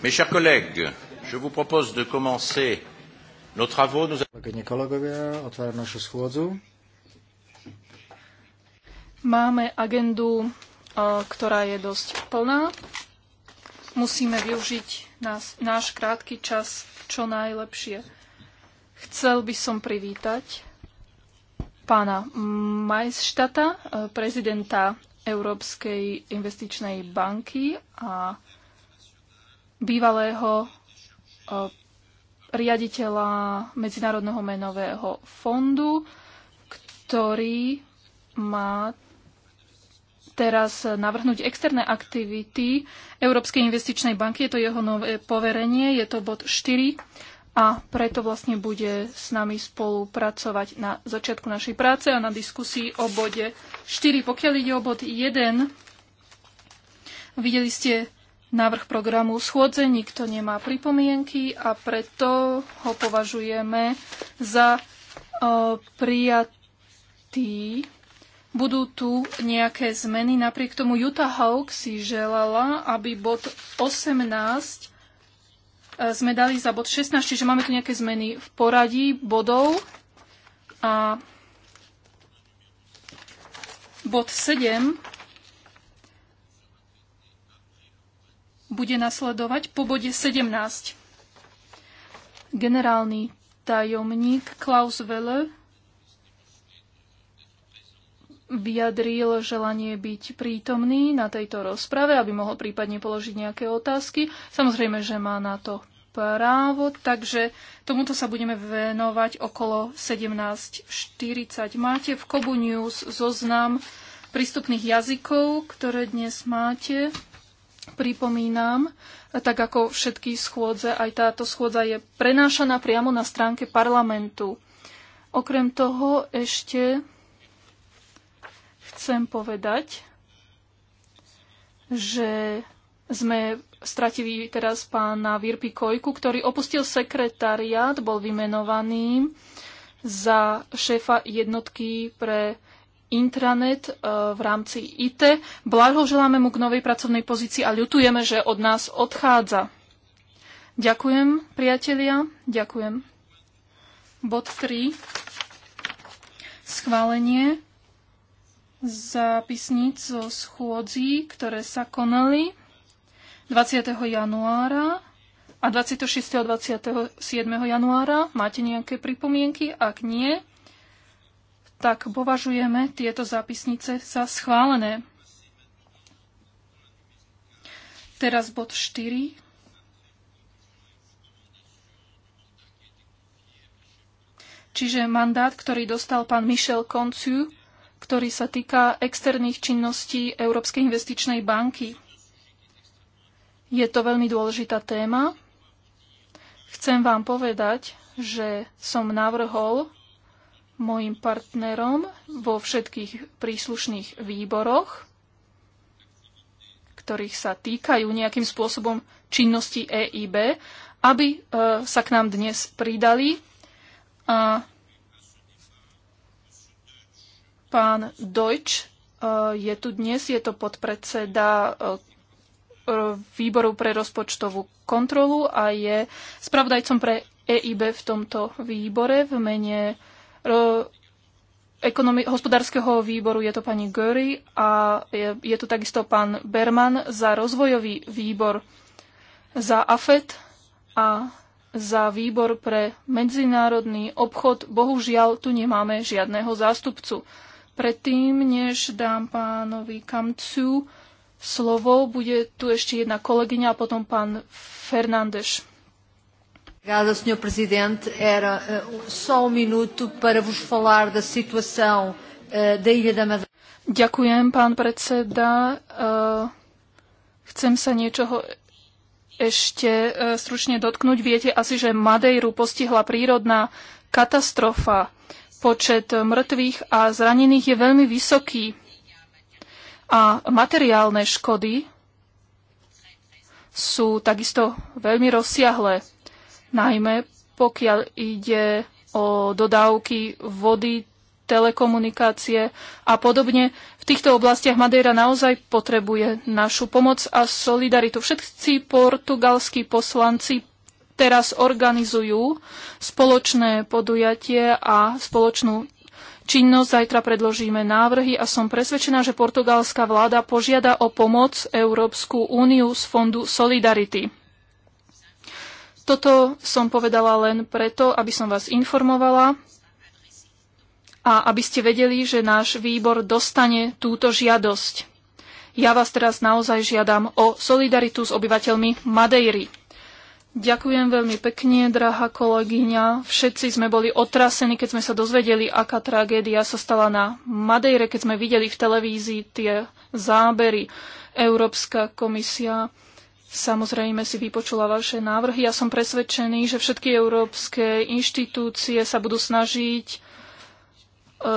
Mes chers collègues, je vous propose de commencer nos travaux. Nous... Kolegyne, kolegovia, otváram našu schôdzu. Máme agendu, e, ktorá je dosť plná. Musíme využiť nás, náš krátky čas čo najlepšie. Chcel by som privítať pána Majstata, e, prezidenta Európskej investičnej banky a bývalého e, riaditeľa Medzinárodného menového fondu, ktorý má teraz navrhnúť externé aktivity Európskej investičnej banky. Je to jeho nové poverenie, je to bod 4 a preto vlastne bude s nami spolupracovať na začiatku našej práce a na diskusii o bode 4. Pokiaľ ide o bod 1, videli ste návrh programu schôdze, nikto nemá pripomienky a preto ho považujeme za e, prijatý. Budú tu nejaké zmeny. Napriek tomu Utah Hawk si želala, aby bod 18 e, sme dali za bod 16, čiže máme tu nejaké zmeny v poradí bodov. A bod 7 bude nasledovať po bode 17. Generálny tajomník Klaus Welle vyjadril želanie byť prítomný na tejto rozprave, aby mohol prípadne položiť nejaké otázky. Samozrejme, že má na to právo, takže tomuto sa budeme venovať okolo 17.40. Máte v Kobu News zoznam prístupných jazykov, ktoré dnes máte. Pripomínam, tak ako všetky schôdze, aj táto schôdza je prenášaná priamo na stránke parlamentu. Okrem toho ešte chcem povedať, že sme stratili teraz pána Virpi Kojku, ktorý opustil sekretariát, bol vymenovaný za šéfa jednotky pre intranet e, v rámci IT. Blahoželáme mu k novej pracovnej pozícii a ľutujeme, že od nás odchádza. Ďakujem, priatelia. Ďakujem. Bod 3. Schválenie zápisníc zo schôdzí, ktoré sa konali 20. januára a 26. a 27. januára. Máte nejaké pripomienky? Ak nie, tak považujeme tieto zápisnice za schválené. Teraz bod 4. Čiže mandát, ktorý dostal pán Michel Konciu, ktorý sa týka externých činností Európskej investičnej banky. Je to veľmi dôležitá téma. Chcem vám povedať, že som navrhol mojim partnerom vo všetkých príslušných výboroch, ktorých sa týkajú nejakým spôsobom činnosti EIB, aby e, sa k nám dnes pridali. A pán Deutsch e, je tu dnes, je to podpredseda e, výboru pre rozpočtovú kontrolu a je spravodajcom pre EIB v tomto výbore v mene E, ekonomi- hospodárskeho výboru je to pani Göry a je, je tu takisto pán Berman za rozvojový výbor, za AFET a za výbor pre medzinárodný obchod. Bohužiaľ, tu nemáme žiadného zástupcu. Predtým, než dám pánovi Kamcu slovo, bude tu ešte jedna kolegyňa a potom pán Fernández. Obrigada, Sr. Presidente. Era uh, só um minuto para vos falar da situação uh, da Ilha da Madeira. Ďakujem, pán predseda. Uh, chcem sa niečoho ešte stručne dotknúť. Viete asi, že Madejru postihla prírodná katastrofa. Počet mŕtvych a zranených je veľmi vysoký. A materiálne škody sú takisto veľmi rozsiahle najmä pokiaľ ide o dodávky vody, telekomunikácie a podobne. V týchto oblastiach Madeira naozaj potrebuje našu pomoc a solidaritu. Všetci portugalskí poslanci teraz organizujú spoločné podujatie a spoločnú činnosť. Zajtra predložíme návrhy a som presvedčená, že portugalská vláda požiada o pomoc Európsku úniu z Fondu Solidarity. Toto som povedala len preto, aby som vás informovala a aby ste vedeli, že náš výbor dostane túto žiadosť. Ja vás teraz naozaj žiadam o solidaritu s obyvateľmi Madejry. Ďakujem veľmi pekne, drahá kolegyňa. Všetci sme boli otrasení, keď sme sa dozvedeli, aká tragédia sa stala na Madejre, keď sme videli v televízii tie zábery. Európska komisia Samozrejme si vypočula vaše návrhy. Ja som presvedčený, že všetky európske inštitúcie sa budú snažiť e,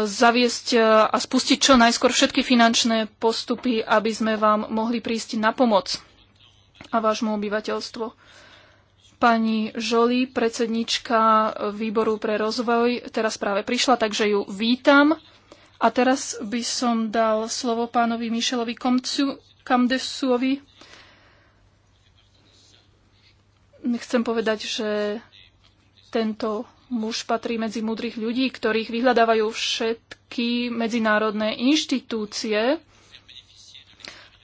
zaviesť e, a spustiť čo najskôr všetky finančné postupy, aby sme vám mohli prísť na pomoc a vášmu obyvateľstvu. Pani Žoli, predsednička výboru pre rozvoj, teraz práve prišla, takže ju vítam. A teraz by som dal slovo pánovi Mišelovi Komcu, Kamdesuovi, chcem povedať, že tento muž patrí medzi múdrych ľudí, ktorých vyhľadávajú všetky medzinárodné inštitúcie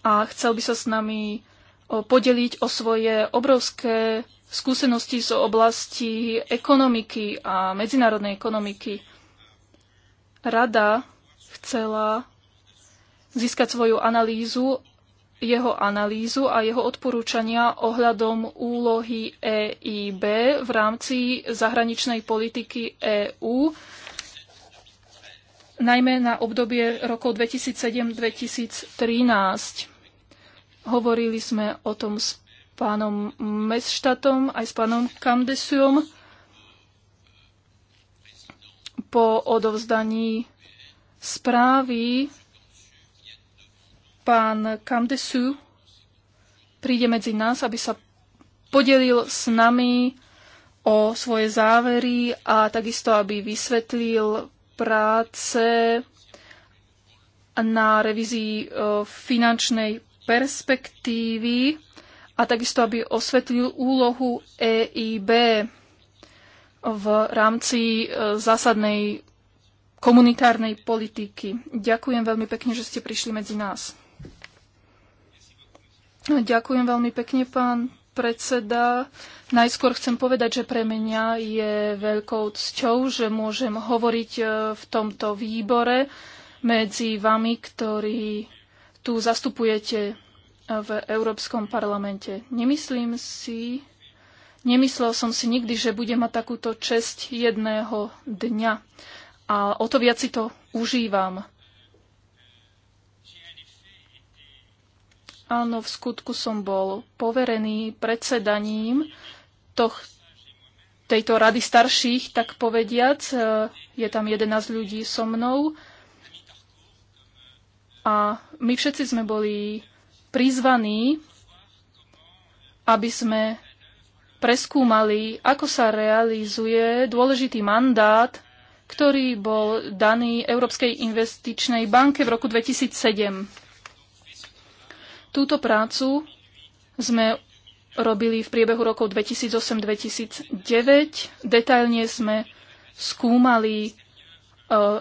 a chcel by sa s nami podeliť o svoje obrovské skúsenosti z oblasti ekonomiky a medzinárodnej ekonomiky. Rada chcela získať svoju analýzu jeho analýzu a jeho odporúčania ohľadom úlohy EIB v rámci zahraničnej politiky EÚ, najmä na obdobie rokov 2007-2013. Hovorili sme o tom s pánom Mestštatom aj s pánom Kamdesium po odovzdaní správy Pán Kamdesu príde medzi nás, aby sa podelil s nami o svoje závery a takisto, aby vysvetlil práce na revízii e, finančnej perspektívy a takisto, aby osvetlil úlohu EIB v rámci e, zásadnej komunitárnej politiky. Ďakujem veľmi pekne, že ste prišli medzi nás. Ďakujem veľmi pekne, pán predseda. Najskôr chcem povedať, že pre mňa je veľkou cťou, že môžem hovoriť e, v tomto výbore medzi vami, ktorí tu zastupujete e, v Európskom parlamente. Nemyslím si, nemyslel som si nikdy, že budem mať takúto česť jedného dňa. A o to viac si to užívam. Áno, v skutku som bol poverený predsedaním toh, tejto rady starších, tak povediac. E, je tam 11 ľudí so mnou. A my všetci sme boli prizvaní, aby sme preskúmali, ako sa realizuje dôležitý mandát, ktorý bol daný Európskej investičnej banke v roku 2007. Túto prácu sme robili v priebehu rokov 2008-2009. Detailne sme skúmali e,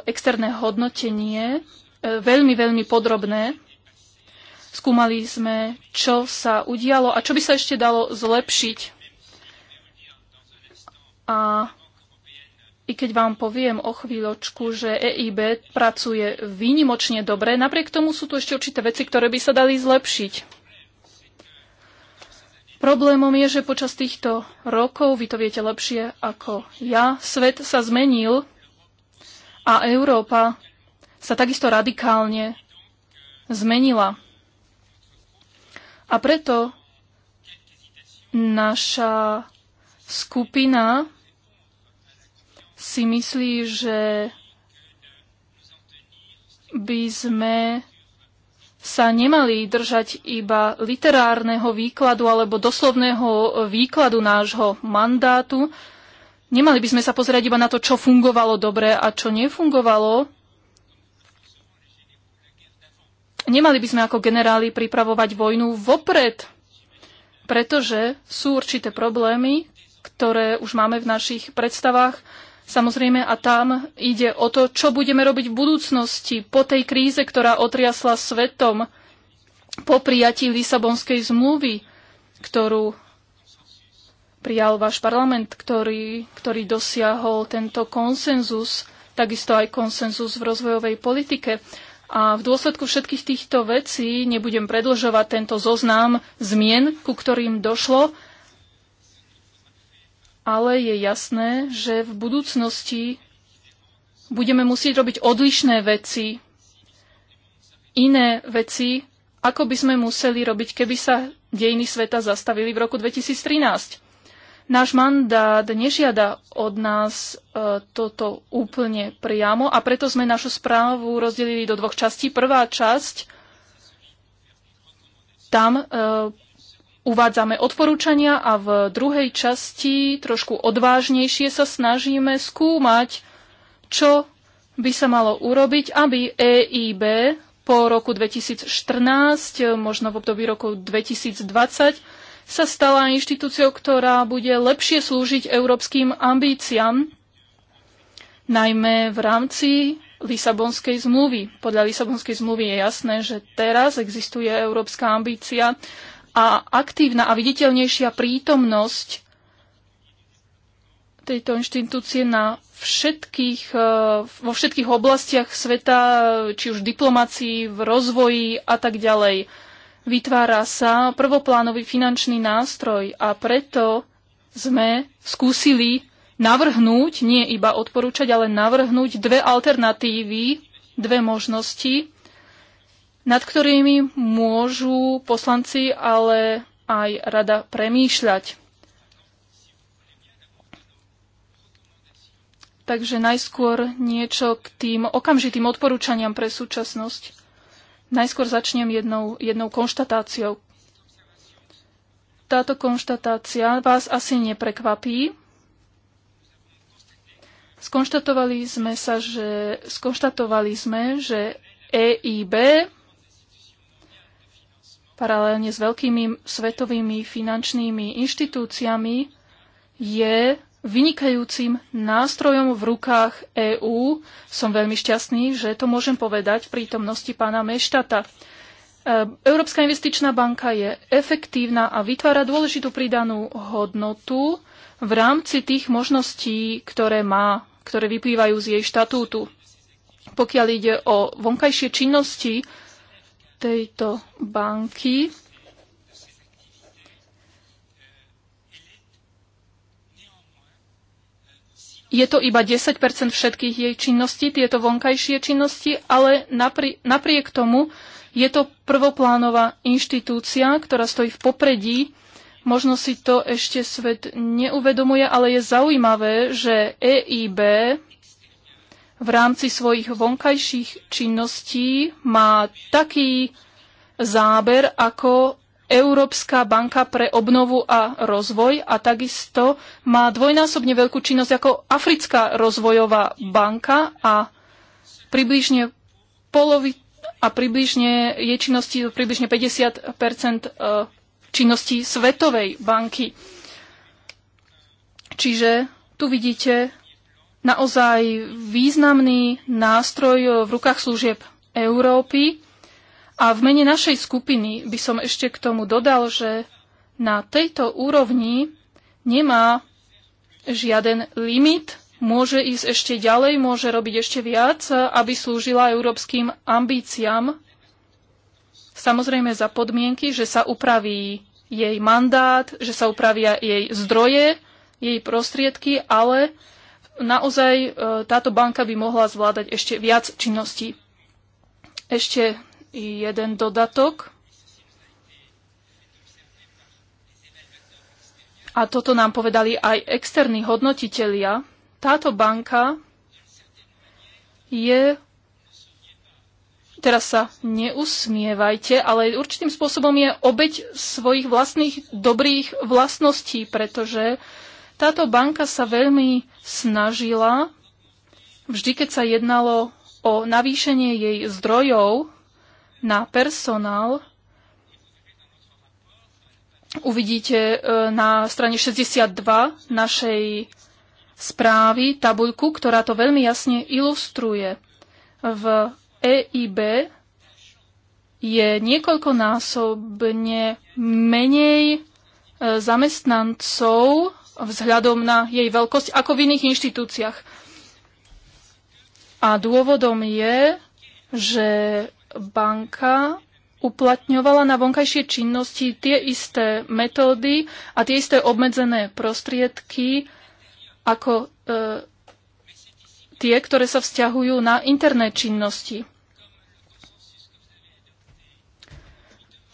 externé hodnotenie, e, veľmi, veľmi podrobné. Skúmali sme, čo sa udialo a čo by sa ešte dalo zlepšiť. A i keď vám poviem o chvíľočku, že EIB pracuje výnimočne dobre, napriek tomu sú tu ešte určité veci, ktoré by sa dali zlepšiť. Problémom je, že počas týchto rokov, vy to viete lepšie ako ja, svet sa zmenil a Európa sa takisto radikálne zmenila. A preto naša skupina si myslí, že by sme sa nemali držať iba literárneho výkladu alebo doslovného výkladu nášho mandátu. Nemali by sme sa pozerať iba na to, čo fungovalo dobre a čo nefungovalo. Nemali by sme ako generáli pripravovať vojnu vopred, pretože sú určité problémy, ktoré už máme v našich predstavách Samozrejme, a tam ide o to, čo budeme robiť v budúcnosti po tej kríze, ktorá otriasla svetom, po prijatí Lisabonskej zmluvy, ktorú prijal váš parlament, ktorý, ktorý dosiahol tento konsenzus, takisto aj konsenzus v rozvojovej politike. A v dôsledku všetkých týchto vecí nebudem predlžovať tento zoznam zmien, ku ktorým došlo, ale je jasné, že v budúcnosti budeme musieť robiť odlišné veci, iné veci, ako by sme museli robiť, keby sa dejiny sveta zastavili v roku 2013. Náš mandát nežiada od nás e, toto úplne priamo a preto sme našu správu rozdelili do dvoch častí. Prvá časť, tam e, uvádzame odporúčania a v druhej časti, trošku odvážnejšie, sa snažíme skúmať, čo by sa malo urobiť, aby EIB po roku 2014, možno v období roku 2020, sa stala inštitúciou, ktorá bude lepšie slúžiť európskym ambíciám, najmä v rámci Lisabonskej zmluvy. Podľa Lisabonskej zmluvy je jasné, že teraz existuje európska ambícia a aktívna a viditeľnejšia prítomnosť tejto inštitúcie na všetkých, e, vo všetkých oblastiach sveta, či už v diplomácii, v rozvoji a tak ďalej. Vytvára sa prvoplánový finančný nástroj a preto sme skúsili navrhnúť, nie iba odporúčať, ale navrhnúť dve alternatívy, dve možnosti, nad ktorými môžu poslanci, ale aj rada premýšľať. Takže najskôr niečo k tým okamžitým odporúčaniam pre súčasnosť. Najskôr začnem jednou, jednou konštatáciou. Táto konštatácia vás asi neprekvapí. Skonštatovali sme sa, že, skonštatovali sme, že EIB paralelne s veľkými svetovými finančnými inštitúciami je vynikajúcim nástrojom v rukách EÚ. Som veľmi šťastný, že to môžem povedať v prítomnosti pána Meštata. E, Európska investičná banka je efektívna a vytvára dôležitú pridanú hodnotu v rámci tých možností, ktoré má, ktoré vyplývajú z jej štatútu. Pokiaľ ide o vonkajšie činnosti, tejto banky. Je to iba 10 všetkých jej činností, tieto vonkajšie činnosti, ale napri- napriek tomu je to prvoplánová inštitúcia, ktorá stojí v popredí. Možno si to ešte svet neuvedomuje, ale je zaujímavé, že EIB v rámci svojich vonkajších činností má taký záber ako Európska banka pre obnovu a rozvoj a takisto má dvojnásobne veľkú činnosť ako Africká rozvojová banka a približne polovi a približne je činnosti približne 50 e, činnosti Svetovej banky. Čiže tu vidíte naozaj významný nástroj v rukách služieb Európy. A v mene našej skupiny by som ešte k tomu dodal, že na tejto úrovni nemá žiaden limit, môže ísť ešte ďalej, môže robiť ešte viac, aby slúžila európskym ambíciám. Samozrejme za podmienky, že sa upraví jej mandát, že sa upravia jej zdroje, jej prostriedky, ale naozaj e, táto banka by mohla zvládať ešte viac činností. Ešte jeden dodatok. A toto nám povedali aj externí hodnotitelia. Táto banka je teraz sa neusmievajte, ale určitým spôsobom je obeď svojich vlastných dobrých vlastností, pretože táto banka sa veľmi snažila, vždy keď sa jednalo o navýšenie jej zdrojov na personál, uvidíte e, na strane 62 našej správy tabuľku, ktorá to veľmi jasne ilustruje. V EIB je niekoľkonásobne menej e, zamestnancov vzhľadom na jej veľkosť ako v iných inštitúciách. A dôvodom je, že banka uplatňovala na vonkajšie činnosti tie isté metódy a tie isté obmedzené prostriedky ako e, tie, ktoré sa vzťahujú na interné činnosti.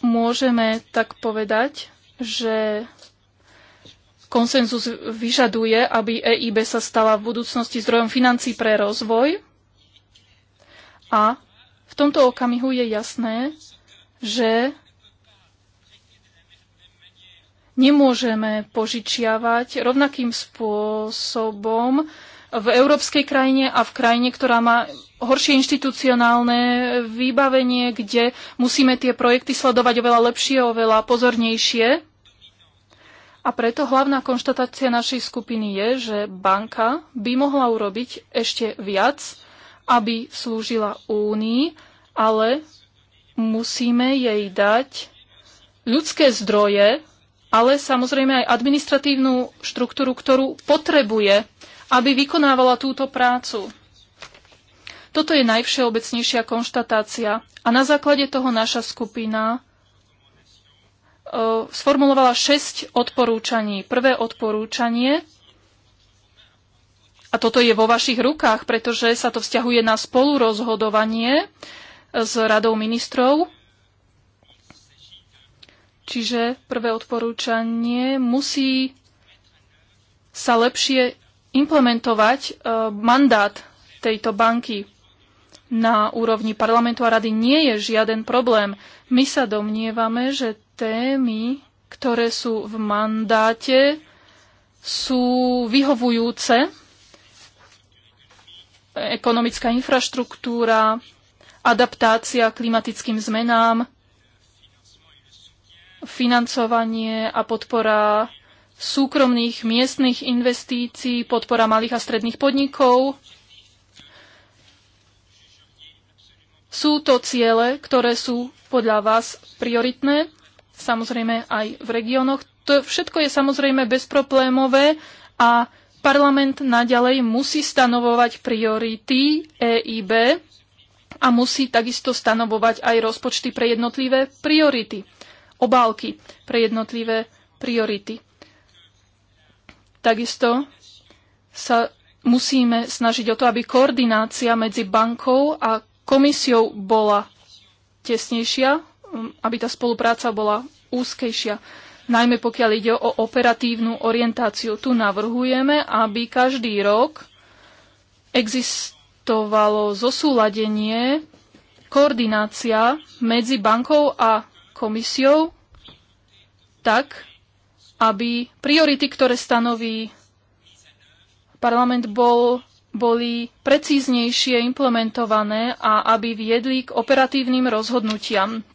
Môžeme tak povedať, že Konsenzus vyžaduje, aby EIB sa stala v budúcnosti zdrojom financí pre rozvoj a v tomto okamihu je jasné, že nemôžeme požičiavať rovnakým spôsobom v európskej krajine a v krajine, ktorá má horšie inštitucionálne vybavenie, kde musíme tie projekty sledovať oveľa lepšie, oveľa pozornejšie. A preto hlavná konštatácia našej skupiny je, že banka by mohla urobiť ešte viac, aby slúžila Únii, ale musíme jej dať ľudské zdroje, ale samozrejme aj administratívnu štruktúru, ktorú potrebuje, aby vykonávala túto prácu. Toto je najvšeobecnejšia konštatácia a na základe toho naša skupina E, sformulovala šesť odporúčaní. Prvé odporúčanie, a toto je vo vašich rukách, pretože sa to vzťahuje na spolurozhodovanie e, s radou ministrov, čiže prvé odporúčanie musí sa lepšie implementovať e, mandát tejto banky na úrovni parlamentu a rady nie je žiaden problém. My sa domnievame, že témy, ktoré sú v mandáte, sú vyhovujúce. Ekonomická infraštruktúra, adaptácia klimatickým zmenám, financovanie a podpora súkromných miestnych investícií, podpora malých a stredných podnikov. Sú to ciele, ktoré sú podľa vás prioritné? samozrejme aj v regiónoch. To všetko je samozrejme bezproblémové a parlament naďalej musí stanovovať priority EIB a musí takisto stanovovať aj rozpočty pre jednotlivé priority, obálky pre jednotlivé priority. Takisto sa musíme snažiť o to, aby koordinácia medzi bankou a komisiou bola tesnejšia, aby tá spolupráca bola úzkejšia. Najmä pokiaľ ide o operatívnu orientáciu. Tu navrhujeme, aby každý rok existovalo zosúladenie, koordinácia medzi bankou a komisiou tak, aby priority, ktoré stanoví parlament, bol, boli precíznejšie implementované a aby viedli k operatívnym rozhodnutiam.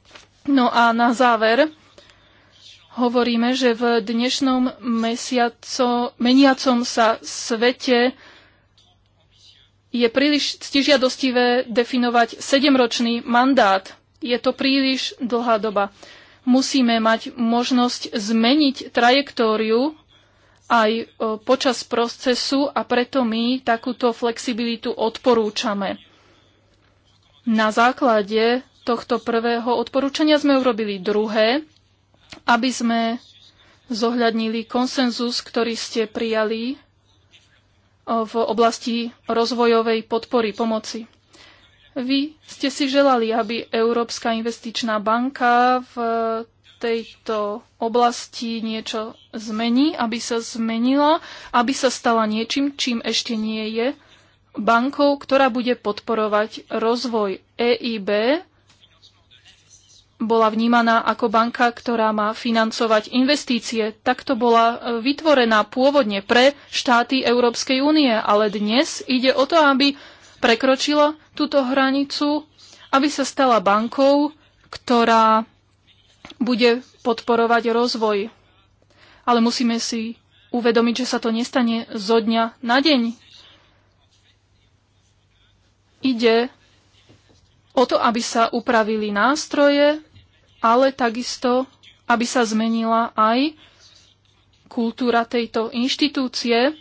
No a na záver hovoríme, že v dnešnom mesiaco, meniacom sa svete je príliš stižiadostivé definovať sedemročný mandát. Je to príliš dlhá doba. Musíme mať možnosť zmeniť trajektóriu aj e, počas procesu a preto my takúto flexibilitu odporúčame. Na základe tohto prvého odporúčania sme urobili druhé, aby sme zohľadnili konsenzus, ktorý ste prijali e, v oblasti rozvojovej podpory pomoci. Vy ste si želali, aby Európska investičná banka v tejto oblasti niečo zmení, aby sa zmenila, aby sa stala niečím, čím ešte nie je, bankou, ktorá bude podporovať rozvoj EIB bola vnímaná ako banka, ktorá má financovať investície. Takto bola e, vytvorená pôvodne pre štáty Európskej únie, ale dnes ide o to, aby prekročila túto hranicu, aby sa stala bankou, ktorá bude podporovať rozvoj. Ale musíme si uvedomiť, že sa to nestane zo dňa na deň. Ide o to, aby sa upravili nástroje, ale takisto, aby sa zmenila aj kultúra tejto inštitúcie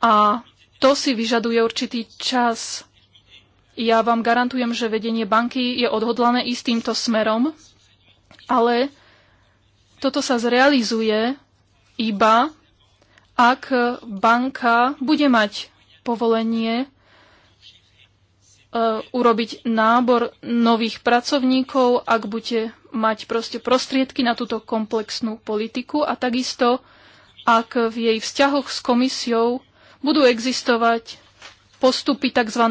a to si vyžaduje určitý čas. Ja vám garantujem, že vedenie banky je odhodlané ísť týmto smerom, ale toto sa zrealizuje iba, ak banka bude mať povolenie Eh, urobiť nábor nových pracovníkov, ak budete mať proste prostriedky na túto komplexnú politiku a takisto, ak v jej vzťahoch s komisiou budú existovať postupy tzv.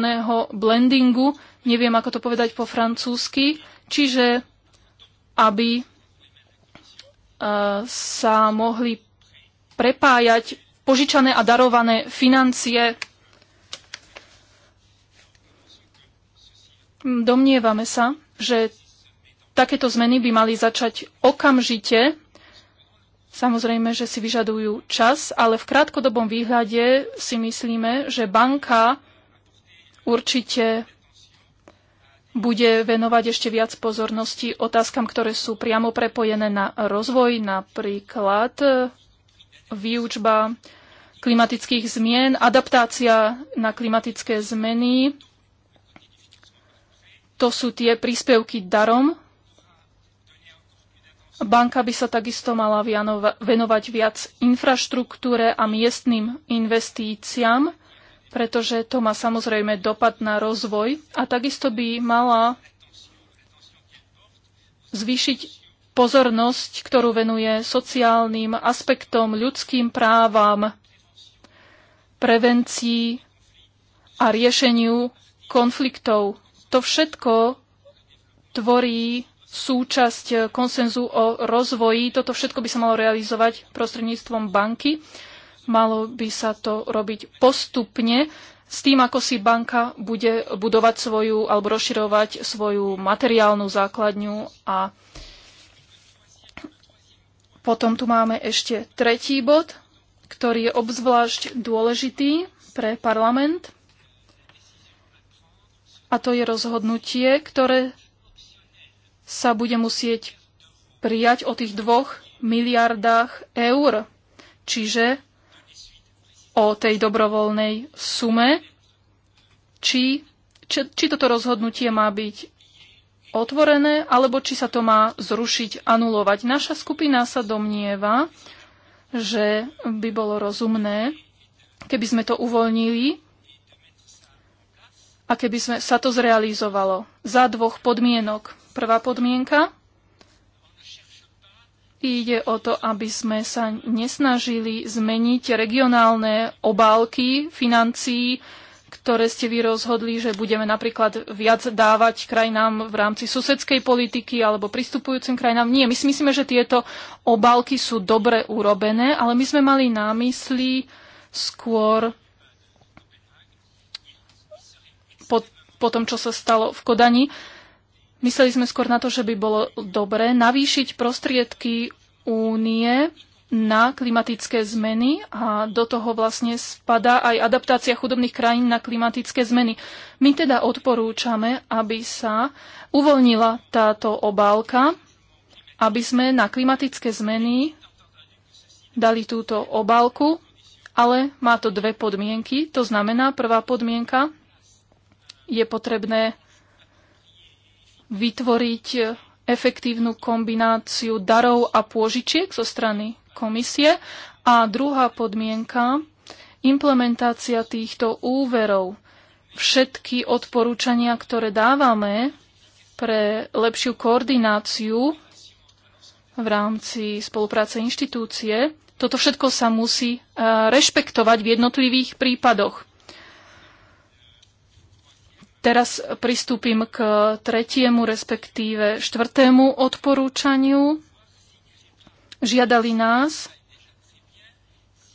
blendingu, neviem ako to povedať po francúzsky, čiže aby eh, sa mohli prepájať požičané a darované financie Domnievame sa, že takéto zmeny by mali začať okamžite. Samozrejme, že si vyžadujú čas, ale v krátkodobom výhľade si myslíme, že banka určite bude venovať ešte viac pozornosti otázkam, ktoré sú priamo prepojené na rozvoj, napríklad e, výučba klimatických zmien, adaptácia na klimatické zmeny, to sú tie príspevky darom. Banka by sa takisto mala venovať viac infraštruktúre a miestnym investíciám, pretože to má samozrejme dopad na rozvoj a takisto by mala zvýšiť pozornosť, ktorú venuje sociálnym aspektom, ľudským právam, prevencii a riešeniu konfliktov. To všetko tvorí súčasť konsenzu o rozvoji. Toto všetko by sa malo realizovať prostredníctvom banky. Malo by sa to robiť postupne s tým, ako si banka bude budovať svoju alebo rozširovať svoju materiálnu základňu a potom tu máme ešte tretí bod, ktorý je obzvlášť dôležitý pre parlament. A to je rozhodnutie, ktoré sa bude musieť prijať o tých dvoch miliardách eur. Čiže o tej dobrovoľnej sume, či, či, či toto rozhodnutie má byť otvorené, alebo či sa to má zrušiť, anulovať. Naša skupina sa domnieva, že by bolo rozumné, keby sme to uvoľnili a keby sme, sa to zrealizovalo za dvoch podmienok. Prvá podmienka ide o to, aby sme sa nesnažili zmeniť regionálne obálky financií, ktoré ste vy rozhodli, že budeme napríklad viac dávať krajinám v rámci susedskej politiky alebo pristupujúcim krajinám. Nie, my si myslíme, že tieto obálky sú dobre urobené, ale my sme mali námysly skôr po, po tom, čo sa stalo v Kodani. Mysleli sme skôr na to, že by bolo dobré navýšiť prostriedky únie na klimatické zmeny a do toho vlastne spadá aj adaptácia chudobných krajín na klimatické zmeny. My teda odporúčame, aby sa uvoľnila táto obálka, aby sme na klimatické zmeny dali túto obálku, ale má to dve podmienky. To znamená, prvá podmienka je potrebné vytvoriť efektívnu kombináciu darov a pôžičiek zo strany komisie. A druhá podmienka, implementácia týchto úverov. Všetky odporúčania, ktoré dávame pre lepšiu koordináciu v rámci spolupráce inštitúcie, toto všetko sa musí eh, rešpektovať v jednotlivých prípadoch. Teraz pristúpim k tretiemu, respektíve štvrtému odporúčaniu. Žiadali nás,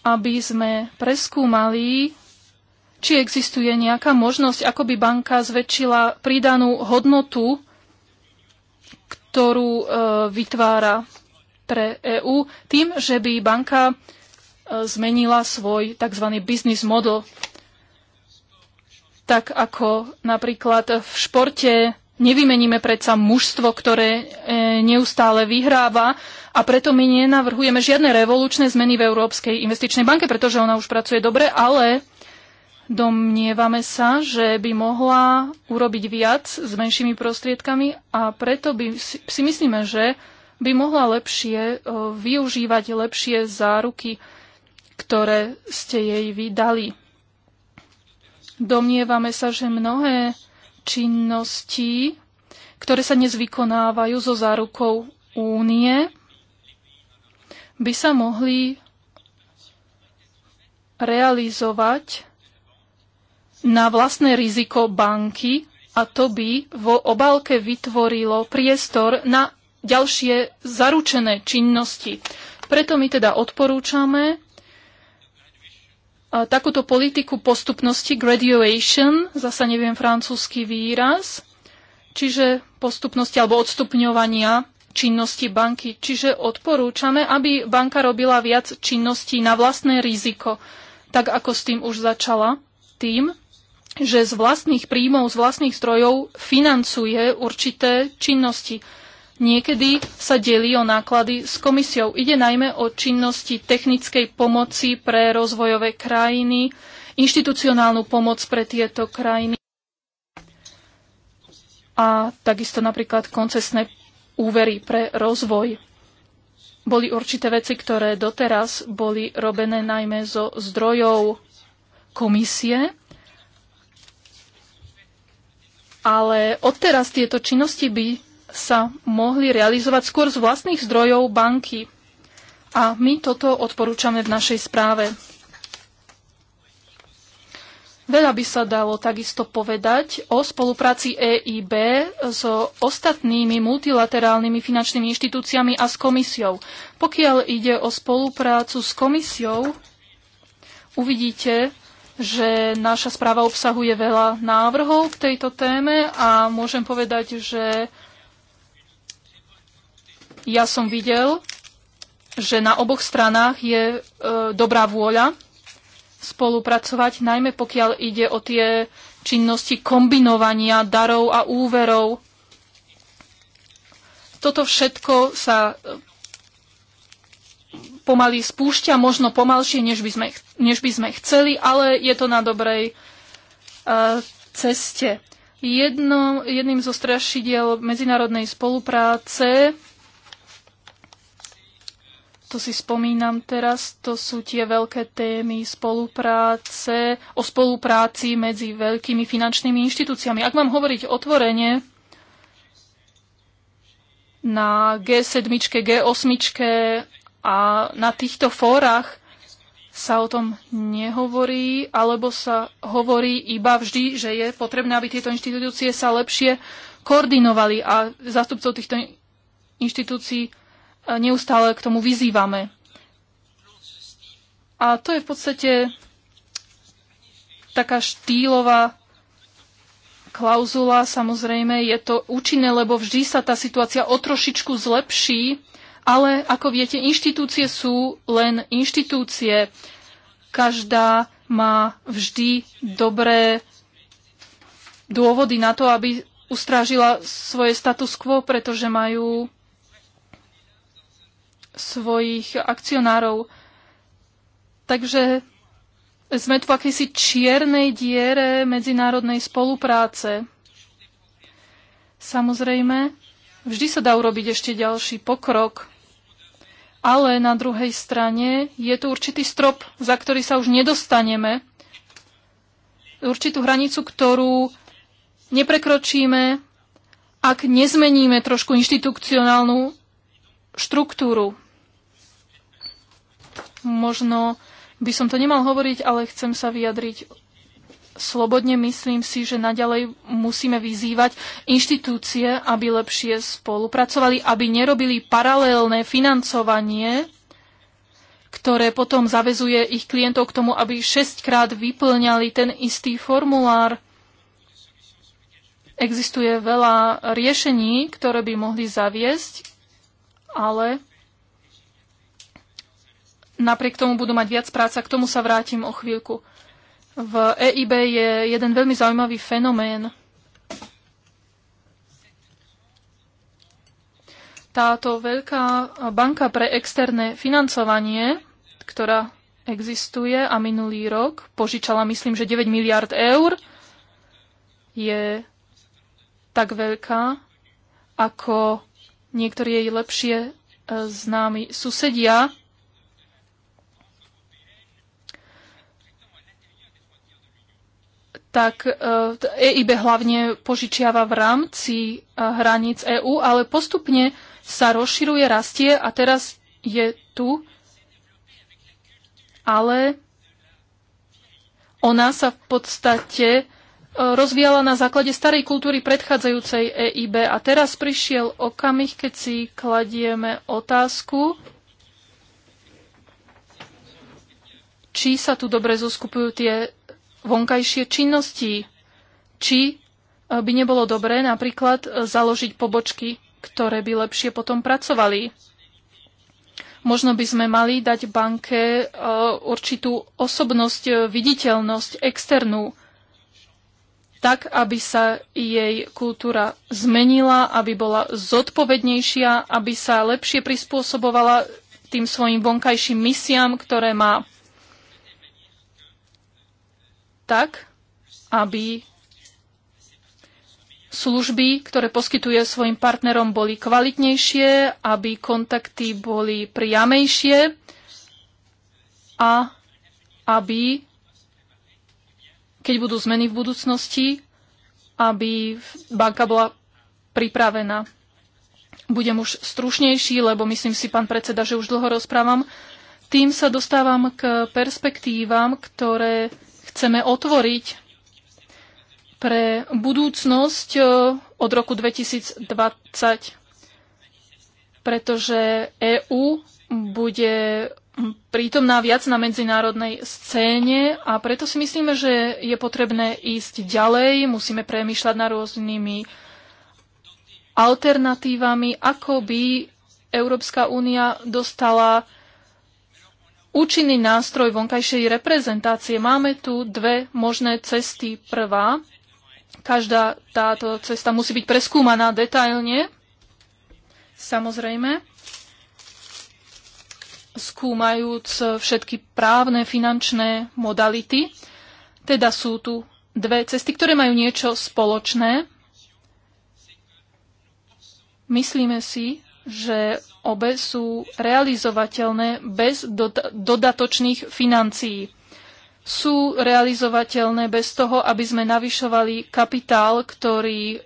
aby sme preskúmali, či existuje nejaká možnosť, ako by banka zväčšila pridanú hodnotu, ktorú e, vytvára pre EÚ, tým, že by banka e, zmenila svoj tzv. business model tak ako napríklad v športe nevymeníme predsa mužstvo, ktoré e, neustále vyhráva a preto my nenavrhujeme žiadne revolučné zmeny v Európskej investičnej banke, pretože ona už pracuje dobre, ale domnievame sa, že by mohla urobiť viac s menšími prostriedkami a preto by si myslíme, že by mohla lepšie e, využívať lepšie záruky, ktoré ste jej vydali. Domnievame sa, že mnohé činnosti, ktoré sa dnes vykonávajú zo zárukou únie, by sa mohli realizovať na vlastné riziko banky a to by vo obálke vytvorilo priestor na ďalšie zaručené činnosti. Preto my teda odporúčame, takúto politiku postupnosti, graduation, zasa neviem francúzsky výraz, čiže postupnosti alebo odstupňovania činnosti banky. Čiže odporúčame, aby banka robila viac činností na vlastné riziko, tak ako s tým už začala, tým, že z vlastných príjmov, z vlastných zdrojov financuje určité činnosti. Niekedy sa delí o náklady s komisiou. Ide najmä o činnosti technickej pomoci pre rozvojové krajiny, inštitucionálnu pomoc pre tieto krajiny a takisto napríklad koncesné úvery pre rozvoj. Boli určité veci, ktoré doteraz boli robené najmä zo zdrojov komisie, ale odteraz tieto činnosti by sa mohli realizovať skôr z vlastných zdrojov banky. A my toto odporúčame v našej správe. Veľa by sa dalo takisto povedať o spolupráci EIB s ostatnými multilaterálnymi finančnými inštitúciami a s komisiou. Pokiaľ ide o spoluprácu s komisiou, uvidíte, že naša správa obsahuje veľa návrhov k tejto téme a môžem povedať, že ja som videl, že na oboch stranách je e, dobrá vôľa spolupracovať, najmä pokiaľ ide o tie činnosti kombinovania darov a úverov. Toto všetko sa e, pomaly spúšťa, možno pomalšie, než by sme, než by sme chceli, ale je to na dobrej e, ceste. Jedno, jedným zo strašidiel medzinárodnej spolupráce to si spomínam teraz, to sú tie veľké témy spolupráce, o spolupráci medzi veľkými finančnými inštitúciami. Ak mám hovoriť otvorene, na G7, G8 a na týchto fórach sa o tom nehovorí, alebo sa hovorí iba vždy, že je potrebné, aby tieto inštitúcie sa lepšie koordinovali a zástupcov týchto inštitúcií neustále k tomu vyzývame. A to je v podstate taká štýlová klauzula, samozrejme, je to účinné, lebo vždy sa tá situácia o trošičku zlepší, ale ako viete, inštitúcie sú len inštitúcie. Každá má vždy dobré dôvody na to, aby ustrážila svoje status quo, pretože majú svojich akcionárov. Takže sme tu v akejsi čiernej diere medzinárodnej spolupráce. Samozrejme, vždy sa dá urobiť ešte ďalší pokrok, ale na druhej strane je tu určitý strop, za ktorý sa už nedostaneme, určitú hranicu, ktorú neprekročíme, ak nezmeníme trošku inštitucionálnu štruktúru. Možno by som to nemal hovoriť, ale chcem sa vyjadriť slobodne. Myslím si, že naďalej musíme vyzývať inštitúcie, aby lepšie spolupracovali, aby nerobili paralelné financovanie, ktoré potom zavezuje ich klientov k tomu, aby šestkrát vyplňali ten istý formulár. Existuje veľa riešení, ktoré by mohli zaviesť, ale napriek tomu budú mať viac práce. K tomu sa vrátim o chvíľku. V EIB je jeden veľmi zaujímavý fenomén. Táto veľká banka pre externé financovanie, ktorá existuje a minulý rok požičala, myslím, že 9 miliard eur, je tak veľká ako niektorí jej lepšie e, známi susedia tak EIB e hlavne požičiava v rámci e, hraníc EÚ, ale postupne sa rozširuje, rastie a teraz je tu, ale ona sa v podstate e, rozvíjala na základe starej kultúry predchádzajúcej EIB a teraz prišiel okamih, keď si kladieme otázku, či sa tu dobre zoskupujú tie vonkajšie činnosti. Či e, by nebolo dobré napríklad e, založiť pobočky, ktoré by lepšie potom pracovali. Možno by sme mali dať banke e, určitú osobnosť, viditeľnosť externú, tak, aby sa jej kultúra zmenila, aby bola zodpovednejšia, aby sa lepšie prispôsobovala tým svojim vonkajším misiám, ktoré má tak, aby služby, ktoré poskytuje svojim partnerom, boli kvalitnejšie, aby kontakty boli priamejšie a aby, keď budú zmeny v budúcnosti, aby banka bola pripravená. Budem už strušnejší, lebo myslím si, pán predseda, že už dlho rozprávam. Tým sa dostávam k perspektívam, ktoré chceme otvoriť pre budúcnosť e, od roku 2020, pretože EÚ bude prítomná viac na medzinárodnej scéne a preto si myslíme, že je potrebné ísť ďalej, musíme premýšľať na rôznymi alternatívami, ako by Európska únia dostala účinný nástroj vonkajšej reprezentácie. Máme tu dve možné cesty. Prvá, každá táto cesta musí byť preskúmaná detailne, samozrejme, skúmajúc všetky právne, finančné modality. Teda sú tu dve cesty, ktoré majú niečo spoločné. Myslíme si, že obe sú realizovateľné bez dodatočných financií. Sú realizovateľné bez toho, aby sme navyšovali kapitál, ktorý e,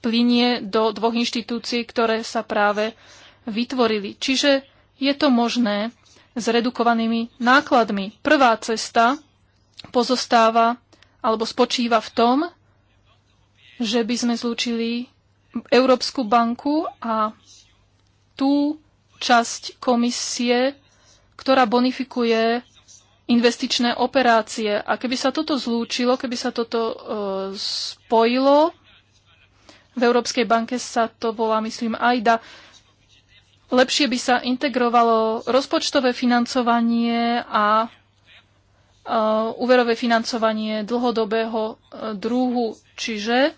plinie do dvoch inštitúcií, ktoré sa práve vytvorili. Čiže je to možné s redukovanými nákladmi. Prvá cesta pozostáva alebo spočíva v tom, že by sme zlúčili Európsku banku a tú časť komisie, ktorá bonifikuje investičné operácie. A keby sa toto zlúčilo, keby sa toto uh, spojilo, v Európskej banke sa to volá, myslím, AIDA, lepšie by sa integrovalo rozpočtové financovanie a e, úverové financovanie dlhodobého uh, druhu. Čiže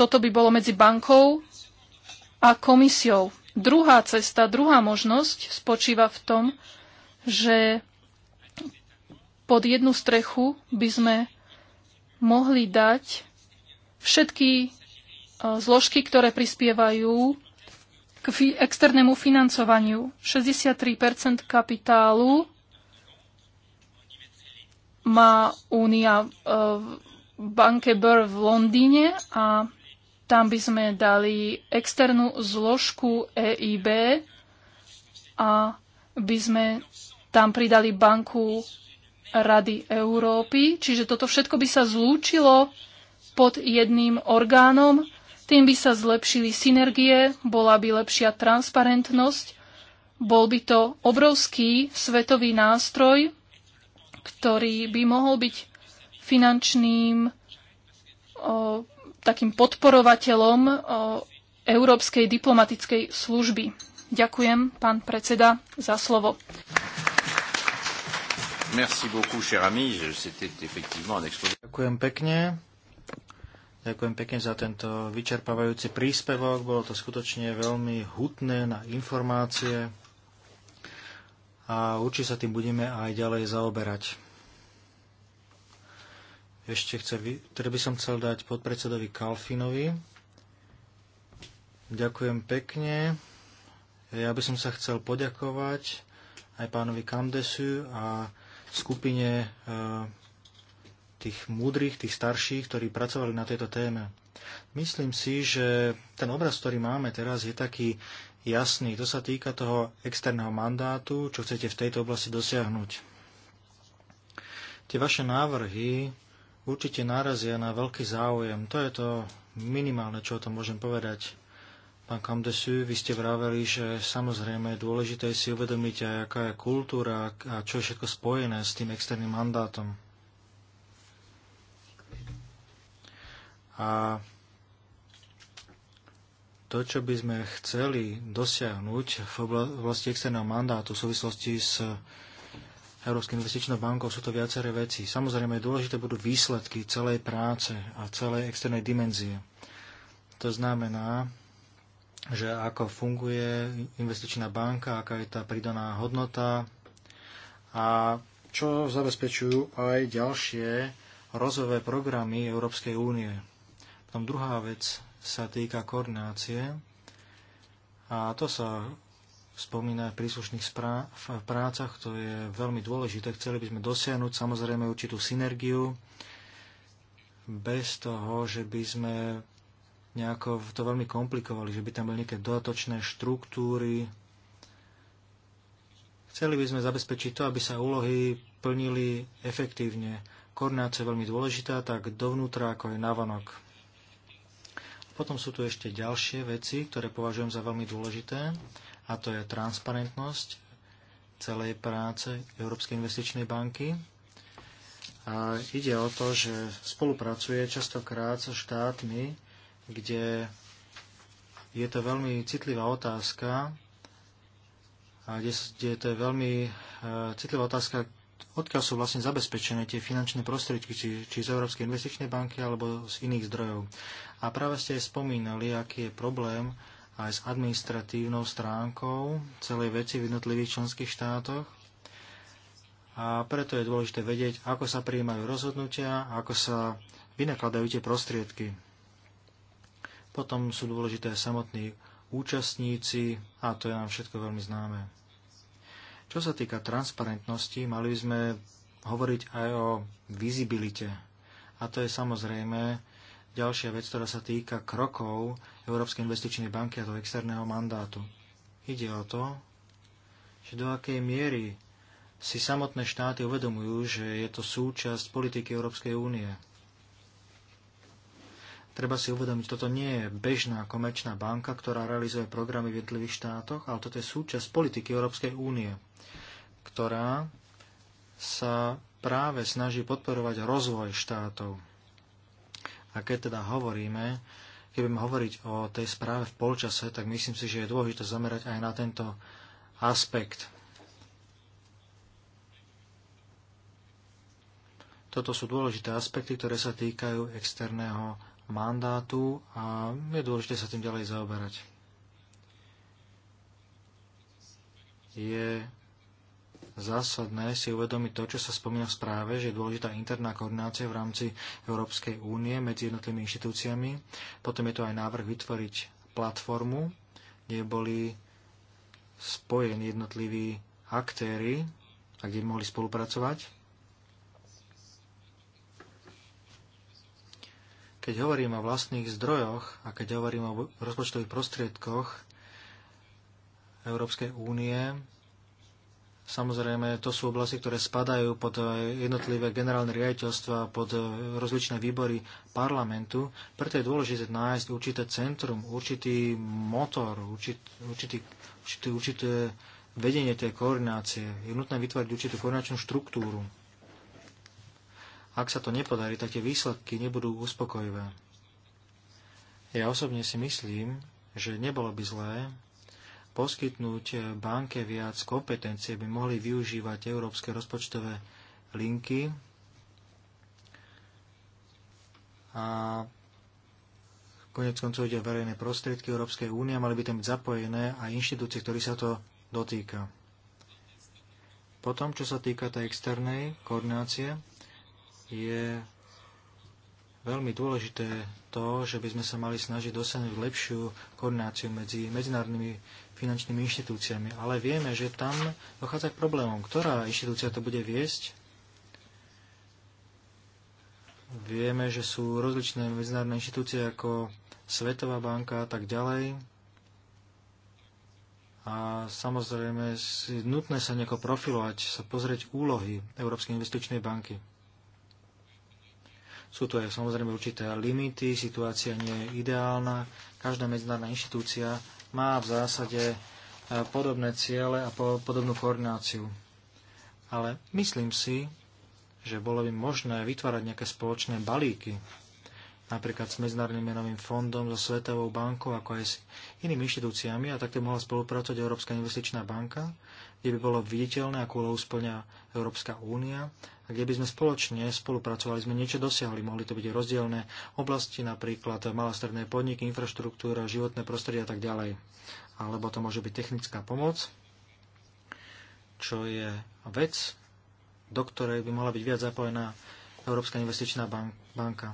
Toto by bolo medzi bankou a komisiou. Druhá cesta, druhá možnosť spočíva v tom, že pod jednu strechu by sme mohli dať všetky e, zložky, ktoré prispievajú k externému financovaniu. 63 kapitálu má Únia e, v banke BER v Londýne a tam by sme dali externú zložku EIB a by sme tam pridali banku Rady Európy. Čiže toto všetko by sa zlúčilo pod jedným orgánom. Tým by sa zlepšili synergie, bola by lepšia transparentnosť, bol by to obrovský svetový nástroj, ktorý by mohol byť finančným takým podporovateľom Európskej diplomatickej služby. Ďakujem, pán predseda, za slovo. Merci beaucoup, cher ami. effectivement un Ďakujem pekne. Ďakujem pekne za tento vyčerpávajúci príspevok. Bolo to skutočne veľmi hutné na informácie a určite sa tým budeme aj ďalej zaoberať ešte chce, ktoré teda by som chcel dať podpredsedovi Kalfinovi. Ďakujem pekne. Ja by som sa chcel poďakovať aj pánovi Kamdesu a skupine e, tých múdrych, tých starších, ktorí pracovali na tejto téme. Myslím si, že ten obraz, ktorý máme teraz, je taký jasný. To sa týka toho externého mandátu, čo chcete v tejto oblasti dosiahnuť. Tie vaše návrhy určite narazia na veľký záujem. To je to minimálne, čo o tom môžem povedať. Pán Kamdesu, vy ste vraveli, že samozrejme je dôležité si uvedomiť aj, aká je kultúra a čo je všetko spojené s tým externým mandátom. A to, čo by sme chceli dosiahnuť v oblasti externého mandátu v súvislosti s Európskej investičnou bankou, sú to viaceré veci. Samozrejme, dôležité budú výsledky celej práce a celej externej dimenzie. To znamená, že ako funguje investičná banka, aká je tá pridaná hodnota a čo zabezpečujú aj ďalšie rozvojové programy Európskej únie. Potom druhá vec sa týka koordinácie a to sa spomína v príslušných správ, v prácach, to je veľmi dôležité. Chceli by sme dosiahnuť samozrejme určitú synergiu bez toho, že by sme nejako to veľmi komplikovali, že by tam boli nejaké dodatočné štruktúry. Chceli by sme zabezpečiť to, aby sa úlohy plnili efektívne. Koordinácia je veľmi dôležitá, tak dovnútra ako aj navonok. Potom sú tu ešte ďalšie veci, ktoré považujem za veľmi dôležité a to je transparentnosť celej práce Európskej investičnej banky. A ide o to, že spolupracuje častokrát so štátmi, kde je to veľmi citlivá otázka, a kde, kde to je veľmi e, citlivá otázka, odkiaľ sú vlastne zabezpečené tie finančné prostriedky, či, či z Európskej investičnej banky alebo z iných zdrojov. A práve ste aj spomínali, aký je problém aj s administratívnou stránkou celej veci v jednotlivých členských štátoch. A preto je dôležité vedieť, ako sa prijímajú rozhodnutia, ako sa vynakladajú tie prostriedky. Potom sú dôležité samotní účastníci a to je nám všetko veľmi známe. Čo sa týka transparentnosti, mali by sme hovoriť aj o vizibilite. A to je samozrejme ďalšia vec, ktorá sa týka krokov Európskej investičnej banky a toho externého mandátu. Ide o to, že do akej miery si samotné štáty uvedomujú, že je to súčasť politiky Európskej únie. Treba si uvedomiť, toto nie je bežná komerčná banka, ktorá realizuje programy v jednotlivých štátoch, ale toto je súčasť politiky Európskej únie, ktorá sa práve snaží podporovať rozvoj štátov. A keď teda hovoríme, keď budeme hovoriť o tej správe v polčase, tak myslím si, že je dôležité zamerať aj na tento aspekt. Toto sú dôležité aspekty, ktoré sa týkajú externého mandátu a je dôležité sa tým ďalej zaoberať. Je zásadné si uvedomiť to, čo sa spomína v správe, že je dôležitá interná koordinácia v rámci Európskej únie medzi jednotlivými inštitúciami. Potom je to aj návrh vytvoriť platformu, kde boli spojení jednotliví aktéry a kde by mohli spolupracovať. Keď hovorím o vlastných zdrojoch a keď hovorím o rozpočtových prostriedkoch Európskej únie, Samozrejme, to sú oblasti, ktoré spadajú pod eh, jednotlivé generálne riaditeľstva, pod eh, rozličné výbory parlamentu. Preto je dôležité nájsť určité centrum, určitý motor, určitý, určitý, určité, určité vedenie tej koordinácie. Je nutné vytvoriť určitú koordinačnú štruktúru. Ak sa to nepodarí, tak tie výsledky nebudú uspokojivé. Ja osobne si myslím, že nebolo by zlé, poskytnúť banke viac kompetencie, by mohli využívať európske rozpočtové linky. A konec koncov ide o verejné prostriedky Európskej únie, mali by tam byť zapojené aj inštitúcie, ktorých sa to dotýka. Potom, čo sa týka tej externej koordinácie, je veľmi dôležité to, že by sme sa mali snažiť dosiahnuť lepšiu koordináciu medzi medzinárodnými finančnými inštitúciami. Ale vieme, že tam dochádza k problémom. Ktorá inštitúcia to bude viesť? Vieme, že sú rozličné medzinárodné inštitúcie ako Svetová banka a tak ďalej. A samozrejme je nutné sa nejako profilovať, sa pozrieť úlohy Európskej investičnej banky. Sú tu aj samozrejme určité limity, situácia nie je ideálna, každá medzinárodná inštitúcia má v zásade e, podobné ciele a podobnú koordináciu. Ale myslím si, že bolo by možné vytvárať nejaké spoločné balíky, napríklad s Medzinárodným menovým fondom, so Svetovou bankou, ako aj s inými inštitúciami a takto mohla spolupracovať Európska investičná banka kde by bolo viditeľné, akú úlohu splňa Európska únia a kde by sme spoločne spolupracovali, sme niečo dosiahli. Mohli to byť rozdielne oblasti, napríklad malá stredné podniky, infraštruktúra, životné prostredie a tak ďalej. Alebo to môže byť technická pomoc, čo je vec, do ktorej by mohla byť viac zapojená Európska investičná banka.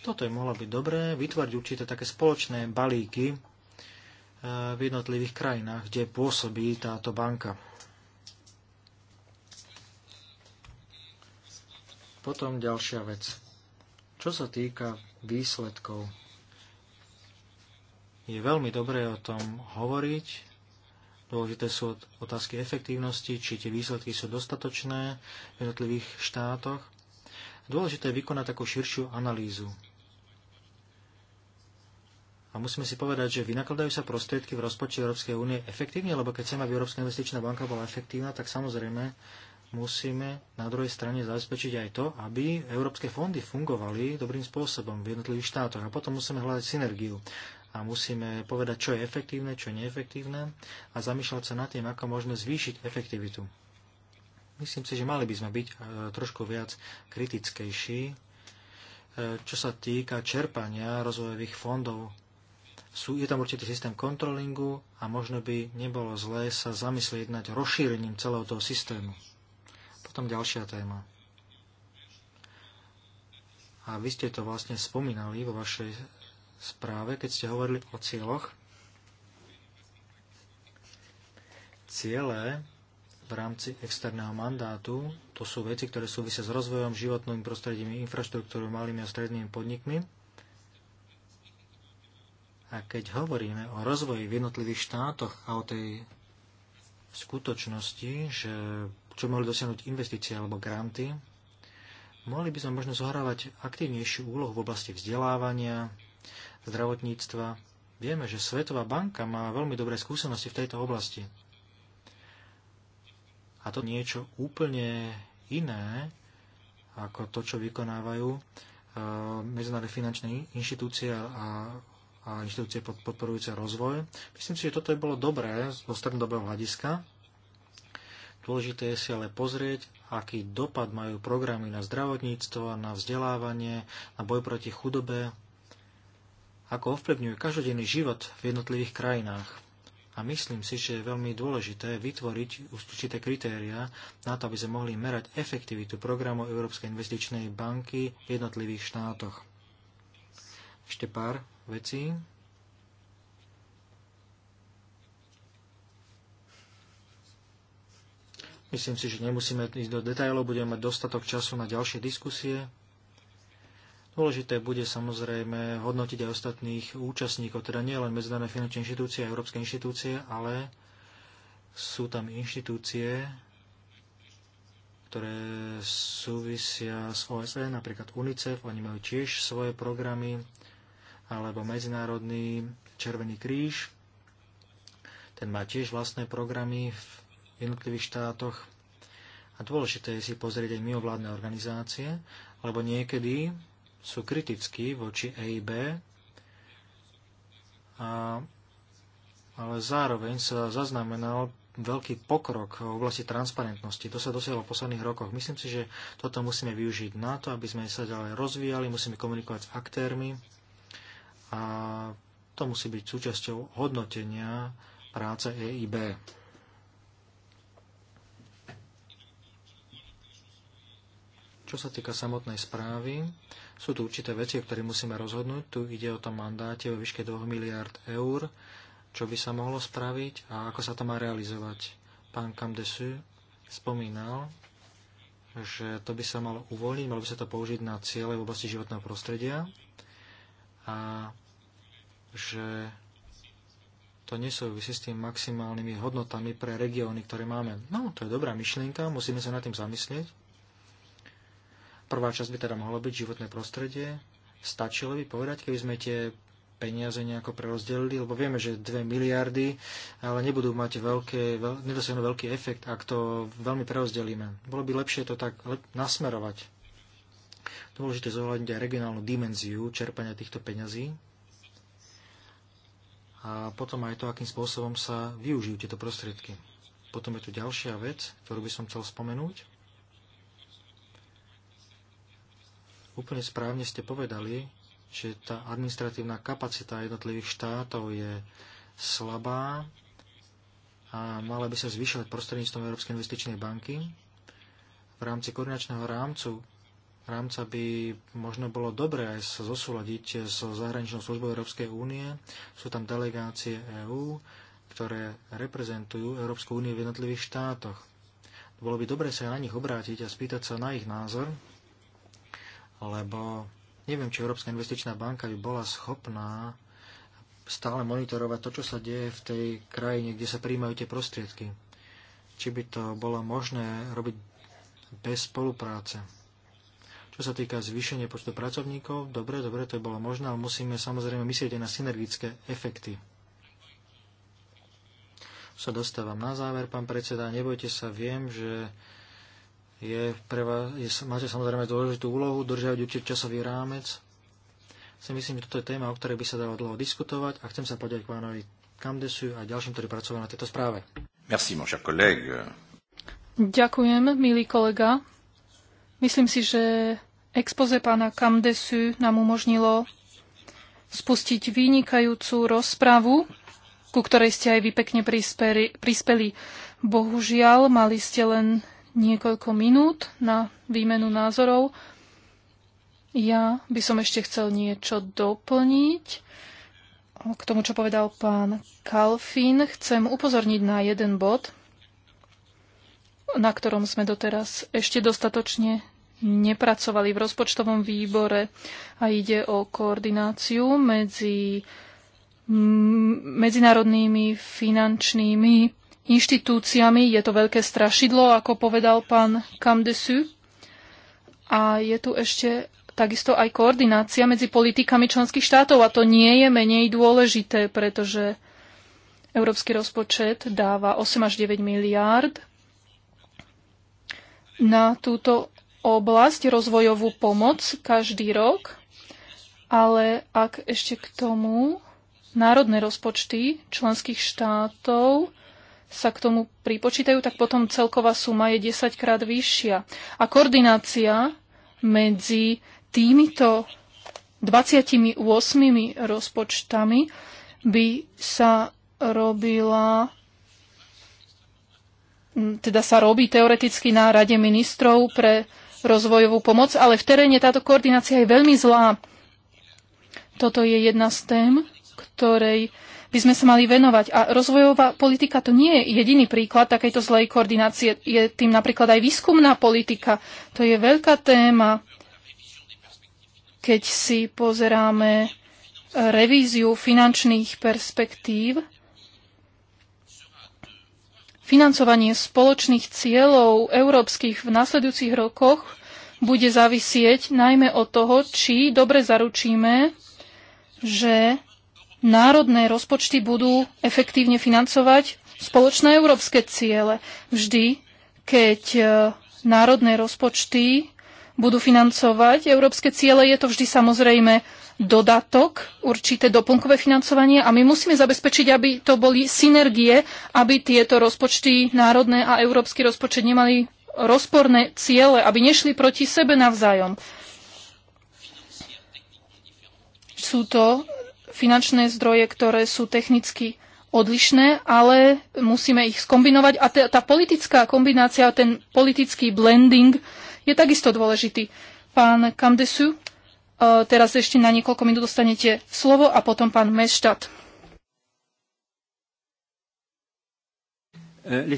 Toto je mohlo byť dobré, vytvoriť určité také spoločné balíky eh, v jednotlivých krajinách, kde pôsobí táto banka. Potom ďalšia vec. Čo sa týka výsledkov, je veľmi dobré o tom hovoriť. Dôležité sú otázky efektívnosti, či tie výsledky sú dostatočné v jednotlivých štátoch. Dôležité je vykonať takú širšiu analýzu. A musíme si povedať, že vynakladajú sa prostriedky v rozpočte Európskej únie efektívne, lebo keď chceme, aby Európska investičná banka bola efektívna, tak samozrejme musíme na druhej strane zabezpečiť aj to, aby európske fondy fungovali dobrým spôsobom v jednotlivých štátoch. A potom musíme hľadať synergiu. A musíme povedať, čo je efektívne, čo je neefektívne a zamýšľať sa nad tým, ako môžeme zvýšiť efektivitu. Myslím si, že mali by sme byť e, trošku viac kritickejší, e, čo sa týka čerpania rozvojových fondov sú, je tam určitý systém kontrolingu a možno by nebolo zlé sa zamyslieť nad rozšírením celého toho systému. Potom ďalšia téma. A vy ste to vlastne spomínali vo vašej správe, keď ste hovorili o cieľoch. Ciele v rámci externého mandátu, to sú veci, ktoré súvisia s rozvojom, životným prostredím, infraštruktúrou, malými a strednými podnikmi. A keď hovoríme o rozvoji v jednotlivých štátoch a o tej skutočnosti, že čo mohli dosiahnuť investície alebo granty, mohli by sme možno zohrávať aktívnejšiu úlohu v oblasti vzdelávania, zdravotníctva. Vieme, že Svetová banka má veľmi dobré skúsenosti v tejto oblasti. A to niečo úplne iné ako to, čo vykonávajú e, medzinárodné finančné inštitúcie a, a inštitúcie podporujúce rozvoj. Myslím si, že toto je bolo dobré zo strednodobého hľadiska. Dôležité je si ale pozrieť, aký dopad majú programy na zdravotníctvo, na vzdelávanie, na boj proti chudobe, ako ovplyvňujú každodenný život v jednotlivých krajinách. A myslím si, že je veľmi dôležité vytvoriť určité kritéria na to, aby sme mohli merať efektivitu programu Európskej investičnej banky v jednotlivých štátoch. Ešte pár vecí Myslím si, že nemusíme ísť do detajlov, budeme mať dostatok času na ďalšie diskusie. Dôležité bude samozrejme hodnotiť aj ostatných účastníkov, teda nie len medzinárodné finančné inštitúcie a európske inštitúcie, ale sú tam inštitúcie, ktoré súvisia s OSN, napríklad UNICEF, oni majú tiež svoje programy, alebo Medzinárodný Červený kríž, ten má tiež vlastné programy v jednotlivých štátoch. A dôležité je si pozrieť aj mimovládne organizácie, lebo niekedy sú kritickí voči EIB, a, ale zároveň sa zaznamenal veľký pokrok v oblasti transparentnosti. To sa dosiahlo v posledných rokoch. Myslím si, že toto musíme využiť na to, aby sme sa ďalej rozvíjali, musíme komunikovať s aktérmi a to musí byť súčasťou hodnotenia práce EIB. Čo sa týka samotnej správy, sú tu určité veci, o ktorých musíme rozhodnúť. Tu ide o tom mandáte o výške 2 miliard eur, čo by sa mohlo spraviť a ako sa to má realizovať. Pán Kamdesu spomínal, že to by sa malo uvoľniť, malo by sa to použiť na ciele v oblasti životného prostredia a že to nesúvisí s tým maximálnymi hodnotami pre regióny, ktoré máme. No, to je dobrá myšlienka, musíme sa nad tým zamyslieť. Prvá časť by teda mohla byť životné prostredie. Stačilo by povedať, keby sme tie peniaze nejako prerozdelili, lebo vieme, že 2 miliardy, ale nebudú mať veľké, veľ, nedosiahnu veľký efekt, ak to veľmi prerozdelíme. Bolo by lepšie to tak lep- nasmerovať. Dôležité zohľadniť aj regionálnu dimenziu čerpania týchto peňazí a potom aj to, akým spôsobom sa využijú tieto prostriedky. Potom je tu ďalšia vec, ktorú by som chcel spomenúť. Úplne správne ste povedali, že tá administratívna kapacita jednotlivých štátov je slabá a mala by sa zvyšovať prostredníctvom Európskej investičnej banky. V rámci koordinačného rámcu rámca by možno bolo dobré aj sa zosúľadiť so zahraničnou službou Európskej únie. Sú tam delegácie EÚ, ktoré reprezentujú Európsku úniu v jednotlivých štátoch. Bolo by dobre sa na nich obrátiť a spýtať sa na ich názor, lebo neviem, či Európska investičná banka by bola schopná stále monitorovať to, čo sa deje v tej krajine, kde sa príjmajú tie prostriedky. Či by to bolo možné robiť bez spolupráce. Čo sa týka zvýšenia počtu pracovníkov, dobre, dobre, to by bolo možné, ale musíme samozrejme myslieť aj na synergické efekty. Sa dostávam na záver, pán predseda, nebojte sa, viem, že je pre vás, je, máte samozrejme dôležitú úlohu držať určite časový rámec. Si myslím, že toto je téma, o ktorej by sa dalo dlho diskutovať a chcem sa poďakovať pánovi Kamdesu a ďalším, ktorí pracovali na tejto správe. Merci, mon cher Ďakujem, milý kolega. Myslím si, že expoze pána Kamdesu nám umožnilo spustiť vynikajúcu rozpravu, ku ktorej ste aj vy pekne prispeli. Bohužiaľ, mali ste len niekoľko minút na výmenu názorov. Ja by som ešte chcel niečo doplniť. K tomu, čo povedal pán Kalfín, chcem upozorniť na jeden bod, na ktorom sme doteraz ešte dostatočne nepracovali v rozpočtovom výbore a ide o koordináciu medzi medzinárodnými finančnými inštitúciami. Je to veľké strašidlo, ako povedal pán Kamdesu. A je tu ešte takisto aj koordinácia medzi politikami členských štátov a to nie je menej dôležité, pretože európsky rozpočet dáva 8 až 9 miliárd na túto oblasť, rozvojovú pomoc každý rok, ale ak ešte k tomu národné rozpočty členských štátov sa k tomu pripočítajú, tak potom celková suma je 10 krát vyššia. A koordinácia medzi týmito 28 rozpočtami by sa robila teda sa robí teoreticky na Rade ministrov pre rozvojovú pomoc, ale v teréne táto koordinácia je veľmi zlá. Toto je jedna z tém, ktorej by sme sa mali venovať. A rozvojová politika to nie je jediný príklad takejto zlej koordinácie. Je tým napríklad aj výskumná politika. To je veľká téma, keď si pozeráme eh, revíziu finančných perspektív. Financovanie spoločných cieľov európskych v nasledujúcich rokoch bude závisieť najmä od toho, či dobre zaručíme, že národné rozpočty budú efektívne financovať spoločné európske ciele. Vždy, keď e, národné rozpočty budú financovať európske ciele, je to vždy samozrejme dodatok, určité doplnkové financovanie a my musíme zabezpečiť, aby to boli synergie, aby tieto rozpočty, národné a európsky rozpočet nemali rozporné ciele, aby nešli proti sebe navzájom. Sú to finančné zdroje, ktoré sú technicky odlišné, ale musíme ich skombinovať. A tá politická kombinácia, ten politický blending je takisto dôležitý. Pán Kamdesu, e, teraz ešte na niekoľko minút dostanete slovo a potom pán Meštat. E,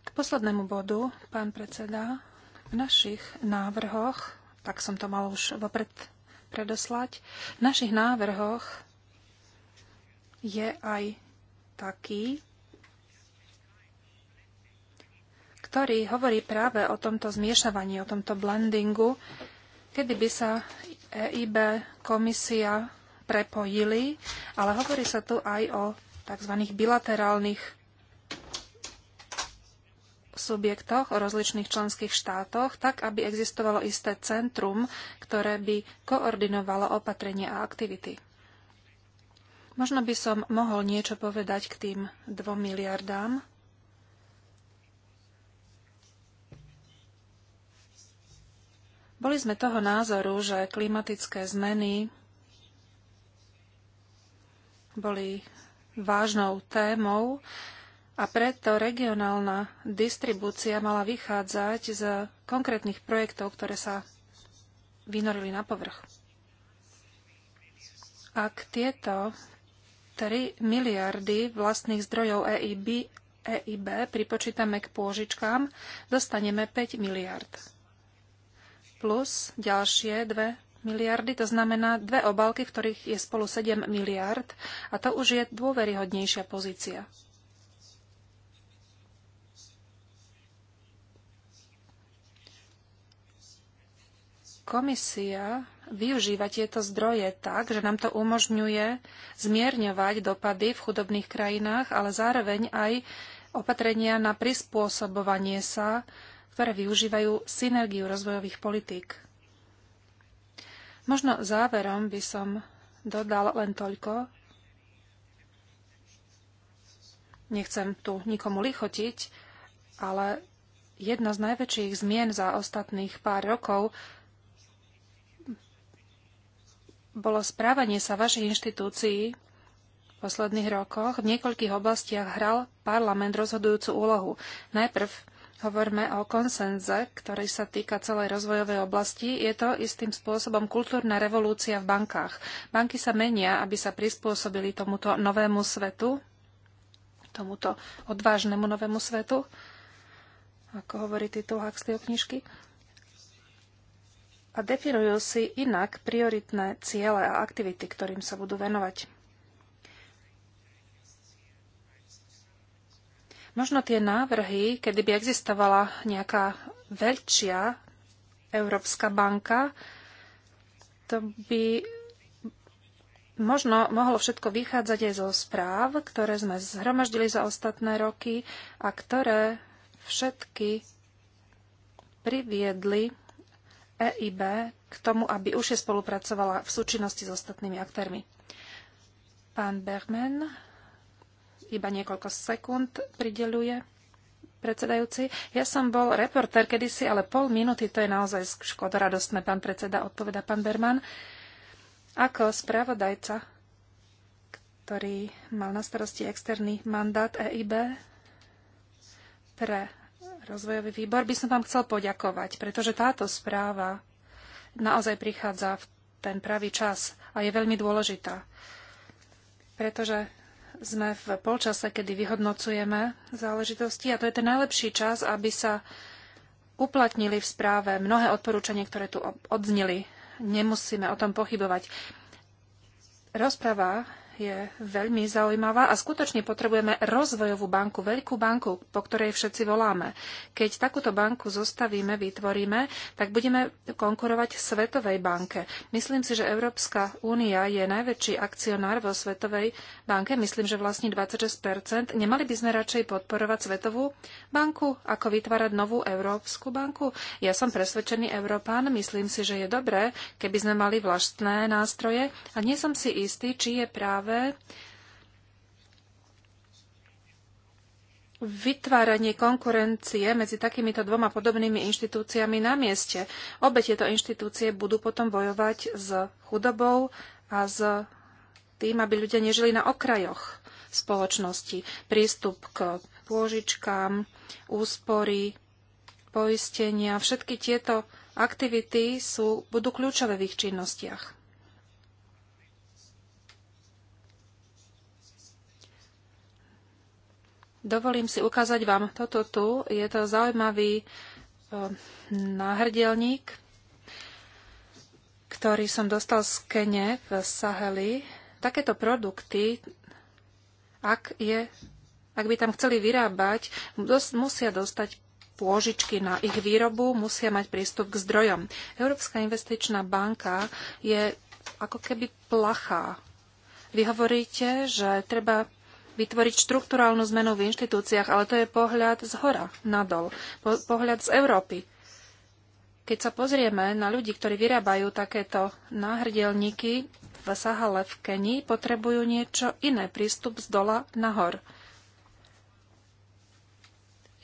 K poslednému bodu, pán predseda, v našich návrhoch tak som to mal už vopred predoslať. V našich návrhoch je aj taký, ktorý hovorí práve o tomto zmiešavaní, o tomto blendingu, kedy by sa EIB, komisia prepojili, ale hovorí sa tu aj o tzv. bilaterálnych subjektoch, o rozličných členských štátoch, tak aby existovalo isté centrum, ktoré by koordinovalo opatrenia a aktivity. Možno by som mohol niečo povedať k tým dvom miliardám. Boli sme toho názoru, že klimatické zmeny boli vážnou témou, a preto regionálna distribúcia mala vychádzať z konkrétnych projektov, ktoré sa vynorili na povrch. Ak tieto 3 miliardy vlastných zdrojov EIB, EIB pripočítame k pôžičkám, dostaneme 5 miliard. Plus ďalšie 2 miliardy, to znamená dve obálky, v ktorých je spolu 7 miliard a to už je dôveryhodnejšia pozícia. Komisia využíva tieto zdroje tak, že nám to umožňuje zmierňovať dopady v chudobných krajinách, ale zároveň aj opatrenia na prispôsobovanie sa, ktoré využívajú synergiu rozvojových politík. Možno záverom by som dodal len toľko. Nechcem tu nikomu lichotiť, ale jedna z najväčších zmien za ostatných pár rokov bolo správanie sa vašich inštitúcií v posledných rokoch. V niekoľkých oblastiach hral parlament rozhodujúcu úlohu. Najprv hovorme o konsenze, ktorý sa týka celej rozvojovej oblasti. Je to istým spôsobom kultúrna revolúcia v bankách. Banky sa menia, aby sa prispôsobili tomuto novému svetu, tomuto odvážnemu novému svetu, ako hovorí titul Huxleyho knižky a definujú si inak prioritné ciele a aktivity, ktorým sa budú venovať. Možno tie návrhy, kedy by existovala nejaká väčšia Európska banka, to by možno mohlo všetko vychádzať aj zo správ, ktoré sme zhromaždili za ostatné roky a ktoré všetky priviedli EIB k tomu, aby už je spolupracovala v súčinnosti s ostatnými aktérmi. Pán Berman iba niekoľko sekúnd prideluje predsedajúci. Ja som bol reportér kedysi, ale pol minúty to je naozaj škodoradostné, pán predseda, odpoveda pán Berman. Ako spravodajca, ktorý mal na starosti externý mandát EIB pre rozvojový výbor, by som vám chcel poďakovať, pretože táto správa naozaj prichádza v ten pravý čas a je veľmi dôležitá. Pretože sme v polčase, kedy vyhodnocujeme záležitosti a to je ten najlepší čas, aby sa uplatnili v správe mnohé odporúčania, ktoré tu odznili. Nemusíme o tom pochybovať. Rozpráva je veľmi zaujímavá a skutočne potrebujeme rozvojovú banku, veľkú banku, po ktorej všetci voláme. Keď takúto banku zostavíme, vytvoríme, tak budeme konkurovať Svetovej banke. Myslím si, že Európska únia je najväčší akcionár vo Svetovej banke. Myslím, že vlastní 26 Nemali by sme radšej podporovať Svetovú banku, ako vytvárať novú Európsku banku? Ja som presvedčený Európán. Myslím si, že je dobré, keby sme mali vlastné nástroje a nie som si istý, či je práve práve vytváranie konkurencie medzi takýmito dvoma podobnými inštitúciami na mieste. Obe tieto inštitúcie budú potom bojovať s chudobou a s tým, aby ľudia nežili na okrajoch spoločnosti. Prístup k pôžičkám, úspory, poistenia, všetky tieto aktivity sú, budú kľúčové v ich činnostiach. Dovolím si ukázať vám toto tu. Je to zaujímavý e, náhrdelník, ktorý som dostal z Kene v Saheli. Takéto produkty, ak, je, ak by tam chceli vyrábať, musia dostať pôžičky na ich výrobu, musia mať prístup k zdrojom. Európska investičná banka je ako keby plachá. Vy hovoríte, že treba vytvoriť štruktúrálnu zmenu v inštitúciách, ale to je pohľad z hora nadol, po, pohľad z Európy. Keď sa pozrieme na ľudí, ktorí vyrábajú takéto náhrdelníky v Sahale v Kenii, potrebujú niečo iné, prístup z dola nahor.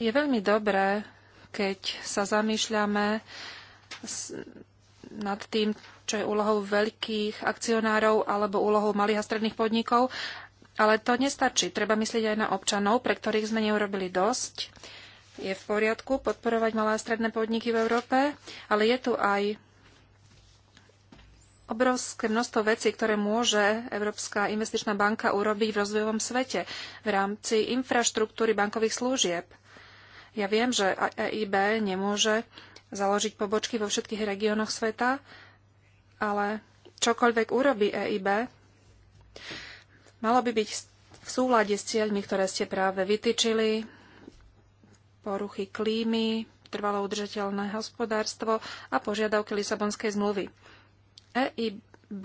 Je veľmi dobré, keď sa zamýšľame nad tým, čo je úlohou veľkých akcionárov alebo úlohou malých a stredných podnikov, ale to nestačí. Treba myslieť aj na občanov, pre ktorých sme neurobili dosť. Je v poriadku podporovať malé a stredné podniky v Európe, ale je tu aj obrovské množstvo vecí, ktoré môže Európska investičná banka urobiť v rozvojovom svete v rámci infraštruktúry bankových služieb. Ja viem, že EIB nemôže založiť pobočky vo všetkých regiónoch sveta, ale čokoľvek urobí EIB, malo by byť v súlade s cieľmi, ktoré ste práve vytyčili, poruchy klímy, trvalo udržateľné hospodárstvo a požiadavky Lisabonskej zmluvy. EIB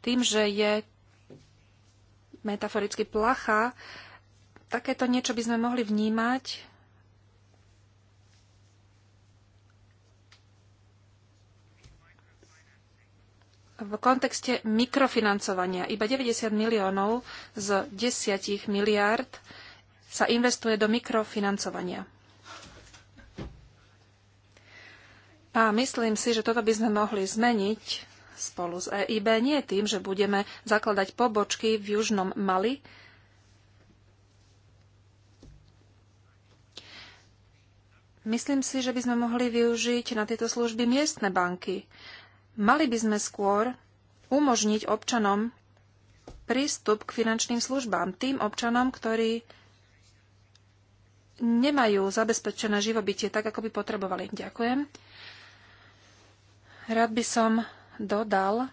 tým, že je metaforicky placha, takéto niečo by sme mohli vnímať v kontexte mikrofinancovania. Iba 90 miliónov z 10 miliárd sa investuje do mikrofinancovania. A myslím si, že toto by sme mohli zmeniť spolu s EIB nie tým, že budeme zakladať pobočky v južnom Mali, Myslím si, že by sme mohli využiť na tieto služby miestne banky. Mali by sme skôr umožniť občanom prístup k finančným službám, tým občanom, ktorí nemajú zabezpečené živobytie tak, ako by potrebovali. Ďakujem. Rád by som dodal,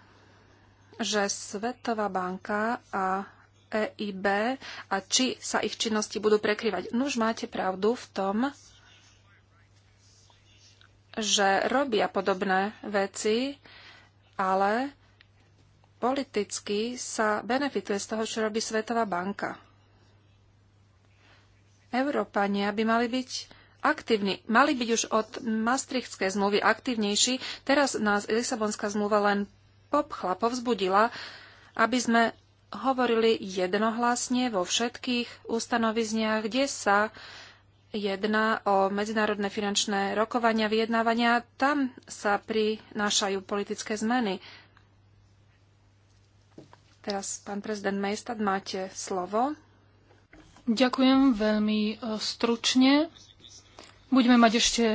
že Svetová banka a EIB a či sa ich činnosti budú prekrývať. Nuž máte pravdu v tom, že robia podobné veci, ale politicky sa benefituje z toho, čo robí Svetová banka. Európania by mali byť aktívni. Mali byť už od Maastrichtskej zmluvy aktívnejší. Teraz nás Lisabonská zmluva len popchla, povzbudila, aby sme hovorili jednohlasne vo všetkých ustanovizniach, kde sa 1 o medzinárodné finančné rokovania, vyjednávania, tam sa prinášajú politické zmeny. Teraz, pán prezident Mejstad, máte slovo. Ďakujem veľmi e, stručne. Budeme mať ešte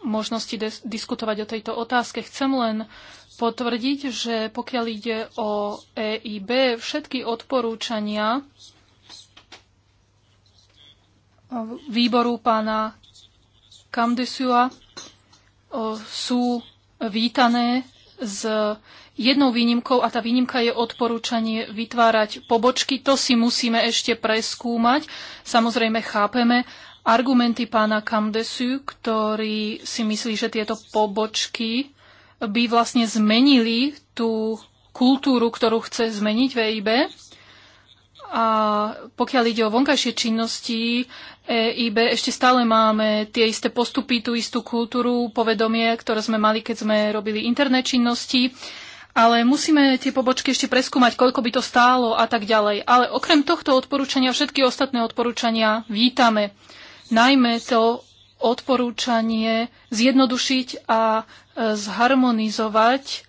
možnosti diskutovať o tejto otázke. Chcem len potvrdiť, že pokiaľ ide o EIB, všetky odporúčania, výboru pána Kamdesua sú vítané s jednou výnimkou a tá výnimka je odporúčanie vytvárať pobočky. To si musíme ešte preskúmať. Samozrejme chápeme argumenty pána Kamdesu, ktorý si myslí, že tieto pobočky by vlastne zmenili tú kultúru, ktorú chce zmeniť VIB. A pokiaľ ide o vonkajšie činnosti EIB, ešte stále máme tie isté postupy, tú istú kultúru, povedomie, ktoré sme mali, keď sme robili interné činnosti. Ale musíme tie pobočky ešte preskúmať, koľko by to stálo a tak ďalej. Ale okrem tohto odporúčania všetky ostatné odporúčania vítame. Najmä to odporúčanie zjednodušiť a e, zharmonizovať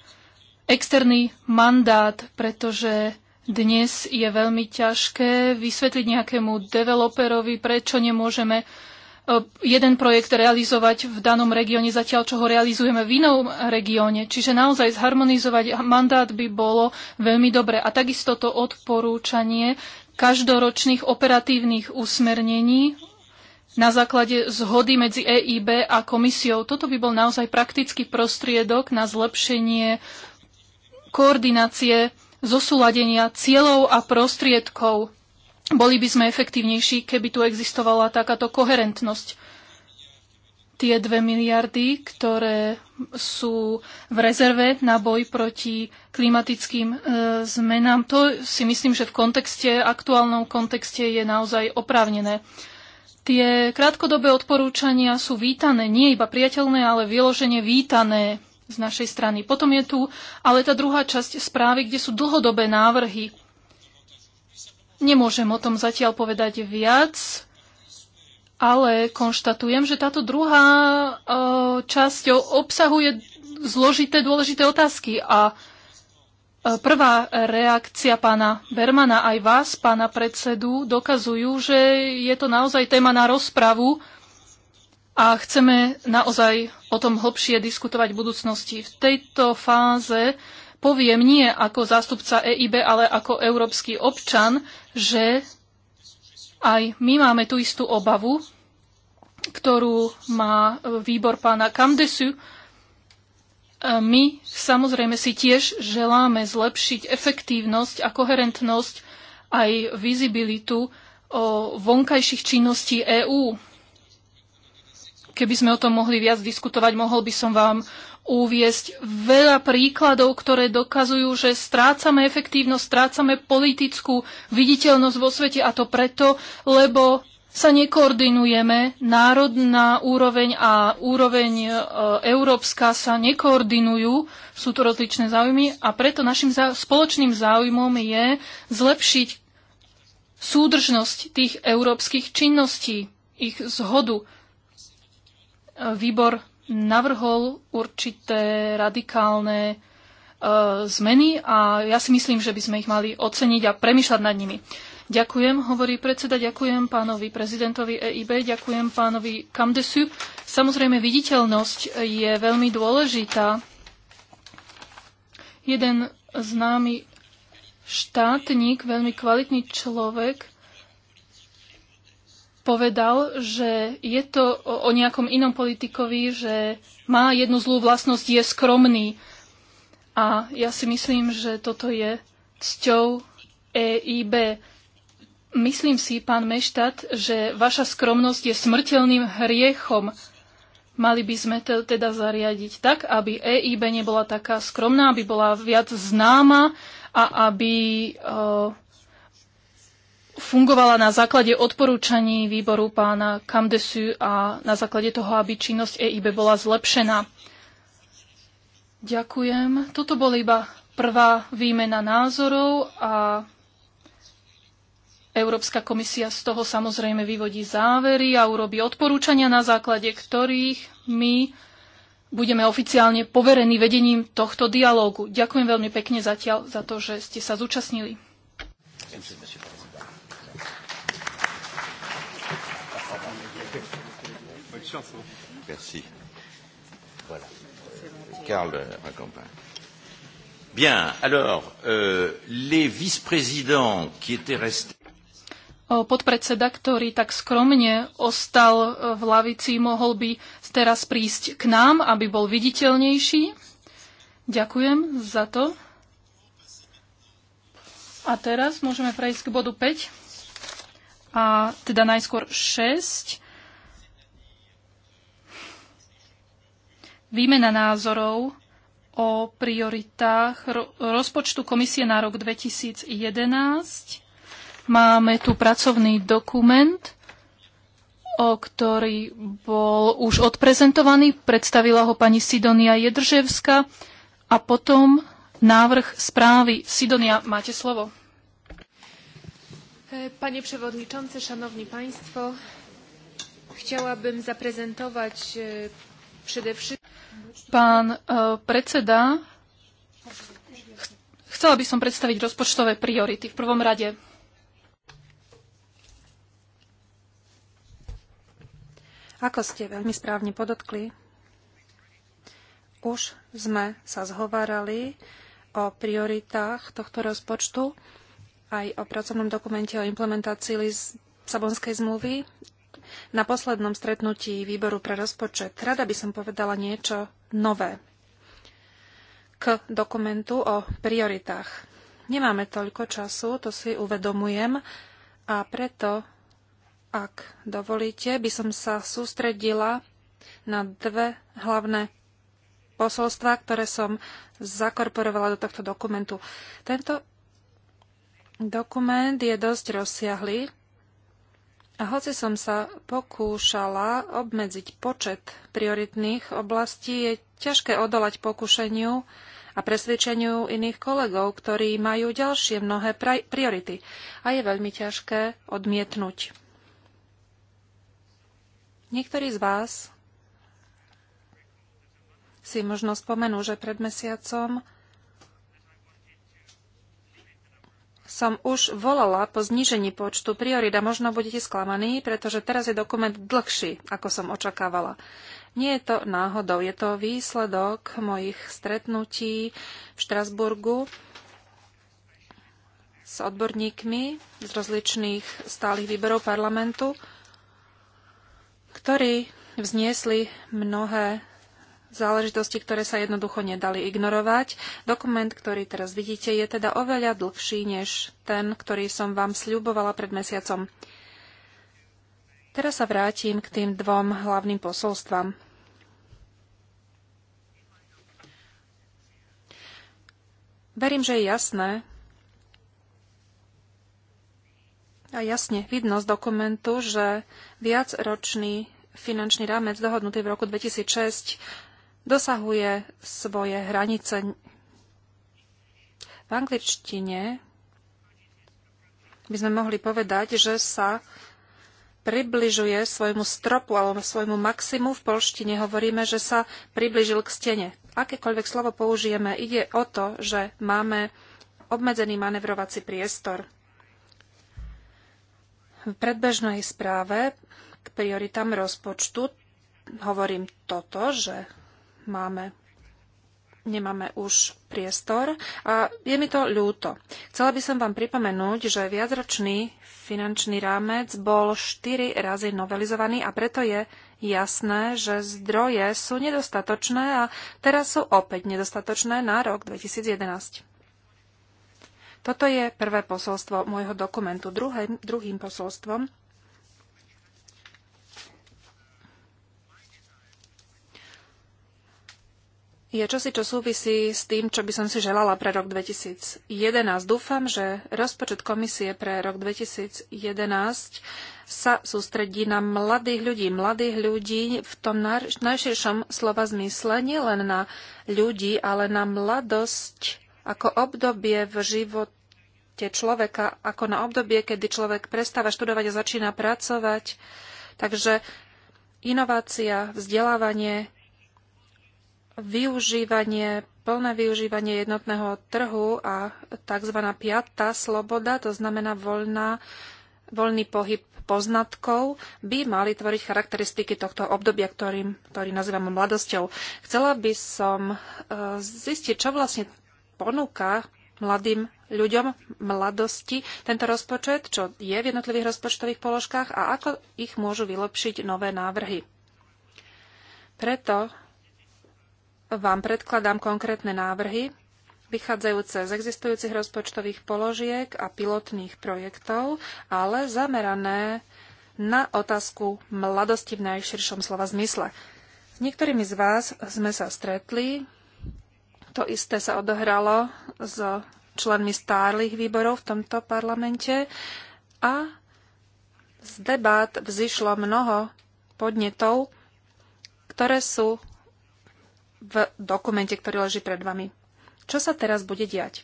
externý mandát, pretože dnes je veľmi ťažké vysvetliť nejakému developerovi, prečo nemôžeme e, jeden projekt realizovať v danom regióne, zatiaľ čo ho realizujeme v inom regióne. Čiže naozaj zharmonizovať mandát by bolo veľmi dobre. A takisto to odporúčanie každoročných operatívnych usmernení na základe zhody medzi EIB a komisiou. Toto by bol naozaj praktický prostriedok na zlepšenie koordinácie zosúladenia cieľov a prostriedkov. Boli by sme efektívnejší, keby tu existovala takáto koherentnosť. Tie dve miliardy, ktoré sú v rezerve na boj proti klimatickým e, zmenám, to si myslím, že v kontexte, aktuálnom kontexte je naozaj oprávnené. Tie krátkodobé odporúčania sú vítané, nie iba priateľné, ale vyloženie vítané z našej strany. Potom je tu ale tá druhá časť správy, kde sú dlhodobé návrhy. Nemôžem o tom zatiaľ povedať viac, ale konštatujem, že táto druhá e, časť obsahuje zložité, dôležité otázky a e, Prvá reakcia pána Bermana aj vás, pána predsedu, dokazujú, že je to naozaj téma na rozpravu a chceme naozaj o tom hlbšie diskutovať v budúcnosti. V tejto fáze poviem nie ako zástupca EIB, ale ako európsky občan, že aj my máme tú istú obavu, ktorú má výbor pána Kamdesu. My samozrejme si tiež želáme zlepšiť efektívnosť a koherentnosť aj vizibilitu vonkajších činností EÚ Keby sme o tom mohli viac diskutovať, mohol by som vám uviesť veľa príkladov, ktoré dokazujú, že strácame efektívnosť, strácame politickú viditeľnosť vo svete a to preto, lebo sa nekoordinujeme, národná úroveň a úroveň e, európska sa nekoordinujú, sú to rozličné záujmy a preto našim zá, spoločným záujmom je zlepšiť súdržnosť tých európskych činností, ich zhodu výbor navrhol určité radikálne e, zmeny a ja si myslím, že by sme ich mali oceniť a premyšľať nad nimi. Ďakujem, hovorí predseda, ďakujem pánovi prezidentovi EIB, ďakujem pánovi Kamdesu. Samozrejme, viditeľnosť je veľmi dôležitá. Jeden známy štátnik, veľmi kvalitný človek, povedal, že je to o, o nejakom inom politikovi, že má jednu zlú vlastnosť, je skromný. A ja si myslím, že toto je cťou EIB. Myslím si, pán Meštat, že vaša skromnosť je smrteľným hriechom. Mali by sme to teda zariadiť tak, aby EIB nebola taká skromná, aby bola viac známa a aby uh, fungovala na základe odporúčaní výboru pána Kamdesu a na základe toho, aby činnosť EIB bola zlepšená. Ďakujem. Toto bol iba prvá výmena názorov a Európska komisia z toho samozrejme vyvodí závery a urobí odporúčania, na základe ktorých my budeme oficiálne poverení vedením tohto dialógu. Ďakujem veľmi pekne zatiaľ za to, že ste sa zúčastnili. Ďakujem. Merci. Voilà. Karl Racampin. Bien, alors, euh, les vice-présidents qui étaient restés. Podpredseda, ktorý tak skromne ostal e, v lavici, mohol by teraz prísť k nám, aby bol viditeľnejší. Ďakujem za to. A teraz môžeme prejsť k bodu 5. A teda najskôr 6 výmena názorov o prioritách rozpočtu komisie na rok 2011. Máme tu pracovný dokument, o ktorý bol už odprezentovaný. Predstavila ho pani Sidonia Jedrževska a potom návrh správy. Sidonia, máte slovo. E, Panie przewodniczący, szanowni państwo, chciałabym zaprezentować e, Pán eh, predseda, chcela by som predstaviť rozpočtové priority. V prvom rade Ako ste veľmi správne podotkli, už sme sa zhovárali o prioritách tohto rozpočtu aj o pracovnom dokumente o implementácii Sabonskej zmluvy na poslednom stretnutí výboru pre rozpočet. Rada by som povedala niečo nové k dokumentu o prioritách. Nemáme toľko času, to si uvedomujem, a preto, ak dovolíte, by som sa sústredila na dve hlavné posolstva, ktoré som zakorporovala do tohto dokumentu. Tento Dokument je dosť rozsiahly a hoci som sa pokúšala obmedziť počet prioritných oblastí, je ťažké odolať pokušeniu a presvedčeniu iných kolegov, ktorí majú ďalšie mnohé priority a je veľmi ťažké odmietnúť. Niektorí z vás si možno spomenú, že pred mesiacom som už volala po znížení počtu priorita. možno budete sklamaní, pretože teraz je dokument dlhší, ako som očakávala. Nie je to náhodou, je to výsledok mojich stretnutí v Štrasburgu s odborníkmi z rozličných stálych výborov parlamentu, ktorí vzniesli mnohé záležitosti, ktoré sa jednoducho nedali ignorovať. Dokument, ktorý teraz vidíte, je teda oveľa dlhší než ten, ktorý som vám sľubovala pred mesiacom. Teraz sa vrátim k tým dvom hlavným posolstvám. Verím, že je jasné a jasne vidno z dokumentu, že viacročný finančný rámec dohodnutý v roku 2006 dosahuje svoje hranice. V angličtine by sme mohli povedať, že sa približuje svojmu stropu alebo svojmu maximu. V polštine hovoríme, že sa približil k stene. Akékoľvek slovo použijeme, ide o to, že máme obmedzený manevrovací priestor. V predbežnej správe k prioritám rozpočtu hovorím toto, že máme nemáme už priestor a je mi to ľúto. Chcela by som vám pripomenúť, že viacročný finančný rámec bol 4 razy novelizovaný a preto je jasné, že zdroje sú nedostatočné a teraz sú opäť nedostatočné na rok 2011. Toto je prvé posolstvo môjho dokumentu. Druhé, druhým posolstvom je čosi, čo súvisí s tým, čo by som si želala pre rok 2011. Dúfam, že rozpočet komisie pre rok 2011 sa sústredí na mladých ľudí. Mladých ľudí v tom najširšom slova zmysle, nielen na ľudí, ale na mladosť ako obdobie v živote človeka, ako na obdobie, kedy človek prestáva študovať a začína pracovať. Takže inovácia, vzdelávanie, využívanie, plné využívanie jednotného trhu a tzv. piatá sloboda, to znamená voľná, voľný pohyb poznatkov, by mali tvoriť charakteristiky tohto obdobia, ktorým, ktorý nazývame mladosťou. Chcela by som e, zistiť, čo vlastne ponúka mladým ľuďom mladosti tento rozpočet, čo je v jednotlivých rozpočtových položkách a ako ich môžu vylepšiť nové návrhy. Preto vám predkladám konkrétne návrhy, vychádzajúce z existujúcich rozpočtových položiek a pilotných projektov, ale zamerané na otázku mladosti v najširšom slova zmysle. S niektorými z vás sme sa stretli. To isté sa odohralo s členmi stálych výborov v tomto parlamente a z debát vzýšlo mnoho podnetov, ktoré sú v dokumente, ktorý leží pred vami. Čo sa teraz bude diať?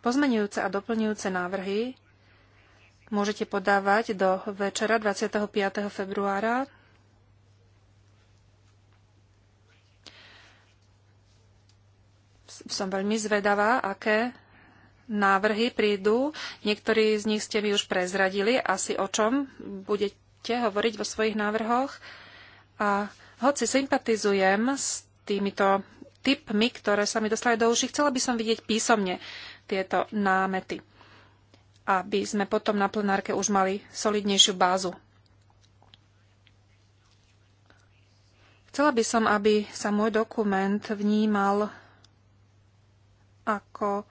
Pozmenujúce a doplňujúce návrhy môžete podávať do večera 25. februára. Som veľmi zvedavá, aké návrhy prídu. Niektorí z nich ste mi už prezradili, asi o čom budete hovoriť vo svojich návrhoch. A hoci sympatizujem s týmito typmi, ktoré sa mi dostali do uši, chcela by som vidieť písomne tieto námety, aby sme potom na plenárke už mali solidnejšiu bázu. Chcela by som, aby sa môj dokument vnímal ako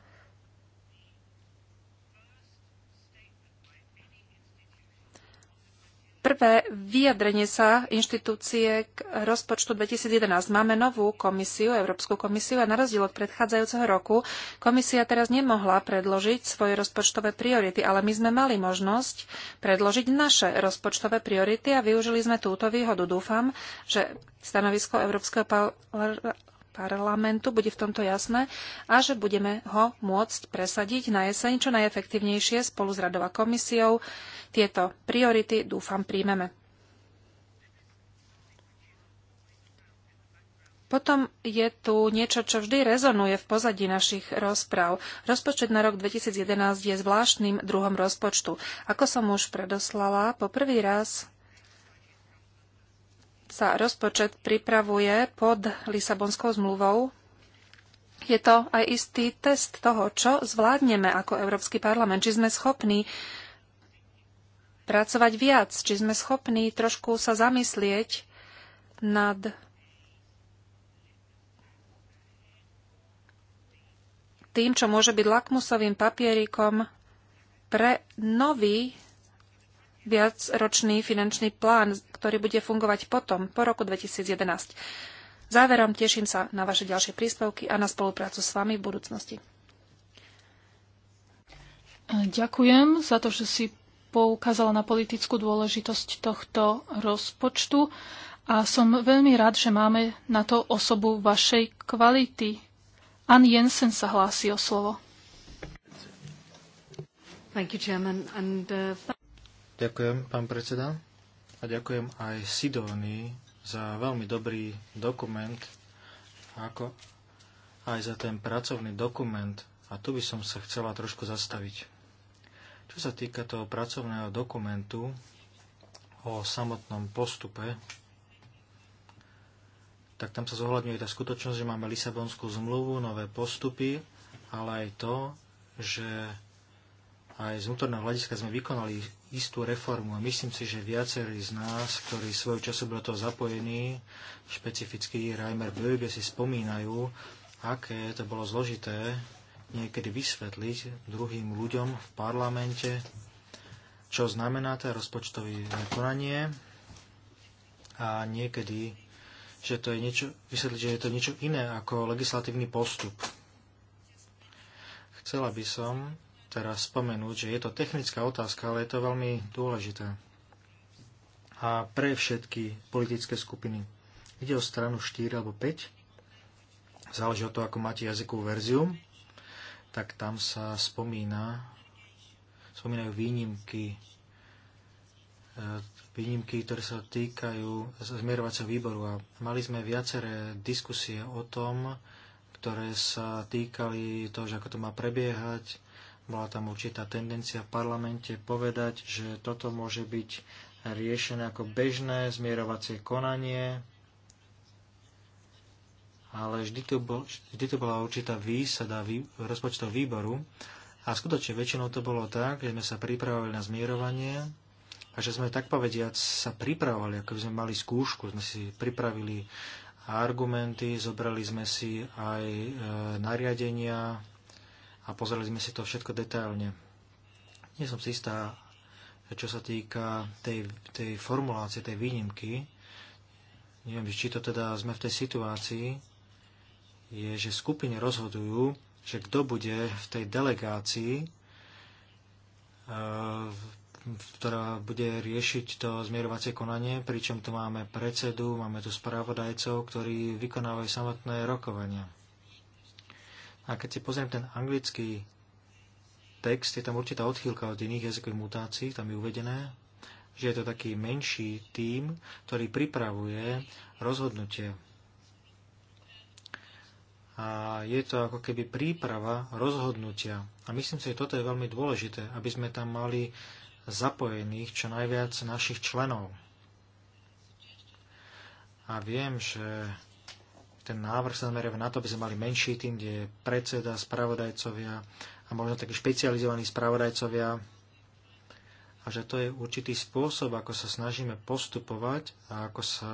prvé vyjadrenie sa inštitúcie k rozpočtu 2011. Máme novú komisiu, Európsku komisiu a na rozdiel od predchádzajúceho roku komisia teraz nemohla predložiť svoje rozpočtové priority, ale my sme mali možnosť predložiť naše rozpočtové priority a využili sme túto výhodu. Dúfam, že stanovisko Európskeho parlamentu, bude v tomto jasné, a že budeme ho môcť presadiť na jeseň čo najefektívnejšie spolu s Radová komisiou. Tieto priority, dúfam, príjmeme. Potom je tu niečo, čo vždy rezonuje v pozadí našich rozpráv. Rozpočet na rok 2011 je zvláštnym druhom rozpočtu. Ako som už predoslala, po prvý raz sa rozpočet pripravuje pod Lisabonskou zmluvou, je to aj istý test toho, čo zvládneme ako Európsky parlament, či sme schopní pracovať viac, či sme schopní trošku sa zamyslieť nad tým, čo môže byť lakmusovým papierikom pre nový viacročný finančný plán, ktorý bude fungovať potom, po roku 2011. Záverom teším sa na vaše ďalšie príspevky a na spoluprácu s vami v budúcnosti. Ďakujem za to, že si poukázala na politickú dôležitosť tohto rozpočtu a som veľmi rád, že máme na to osobu vašej kvality. Ann Jensen sa hlási o slovo. You, Chairman, and, uh... Ďakujem, pán predseda. A ďakujem aj Sidóni za veľmi dobrý dokument, ako aj za ten pracovný dokument. A tu by som sa chcela trošku zastaviť. Čo sa týka toho pracovného dokumentu o samotnom postupe, tak tam sa zohľadňuje tá skutočnosť, že máme Lisabonskú zmluvu, nové postupy, ale aj to, že aj z vnútorného hľadiska sme vykonali istú reformu a myslím si, že viacerí z nás, ktorí svojho času boli toho zapojení, špecificky Reimer Böge si spomínajú, aké to bolo zložité niekedy vysvetliť druhým ľuďom v parlamente, čo znamená to rozpočtové konanie a niekedy, že to je niečo, vysvetliť, že je to niečo iné ako legislatívny postup. Chcela by som teraz spomenúť, že je to technická otázka, ale je to veľmi dôležité. A pre všetky politické skupiny. Ide o stranu 4 alebo 5. Záleží od toho, ako máte jazykovú verziu. Tak tam sa spomína, spomínajú výnimky e, výnimky, ktoré sa týkajú zmierovacieho výboru. A mali sme viaceré diskusie o tom, ktoré sa týkali toho, že ako to má prebiehať, bola tam určitá tendencia v parlamente povedať, že toto môže byť riešené ako bežné zmierovacie konanie, ale vždy tu, bol, vždy tu bola určitá výsada vý, rozpočtov výboru a skutočne väčšinou to bolo tak, že sme sa pripravovali na zmierovanie a že sme tak povediať sa pripravovali, ako by sme mali skúšku, sme si pripravili argumenty, zobrali sme si aj e, nariadenia, a pozreli sme si to všetko detailne. Nie som si istá, čo sa týka tej, tej formulácie, tej výnimky, neviem, či to teda sme v tej situácii, je, že skupiny rozhodujú, že kto bude v tej delegácii, e, ktorá bude riešiť to zmierovacie konanie, pričom tu máme predsedu, máme tu spravodajcov, ktorí vykonávajú samotné rokovania. A keď si pozriem ten anglický text, je tam určitá odchýlka od iných jazykových mutácií, tam je uvedené, že je to taký menší tím, ktorý pripravuje rozhodnutie. A je to ako keby príprava rozhodnutia. A myslím si, že toto je veľmi dôležité, aby sme tam mali zapojených čo najviac našich členov. A viem, že ten návrh sa zameriava na to, aby sme mali menší tým, kde je predseda, spravodajcovia a možno takí špecializovaní spravodajcovia a že to je určitý spôsob, ako sa snažíme postupovať a ako, sa,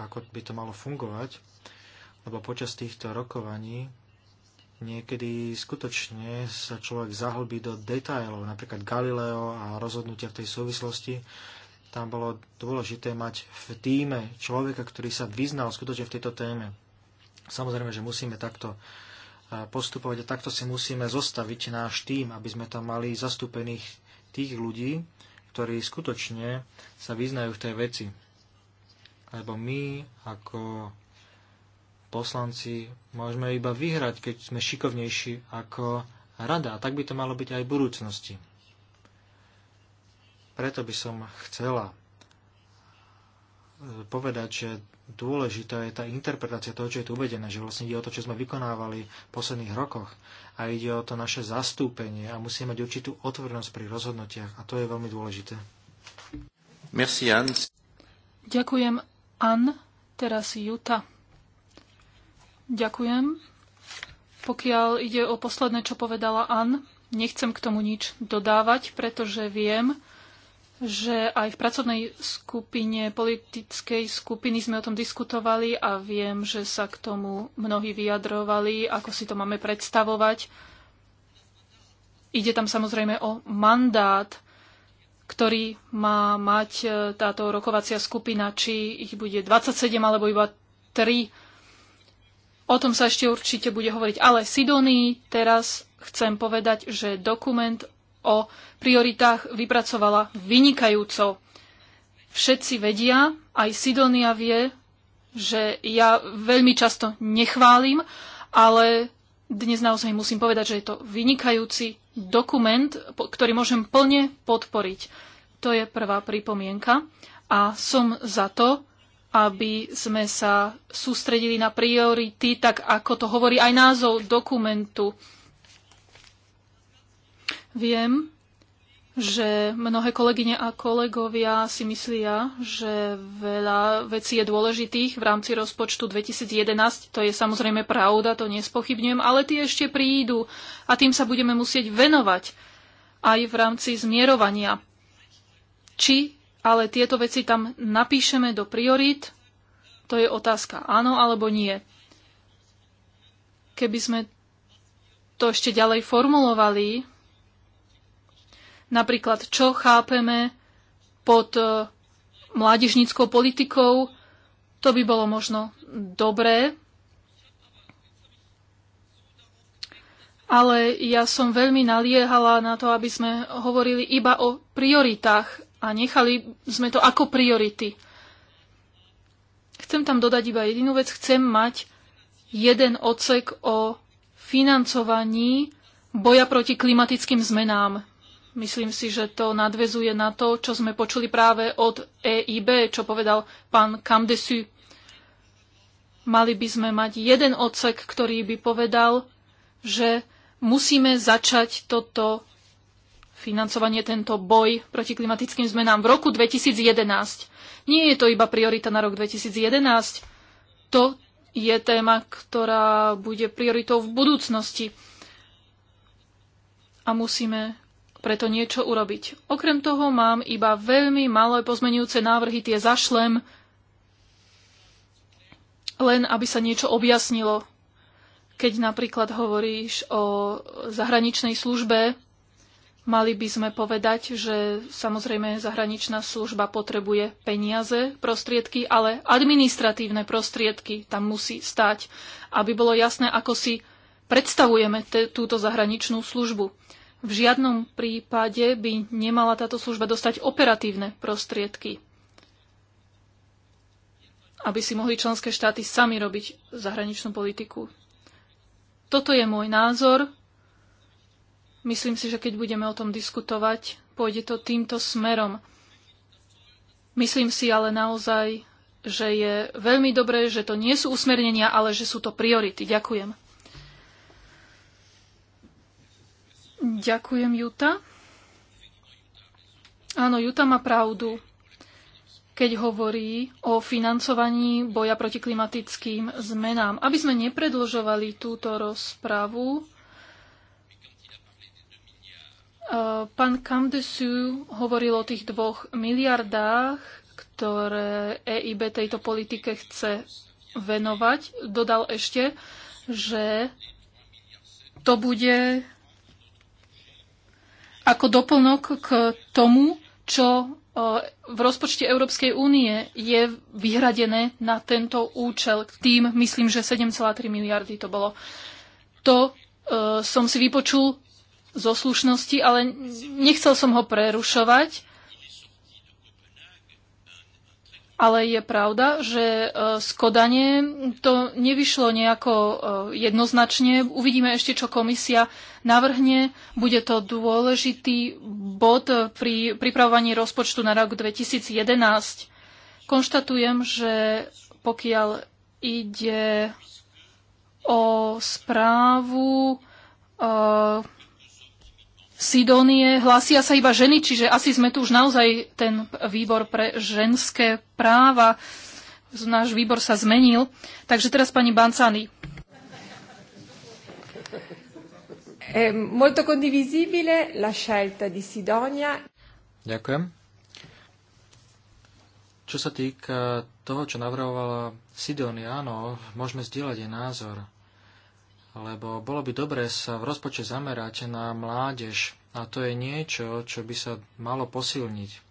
ako by to malo fungovať, lebo počas týchto rokovaní niekedy skutočne sa človek zahlbí do detajlov, napríklad Galileo a rozhodnutia v tej súvislosti. Tam bolo dôležité mať v týme človeka, ktorý sa vyznal skutočne v tejto téme. Samozrejme, že musíme takto e, postupovať a takto si musíme zostaviť náš tým, aby sme tam mali zastúpených tých ľudí, ktorí skutočne sa vyznajú v tej veci. Lebo my ako poslanci môžeme iba vyhrať, keď sme šikovnejší ako rada. A tak by to malo byť aj v budúcnosti. Preto by som chcela povedať, že dôležitá je tá interpretácia toho, čo je tu uvedené, že vlastne ide o to, čo sme vykonávali v posledných rokoch a ide o to naše zastúpenie a musíme mať určitú otvorenosť pri rozhodnutiach a to je veľmi dôležité. Merci, Anne. Ďakujem, Ann. Teraz Juta. Ďakujem. Pokiaľ ide o posledné, čo povedala Ann, nechcem k tomu nič dodávať, pretože viem, že aj v pracovnej skupine, politickej skupiny sme o tom diskutovali a viem, že sa k tomu mnohí vyjadrovali, ako si to máme predstavovať. Ide tam samozrejme o mandát, ktorý má mať e, táto rokovacia skupina, či ich bude 27 alebo iba 3. O tom sa ešte určite bude hovoriť. Ale Sidonii teraz chcem povedať, že dokument o prioritách vypracovala vynikajúco. Všetci vedia, aj Sidonia vie, že ja veľmi často nechválim, ale dnes naozaj musím povedať, že je to vynikajúci dokument, ktorý môžem plne podporiť. To je prvá pripomienka a som za to, aby sme sa sústredili na priority, tak ako to hovorí aj názov dokumentu Viem, že mnohé kolegyne a kolegovia si myslia, že veľa vecí je dôležitých v rámci rozpočtu 2011. To je samozrejme pravda, to nespochybňujem, ale tie ešte prídu a tým sa budeme musieť venovať aj v rámci zmierovania. Či ale tieto veci tam napíšeme do priorit, to je otázka áno alebo nie. Keby sme to ešte ďalej formulovali, Napríklad, čo chápeme pod e, mládežníckou politikou, to by bolo možno dobré. Ale ja som veľmi naliehala na to, aby sme hovorili iba o prioritách a nechali sme to ako priority. Chcem tam dodať iba jedinú vec. Chcem mať jeden odsek o financovaní boja proti klimatickým zmenám. Myslím si, že to nadvezuje na to, čo sme počuli práve od EIB, čo povedal pán Kamdesu. Mali by sme mať jeden odsek, ktorý by povedal, že musíme začať toto financovanie, tento boj proti klimatickým zmenám v roku 2011. Nie je to iba priorita na rok 2011, to je téma, ktorá bude prioritou v budúcnosti. A musíme preto niečo urobiť. Okrem toho mám iba veľmi malé pozmenujúce návrhy, tie zašlem, len aby sa niečo objasnilo. Keď napríklad hovoríš o zahraničnej službe, mali by sme povedať, že samozrejme zahraničná služba potrebuje peniaze, prostriedky, ale administratívne prostriedky tam musí stať, aby bolo jasné, ako si predstavujeme túto zahraničnú službu. V žiadnom prípade by nemala táto služba dostať operatívne prostriedky, aby si mohli členské štáty sami robiť zahraničnú politiku. Toto je môj názor. Myslím si, že keď budeme o tom diskutovať, pôjde to týmto smerom. Myslím si ale naozaj, že je veľmi dobré, že to nie sú usmernenia, ale že sú to priority. Ďakujem. Ďakujem, Juta. Áno, Juta má pravdu, keď hovorí o financovaní boja proti klimatickým zmenám. Aby sme nepredlžovali túto rozpravu, e, pán Camdesu hovoril o tých dvoch miliardách, ktoré EIB tejto politike chce venovať. Dodal ešte, že to bude ako doplnok k tomu, čo e, v rozpočte Európskej únie je vyhradené na tento účel. Tým myslím, že 7,3 miliardy to bolo. To e, som si vypočul zo slušnosti, ale nechcel som ho prerušovať. Ale je pravda, že skodanie e, to nevyšlo nejako e, jednoznačne. Uvidíme ešte, čo komisia navrhne. Bude to dôležitý bod pri pripravovaní rozpočtu na rok 2011. Konštatujem, že pokiaľ ide o správu, e, Sidónie. Hlásia sa iba ženy, čiže asi sme tu už naozaj ten výbor pre ženské práva. Náš výbor sa zmenil. Takže teraz pani Bancani. Molto condivisibile la scelta di Sidonia. Ďakujem. Čo sa týka toho, čo navrhovala Sidonia, áno, môžeme zdieľať jej názor lebo bolo by dobre sa v rozpočte zamerať na mládež a to je niečo, čo by sa malo posilniť.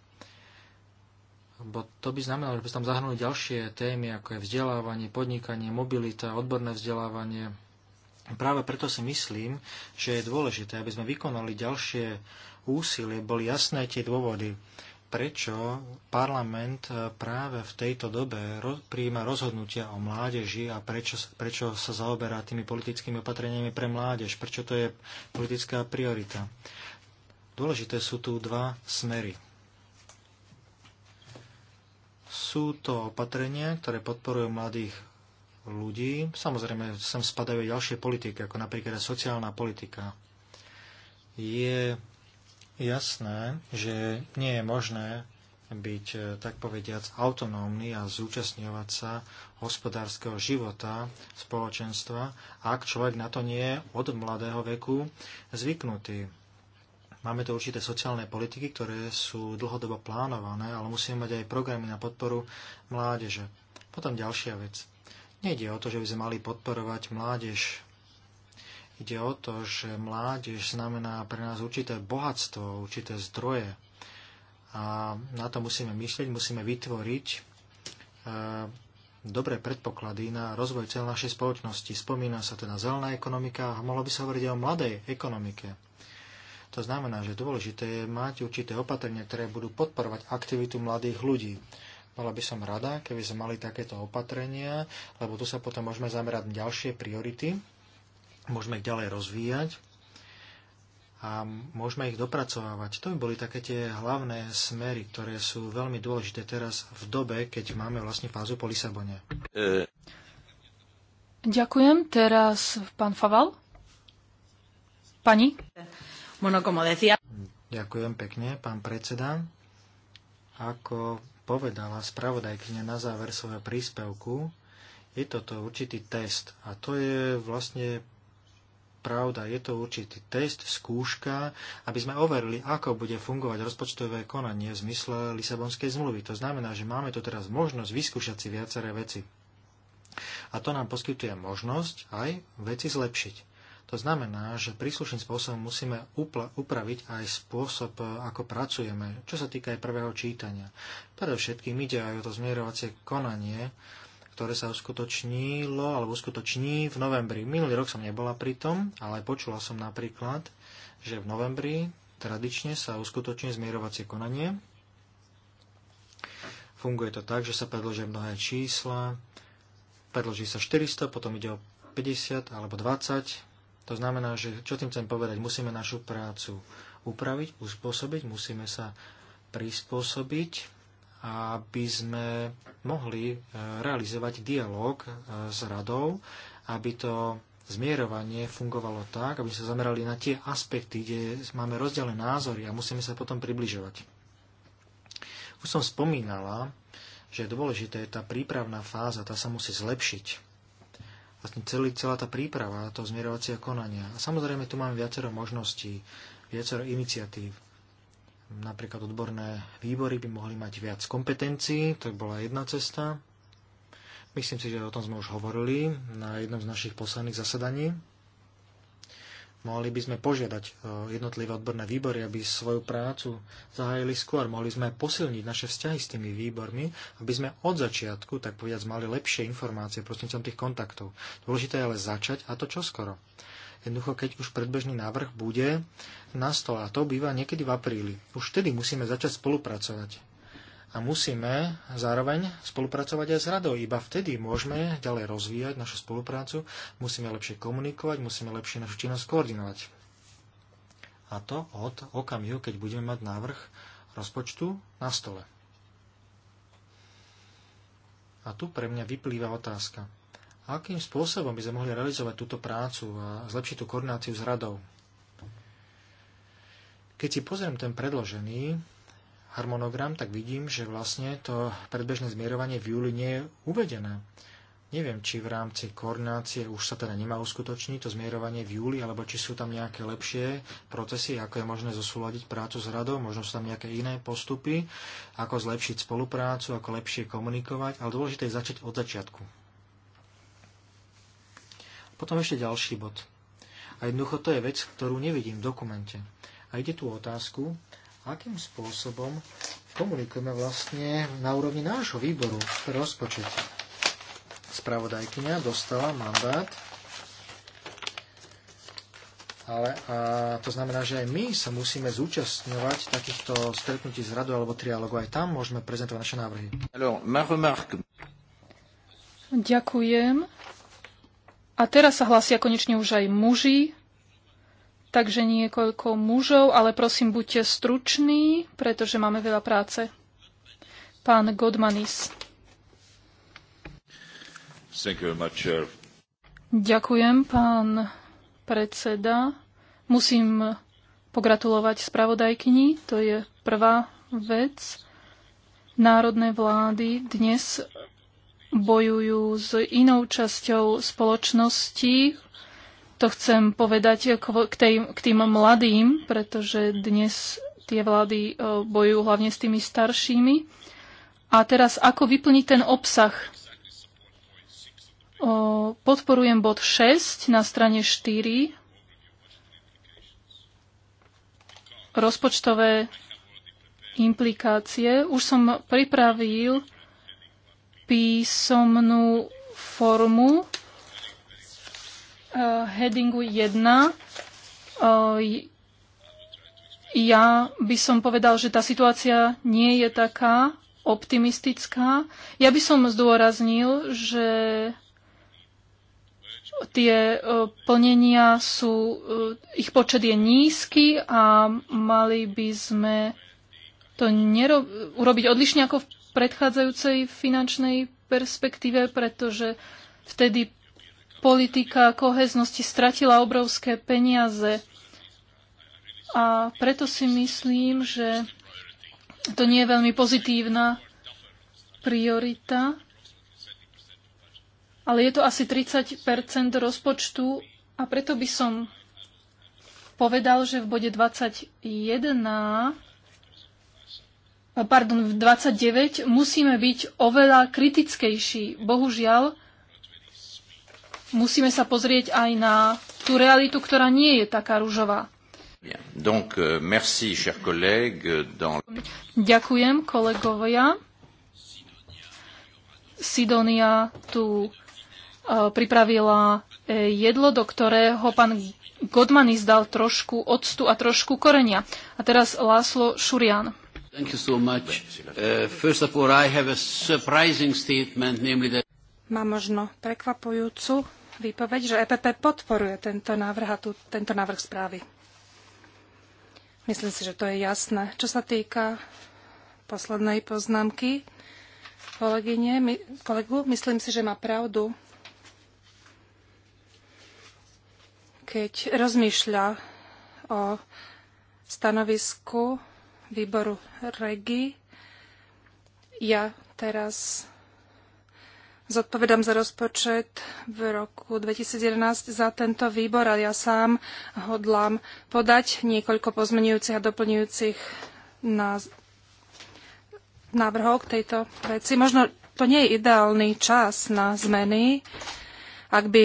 Bo to by znamenalo, že by sa tam zahrnuli ďalšie témy, ako je vzdelávanie, podnikanie, mobilita, odborné vzdelávanie. Práve preto si myslím, že je dôležité, aby sme vykonali ďalšie úsilie, boli jasné tie dôvody prečo parlament e, práve v tejto dobe prijíma rozhodnutia o mládeži a prečo, prečo sa zaoberá tými politickými opatreniami pre mládež, prečo to je politická priorita. Dôležité sú tu dva smery. Sú to opatrenia, ktoré podporujú mladých ľudí. Samozrejme, sem spadajú ďalšie politiky, ako napríklad sociálna politika. Je jasné, že nie je možné byť, e, tak povediac, autonómny a zúčastňovať sa hospodárskeho života spoločenstva, ak človek na to nie je od mladého veku zvyknutý. Máme tu určité sociálne politiky, ktoré sú dlhodobo plánované, ale musíme mať aj programy na podporu mládeže. Potom ďalšia vec. Nejde o to, že by sme mali podporovať mládež Ide o to, že mládež znamená pre nás určité bohatstvo, určité zdroje. A na to musíme myslieť, musíme vytvoriť e, dobré predpoklady na rozvoj cel našej spoločnosti. Spomína sa teda zelená ekonomika a mohlo by sa hovoriť o mladej ekonomike. To znamená, že dôležité je mať určité opatrenia, ktoré budú podporovať aktivitu mladých ľudí. Bola by som rada, keby sme mali takéto opatrenia, lebo tu sa potom môžeme zamerať na ďalšie priority, môžeme ich ďalej rozvíjať a môžeme ich dopracovávať. To by boli také tie hlavné smery, ktoré sú veľmi dôležité teraz v dobe, keď máme vlastne fázu po Lisabone. E. Ďakujem. Teraz pán Faval. Pani? Ďakujem pekne, pán predseda. Ako povedala spravodajkyňa na záver svojho príspevku, je toto určitý test a to je vlastne pravda. Je to určitý test, skúška, aby sme overili, ako bude fungovať rozpočtové konanie v zmysle Lisabonskej zmluvy. To znamená, že máme tu teraz možnosť vyskúšať si viaceré veci. A to nám poskytuje možnosť aj veci zlepšiť. To znamená, že príslušným spôsobom musíme upraviť aj spôsob, ako pracujeme, čo sa týka aj prvého čítania. Predovšetkým ide aj o to zmierovacie konanie, ktoré sa uskutočnilo alebo uskutoční v novembri. Minulý rok som nebola pri tom, ale počula som napríklad, že v novembri tradične sa uskutoční zmierovacie konanie. Funguje to tak, že sa predložia mnohé čísla, predloží sa 400, potom ide o 50 alebo 20. To znamená, že čo tým chcem povedať, musíme našu prácu upraviť, uspôsobiť, musíme sa prispôsobiť aby sme mohli e, realizovať dialog e, s radou, aby to zmierovanie fungovalo tak, aby sa zamerali na tie aspekty, kde máme rozdielne názory a musíme sa potom približovať. Už som spomínala, že je dôležité tá prípravná fáza, tá sa musí zlepšiť. Vlastne celý, celá tá príprava, to zmierovacieho konania. A samozrejme, tu máme viacero možností, viacero iniciatív Napríklad odborné výbory by mohli mať viac kompetencií, to bola jedna cesta. Myslím si, že o tom sme už hovorili na jednom z našich posledných zasadaní. Mohli by sme požiadať e, jednotlivé odborné výbory, aby svoju prácu zahájili skôr. Mohli sme posilniť naše vzťahy s tými výbormi, aby sme od začiatku, tak povedať, mali lepšie informácie prostredníctvom tých kontaktov. Dôležité je ale začať a to čoskoro. Jednoducho, keď už predbežný návrh bude na stole, a to býva niekedy v apríli, už vtedy musíme začať spolupracovať. A musíme zároveň spolupracovať aj s radou. Iba vtedy môžeme ďalej rozvíjať našu spoluprácu, musíme lepšie komunikovať, musíme lepšie našu činnosť koordinovať. A to od okamihu, keď budeme mať návrh rozpočtu na stole. A tu pre mňa vyplýva otázka. Akým spôsobom by sme mohli realizovať túto prácu a zlepšiť tú koordináciu s radou? Keď si pozriem ten predložený harmonogram, tak vidím, že vlastne to predbežné zmierovanie v júli nie je uvedené. Neviem, či v rámci koordinácie už sa teda nemá uskutočniť to zmierovanie v júli, alebo či sú tam nejaké lepšie procesy, ako je možné zosúľadiť prácu s radou, možno sú tam nejaké iné postupy, ako zlepšiť spoluprácu, ako lepšie komunikovať, ale dôležité je začať od začiatku. Potom ešte ďalší bod. A jednoducho to je vec, ktorú nevidím v dokumente. A ide tu otázku, akým spôsobom komunikujeme vlastne na úrovni nášho výboru pre rozpočet. Spravodajkyňa dostala mandát, ale a to znamená, že aj my sa musíme zúčastňovať takýchto stretnutí z radu alebo trialogu. Aj tam môžeme prezentovať naše návrhy. Alors, ma remarque. Ďakujem. A teraz sa hlasia konečne už aj muži, takže niekoľko mužov, ale prosím, buďte struční, pretože máme veľa práce. Pán Godmanis. Much, Ďakujem, pán predseda. Musím pogratulovať spravodajkyni, to je prvá vec. Národné vlády dnes bojujú s inou časťou spoločnosti. To chcem povedať k, tej, k tým mladým, pretože dnes tie vlády e, bojujú hlavne s tými staršími. A teraz, ako vyplniť ten obsah? Podporujem bod 6 na strane 4. Rozpočtové implikácie. Už som pripravil písomnú formu e, headingu 1. E, ja by som povedal, že tá situácia nie je taká optimistická. Ja by som zdôraznil, že tie e, plnenia sú, ich počet je nízky a mali by sme to urobiť odlišne ako v predchádzajúcej finančnej perspektíve, pretože vtedy politika koheznosti stratila obrovské peniaze. A preto si myslím, že to nie je veľmi pozitívna priorita, ale je to asi 30 rozpočtu a preto by som povedal, že v bode 21 pardon, v 29 musíme byť oveľa kritickejší. Bohužiaľ, musíme sa pozrieť aj na tú realitu, ktorá nie je taká ružová. Donc, euh, merci, dans... Ďakujem, kolegovia. Sidonia tu e, pripravila e, jedlo, do ktorého pán Godmanis dal trošku octu a trošku korenia. A teraz Láslo Šurian. Mám Má uh, možno prekvapujúcu výpoveď, že EPP podporuje tento návrh a tu, tento návrh správy. Myslím si, že to je jasné. Čo sa týka poslednej poznámky kolegyne, my, kolegu, myslím si, že má pravdu, keď rozmýšľa o stanovisku výboru REGI. Ja teraz zodpovedám za rozpočet v roku 2011 za tento výbor a ja sám hodlám podať niekoľko pozmenujúcich a doplňujúcich návrhov k tejto veci. Možno to nie je ideálny čas na zmeny, ak by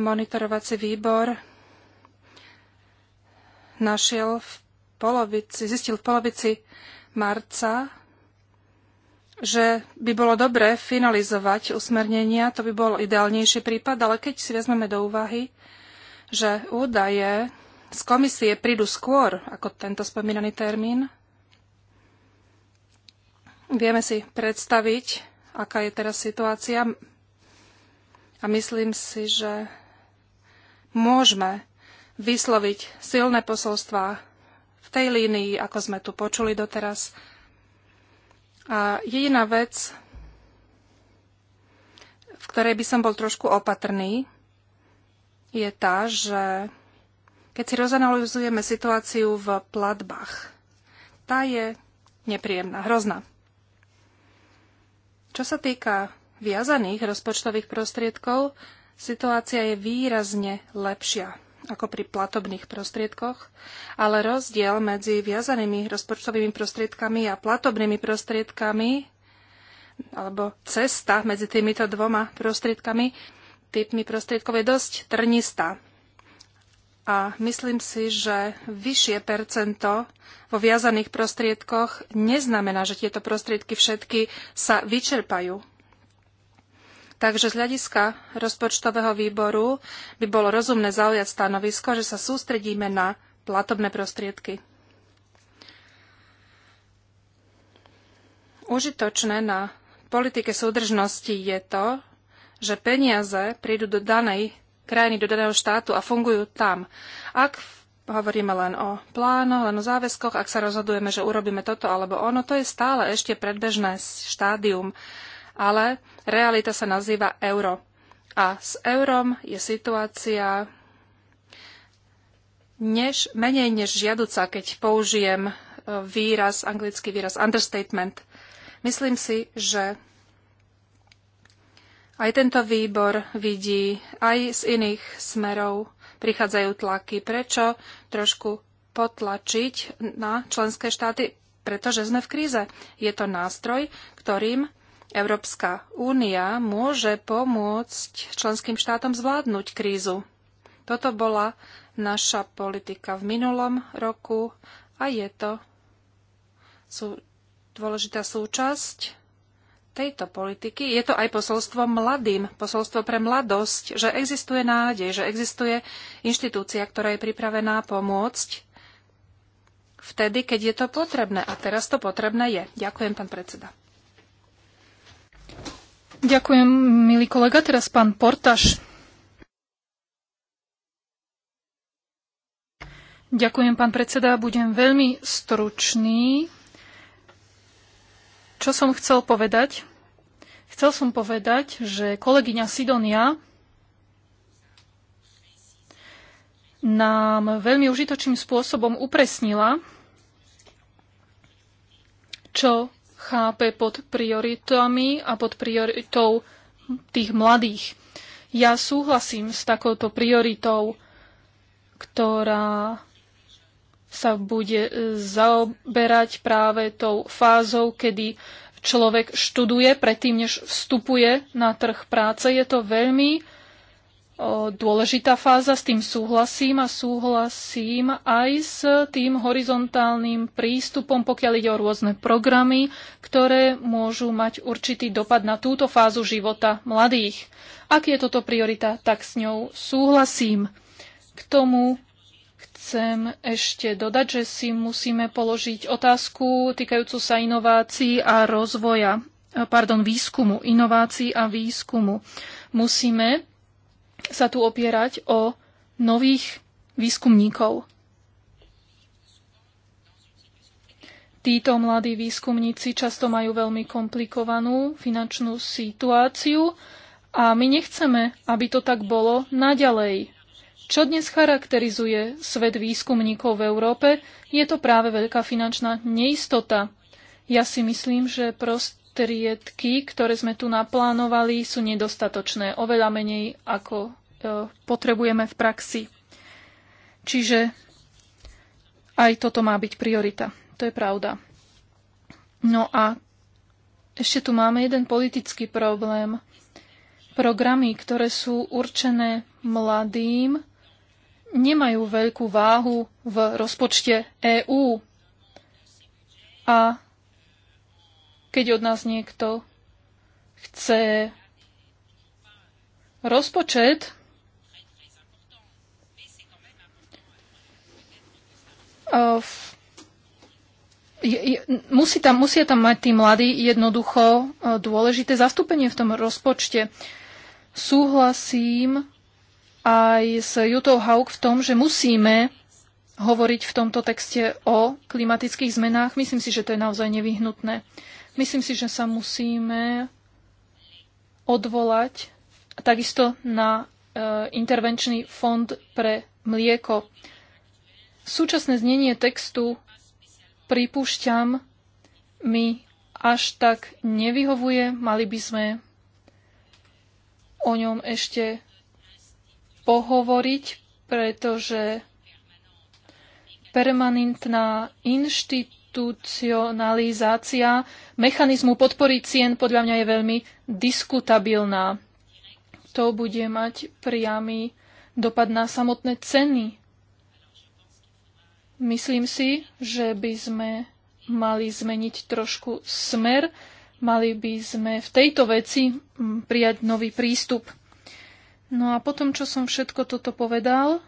monitorovací výbor našiel v polovici, zistil v polovici marca, že by bolo dobré finalizovať usmernenia, to by bol ideálnejší prípad, ale keď si vezmeme do úvahy, že údaje z komisie prídu skôr ako tento spomínaný termín, vieme si predstaviť, aká je teraz situácia a myslím si, že môžeme vysloviť silné posolstvá tej línii, ako sme tu počuli doteraz. A jediná vec, v ktorej by som bol trošku opatrný, je tá, že keď si rozanalizujeme situáciu v platbách, tá je nepríjemná, hrozná. Čo sa týka viazaných rozpočtových prostriedkov, situácia je výrazne lepšia ako pri platobných prostriedkoch, ale rozdiel medzi viazanými rozpočtovými prostriedkami a platobnými prostriedkami alebo cesta medzi týmito dvoma prostriedkami, typmi prostriedkov je dosť trnistá. A myslím si, že vyššie percento vo viazaných prostriedkoch neznamená, že tieto prostriedky všetky sa vyčerpajú. Takže z hľadiska rozpočtového výboru by bolo rozumné zaujať stanovisko, že sa sústredíme na platobné prostriedky. Užitočné na politike súdržnosti je to, že peniaze prídu do danej krajiny, do daného štátu a fungujú tam. Ak hovoríme len o plánoch, len o záväzkoch, ak sa rozhodujeme, že urobíme toto alebo ono, to je stále ešte predbežné štádium ale realita sa nazýva euro. A s eurom je situácia než, menej než žiaduca, keď použijem e, výraz, anglický výraz understatement. Myslím si, že aj tento výbor vidí, aj z iných smerov prichádzajú tlaky. Prečo trošku potlačiť na členské štáty? Pretože sme v kríze. Je to nástroj, ktorým Európska únia môže pomôcť členským štátom zvládnuť krízu. Toto bola naša politika v minulom roku a je to sú dôležitá súčasť tejto politiky. Je to aj posolstvo mladým, posolstvo pre mladosť, že existuje nádej, že existuje inštitúcia, ktorá je pripravená pomôcť vtedy, keď je to potrebné. A teraz to potrebné je. Ďakujem, pán predseda. Ďakujem, milý kolega. Teraz pán Portaš. Ďakujem, pán predseda. Budem veľmi stručný. Čo som chcel povedať? Chcel som povedať, že kolegyňa Sidonia nám veľmi užitočným spôsobom upresnila, čo chápe pod prioritami a pod prioritou tých mladých. Ja súhlasím s takouto prioritou, ktorá sa bude e, zaoberať práve tou fázou, kedy človek študuje predtým, než vstupuje na trh práce. Je to veľmi dôležitá fáza, s tým súhlasím a súhlasím aj s tým horizontálnym prístupom, pokiaľ ide o rôzne programy, ktoré môžu mať určitý dopad na túto fázu života mladých. Ak je toto priorita, tak s ňou súhlasím. K tomu chcem ešte dodať, že si musíme položiť otázku týkajúcu sa inovácií a rozvoja, pardon, výskumu, inovácií a výskumu. Musíme sa tu opierať o nových výskumníkov. Títo mladí výskumníci často majú veľmi komplikovanú finančnú situáciu a my nechceme, aby to tak bolo naďalej. Čo dnes charakterizuje svet výskumníkov v Európe, je to práve veľká finančná neistota. Ja si myslím, že prost prostriedky, ktoré sme tu naplánovali, sú nedostatočné. Oveľa menej, ako e, potrebujeme v praxi. Čiže aj toto má byť priorita. To je pravda. No a ešte tu máme jeden politický problém. Programy, ktoré sú určené mladým, nemajú veľkú váhu v rozpočte EÚ. A keď od nás niekto chce rozpočet, musí tam, musia tam mať tí mladí jednoducho e, dôležité zastúpenie v tom rozpočte. Súhlasím aj s Jutou Haug v tom, že musíme hovoriť v tomto texte o klimatických zmenách. Myslím si, že to je naozaj nevyhnutné. Myslím si, že sa musíme odvolať takisto na e, intervenčný fond pre mlieko. Súčasné znenie textu pripúšťam mi až tak nevyhovuje. Mali by sme o ňom ešte pohovoriť, pretože permanentná inštitúcia inštitucionalizácia mechanizmu podpory cien podľa mňa je veľmi diskutabilná. To bude mať priamy dopad na samotné ceny. Myslím si, že by sme mali zmeniť trošku smer, mali by sme v tejto veci mm, prijať nový prístup. No a potom, čo som všetko toto povedal,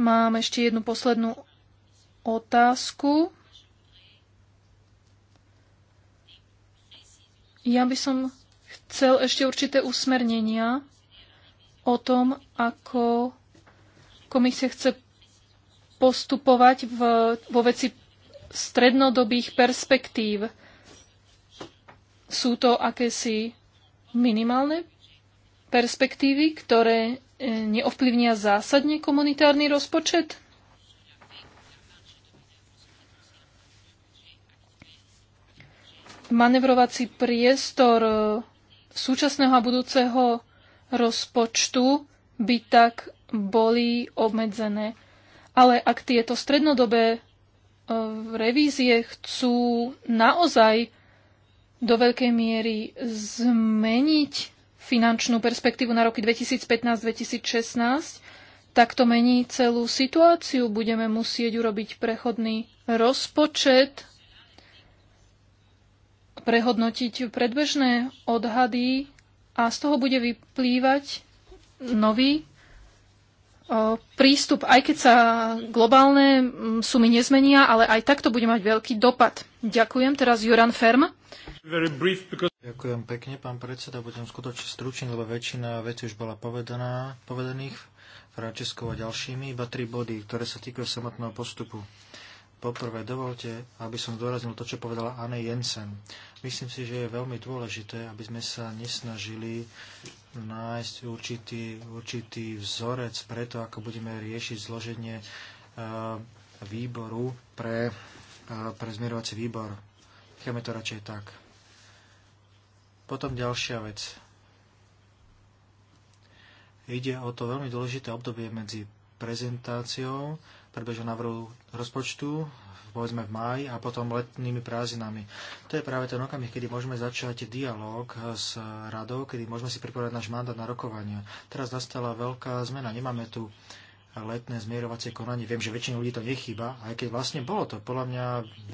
mám ešte jednu poslednú otázku. Ja by som chcel ešte určité usmernenia o tom, ako komisia chce postupovať v, vo veci strednodobých perspektív. Sú to akési minimálne perspektívy, ktoré eh, neovplyvnia zásadne komunitárny rozpočet? manevrovací priestor e, súčasného a budúceho rozpočtu by tak boli obmedzené. Ale ak tieto strednodobé e, revízie chcú naozaj do veľkej miery zmeniť finančnú perspektívu na roky 2015-2016, tak to mení celú situáciu. Budeme musieť urobiť prechodný rozpočet prehodnotiť predbežné odhady a z toho bude vyplývať nový prístup, aj keď sa globálne sumy nezmenia, ale aj tak to bude mať veľký dopad. Ďakujem. Teraz Juran Ferm. Ďakujem pekne, pán predseda. Budem skutočne stručný, lebo väčšina vecí už bola povedaná, povedaných Frančeskou a ďalšími. Iba tri body, ktoré sa týkajú samotného postupu. Poprvé, dovolte, aby som zdôraznil to, čo povedala Anne Jensen. Myslím si, že je veľmi dôležité, aby sme sa nesnažili nájsť určitý, určitý vzorec pre to, ako budeme riešiť zloženie e, výboru pre, e, pre zmierovací výbor. Chceme to radšej tak. Potom ďalšia vec. Ide o to veľmi dôležité obdobie medzi prezentáciou predbežného návrhu rozpočtu, povedzme v máji a potom letnými prázdninami. To je práve ten okamih, kedy môžeme začať dialog s radou, kedy môžeme si pripravať náš mandát na rokovania. Teraz nastala veľká zmena. Nemáme tu letné zmierovacie konanie. Viem, že väčšinu ľudí to nechýba, aj keď vlastne bolo to podľa mňa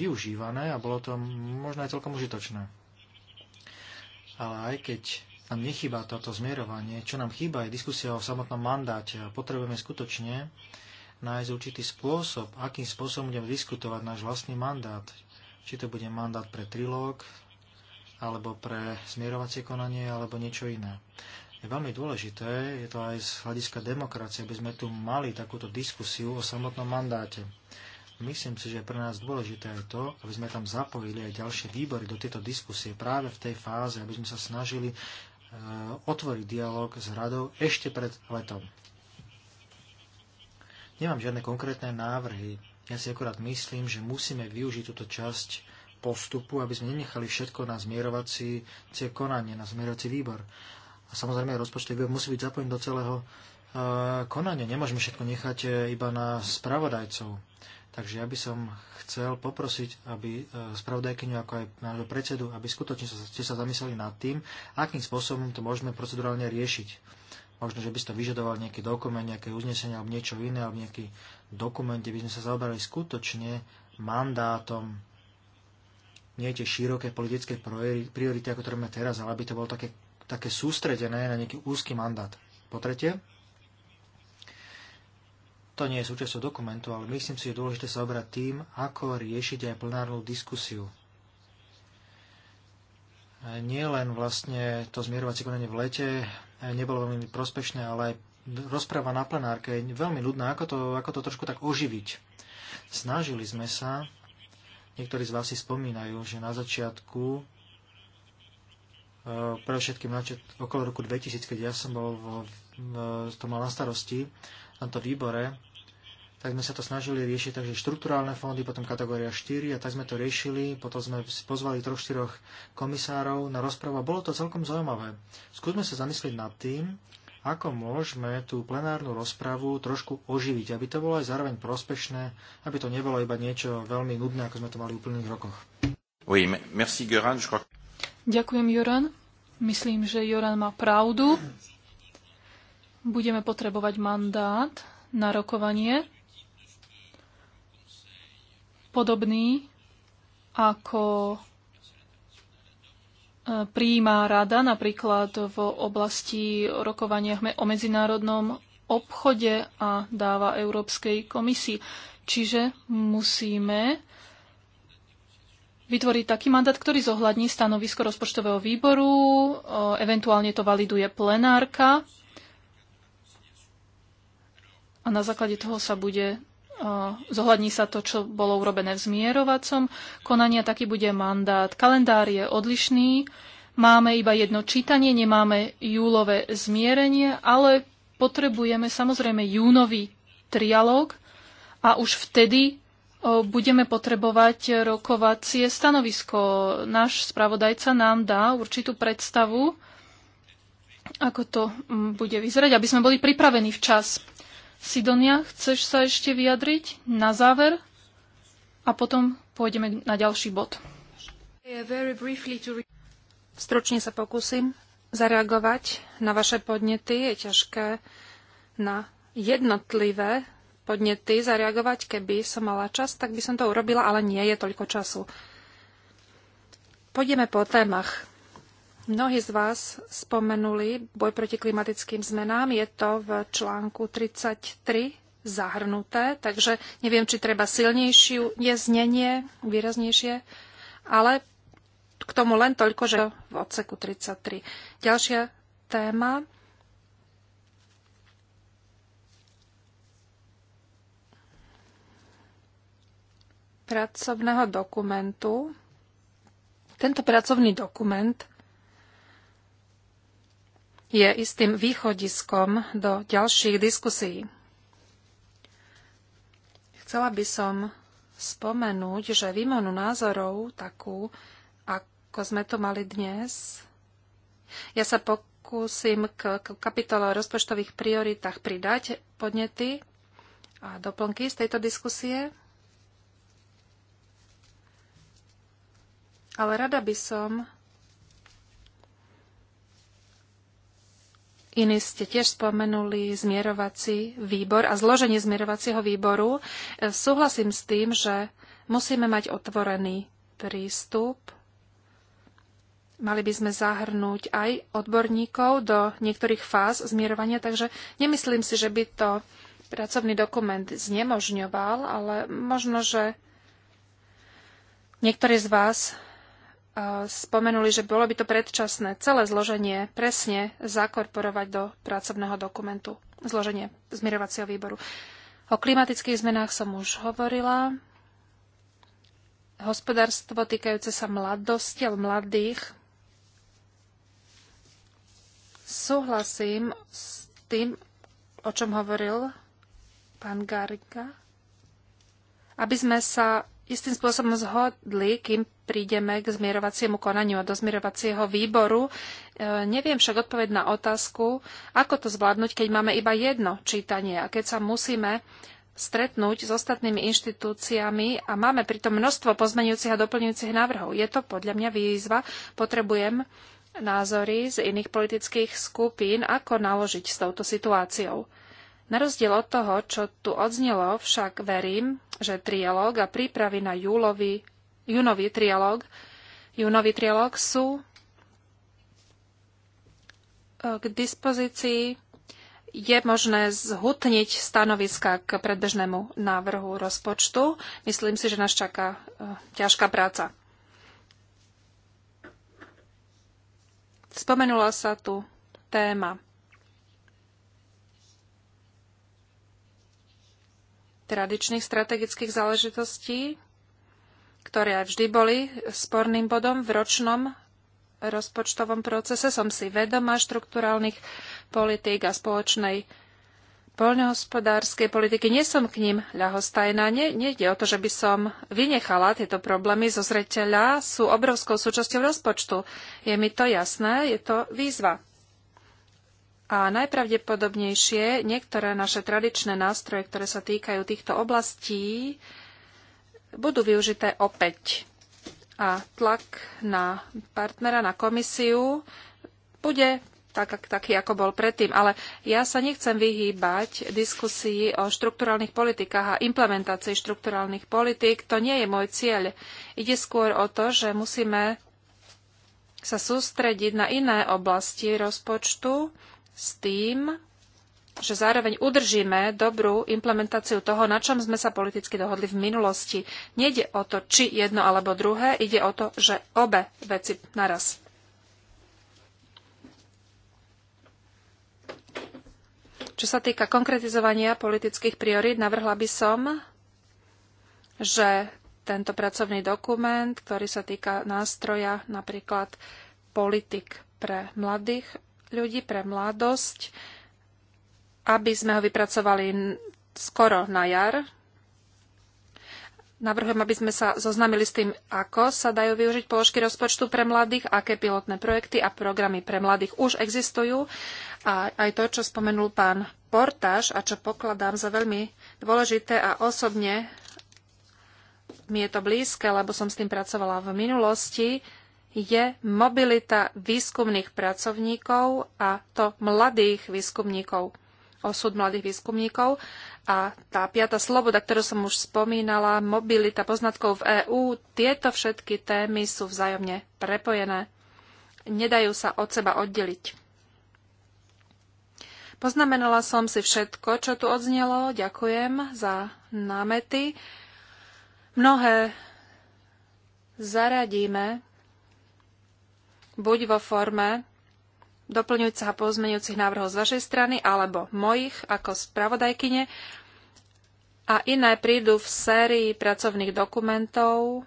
využívané a bolo to možno aj celkom užitočné. Ale aj keď nám nechýba toto zmierovanie. Čo nám chýba je diskusia o samotnom mandáte. Potrebujeme skutočne nájsť určitý spôsob, akým spôsobom budeme diskutovať náš vlastný mandát. Či to bude mandát pre trilóg, alebo pre zmierovacie konanie, alebo niečo iné. Je veľmi dôležité, je to aj z hľadiska demokracie, aby sme tu mali takúto diskusiu o samotnom mandáte. Myslím si, že je pre nás dôležité aj to, aby sme tam zapojili aj ďalšie výbory do tejto diskusie práve v tej fáze, aby sme sa snažili Eh, otvoriť dialog s radou ešte pred letom. Nemám žiadne konkrétne návrhy. Ja si akurát myslím, že musíme využiť túto časť postupu, aby sme nenechali všetko na zmierovací konanie, na zmierovací výbor. A samozrejme rozpočtový výbor musí byť zapojený do celého eh, konania. Nemôžeme všetko nechať eh, iba na spravodajcov. Takže ja by som chcel poprosiť, aby e, spravodajkyňu, ako aj nášho predsedu, aby skutočne ste sa zamysleli nad tým, akým spôsobom to môžeme procedurálne riešiť. Možno, že by ste vyžadoval nejaký dokument, nejaké uznesenie alebo niečo iné, alebo nejaký dokument, kde by sme sa zaoberali skutočne mandátom nie tie široké politické priority, ako ktoré máme teraz, ale aby to bolo také, také sústredené na nejaký úzky mandát. Po tretie, to nie je súčasťou dokumentu, ale myslím si, že je dôležité sa obrať tým, ako riešiť aj plenárnu diskusiu. Nie len vlastne to zmierovacie konanie v lete nebolo veľmi prospešné, ale aj rozpráva na plenárke je veľmi nudná. Ako to, ako to trošku tak oživiť? Snažili sme sa, niektorí z vás si spomínajú, že na začiatku e, pre všetkým okolo roku 2000, keď ja som bol v, v, e, to mal na starosti, na tomto výbore, tak sme sa to snažili riešiť, takže štruktúrálne fondy, potom kategória 4 a tak sme to riešili, potom sme pozvali troch, štyroch komisárov na rozprávu a bolo to celkom zaujímavé. Skúsme sa zamyslieť nad tým, ako môžeme tú plenárnu rozpravu trošku oživiť, aby to bolo aj zároveň prospešné, aby to nebolo iba niečo veľmi nudné, ako sme to mali v úplných rokoch. Oui, merci, Göran. Ďakujem, Joran. Myslím, že Joran má pravdu budeme potrebovať mandát na rokovanie, podobný ako e, príjma rada napríklad v oblasti rokovania o medzinárodnom obchode a dáva Európskej komisii. Čiže musíme vytvoriť taký mandát, ktorý zohľadní stanovisko rozpočtového výboru, e, eventuálne to validuje plenárka a na základe toho sa bude zohľadní sa to, čo bolo urobené v zmierovacom konaní a taký bude mandát. Kalendár je odlišný, máme iba jedno čítanie, nemáme júlové zmierenie, ale potrebujeme samozrejme júnový trialóg a už vtedy budeme potrebovať rokovacie stanovisko. Náš spravodajca nám dá určitú predstavu, ako to bude vyzerať, aby sme boli pripravení včas. Sidonia, chceš sa ešte vyjadriť na záver? A potom pôjdeme na ďalší bod. Stručne sa pokúsim zareagovať na vaše podnety. Je ťažké na jednotlivé podnety zareagovať. Keby som mala čas, tak by som to urobila, ale nie je toľko času. Pôjdeme po témach. Mnohí z vás spomenuli boj proti klimatickým zmenám. Je to v článku 33 zahrnuté, takže neviem, či treba silnejšiu znenie, výraznejšie, ale k tomu len toľko, že v odseku 33. Ďalšia téma pracovného dokumentu. Tento pracovný dokument je istým východiskom do ďalších diskusí. Chcela by som spomenúť, že výmonu názorov takú, ako sme to mali dnes, ja sa pokúsim k kapitole o rozpočtových prioritách pridať podnety a doplnky z tejto diskusie. Ale rada by som Iní ste tiež spomenuli zmierovací výbor a zloženie zmierovacieho výboru. E, súhlasím s tým, že musíme mať otvorený prístup. Mali by sme zahrnúť aj odborníkov do niektorých fáz zmierovania, takže nemyslím si, že by to pracovný dokument znemožňoval, ale možno, že niektorí z vás spomenuli, že bolo by to predčasné celé zloženie presne zakorporovať do pracovného dokumentu, zloženie zmierovacieho výboru. O klimatických zmenách som už hovorila. Hospodárstvo týkajúce sa mladosti alebo mladých. Súhlasím s tým, o čom hovoril pán Garga, aby sme sa istým spôsobom zhodli, kým prídeme k zmierovaciemu konaniu a do zmierovacieho výboru. E, neviem však odpoveď na otázku, ako to zvládnuť, keď máme iba jedno čítanie a keď sa musíme stretnúť s ostatnými inštitúciami a máme pritom množstvo pozmenujúcich a doplňujúcich návrhov. Je to podľa mňa výzva. Potrebujem názory z iných politických skupín, ako naložiť s touto situáciou. Na rozdiel od toho, čo tu odznelo, však verím, že trialóg a prípravy na júlový junový trialog, junový trialog sú e, k dispozícii je možné zhutniť stanoviska k predbežnému návrhu rozpočtu. Myslím si, že nás čaká e, ťažká práca. Spomenula sa tu téma tradičných strategických záležitostí ktoré aj vždy boli sporným bodom v ročnom rozpočtovom procese. Som si vedomá štruktúrálnych politík a spoločnej poľnohospodárskej politiky. Nie som k ním ľahostajná. Nie, ide o to, že by som vynechala tieto problémy zo zreteľa. Sú obrovskou súčasťou rozpočtu. Je mi to jasné, je to výzva. A najpravdepodobnejšie niektoré naše tradičné nástroje, ktoré sa týkajú týchto oblastí, budú využité opäť. A tlak na partnera, na komisiu bude tak, taký, ako bol predtým. Ale ja sa nechcem vyhýbať diskusii o štrukturálnych politikách a implementácii štrukturálnych politík. To nie je môj cieľ. Ide skôr o to, že musíme sa sústrediť na iné oblasti rozpočtu s tým, že zároveň udržíme dobrú implementáciu toho, na čom sme sa politicky dohodli v minulosti. Nejde o to, či jedno alebo druhé, ide o to, že obe veci naraz. Čo sa týka konkretizovania politických priorít, navrhla by som, že tento pracovný dokument, ktorý sa týka nástroja napríklad politik pre mladých ľudí, pre mladosť, aby sme ho vypracovali skoro na jar. Navrhujem, aby sme sa zoznamili s tým, ako sa dajú využiť položky rozpočtu pre mladých, aké pilotné projekty a programy pre mladých už existujú. A aj to, čo spomenul pán Portáž a čo pokladám za veľmi dôležité a osobne mi je to blízke, lebo som s tým pracovala v minulosti, je mobilita výskumných pracovníkov a to mladých výskumníkov osud mladých výskumníkov. A tá piata sloboda, ktorú som už spomínala, mobilita poznatkov v EÚ, tieto všetky témy sú vzájomne prepojené. Nedajú sa od seba oddeliť. Poznamenala som si všetko, čo tu odznelo. Ďakujem za námety. Mnohé zaradíme buď vo forme doplňujúcich a pozmeňujúcich návrhov z vašej strany alebo mojich ako spravodajkyne a iné prídu v sérii pracovných dokumentov.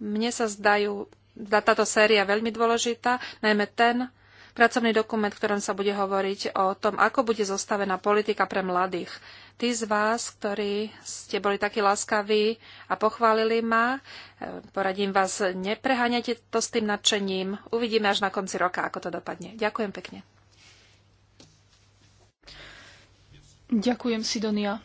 Mne sa zdajú, táto séria veľmi dôležitá, najmä ten pracovný dokument, v ktorom sa bude hovoriť o tom, ako bude zostavená politika pre mladých. Tí z vás, ktorí ste boli takí láskaví a pochválili ma, e, poradím vás, nepreháňajte to s tým nadšením. Uvidíme až na konci roka, ako to dopadne. Ďakujem pekne. Ďakujem, Sidonia.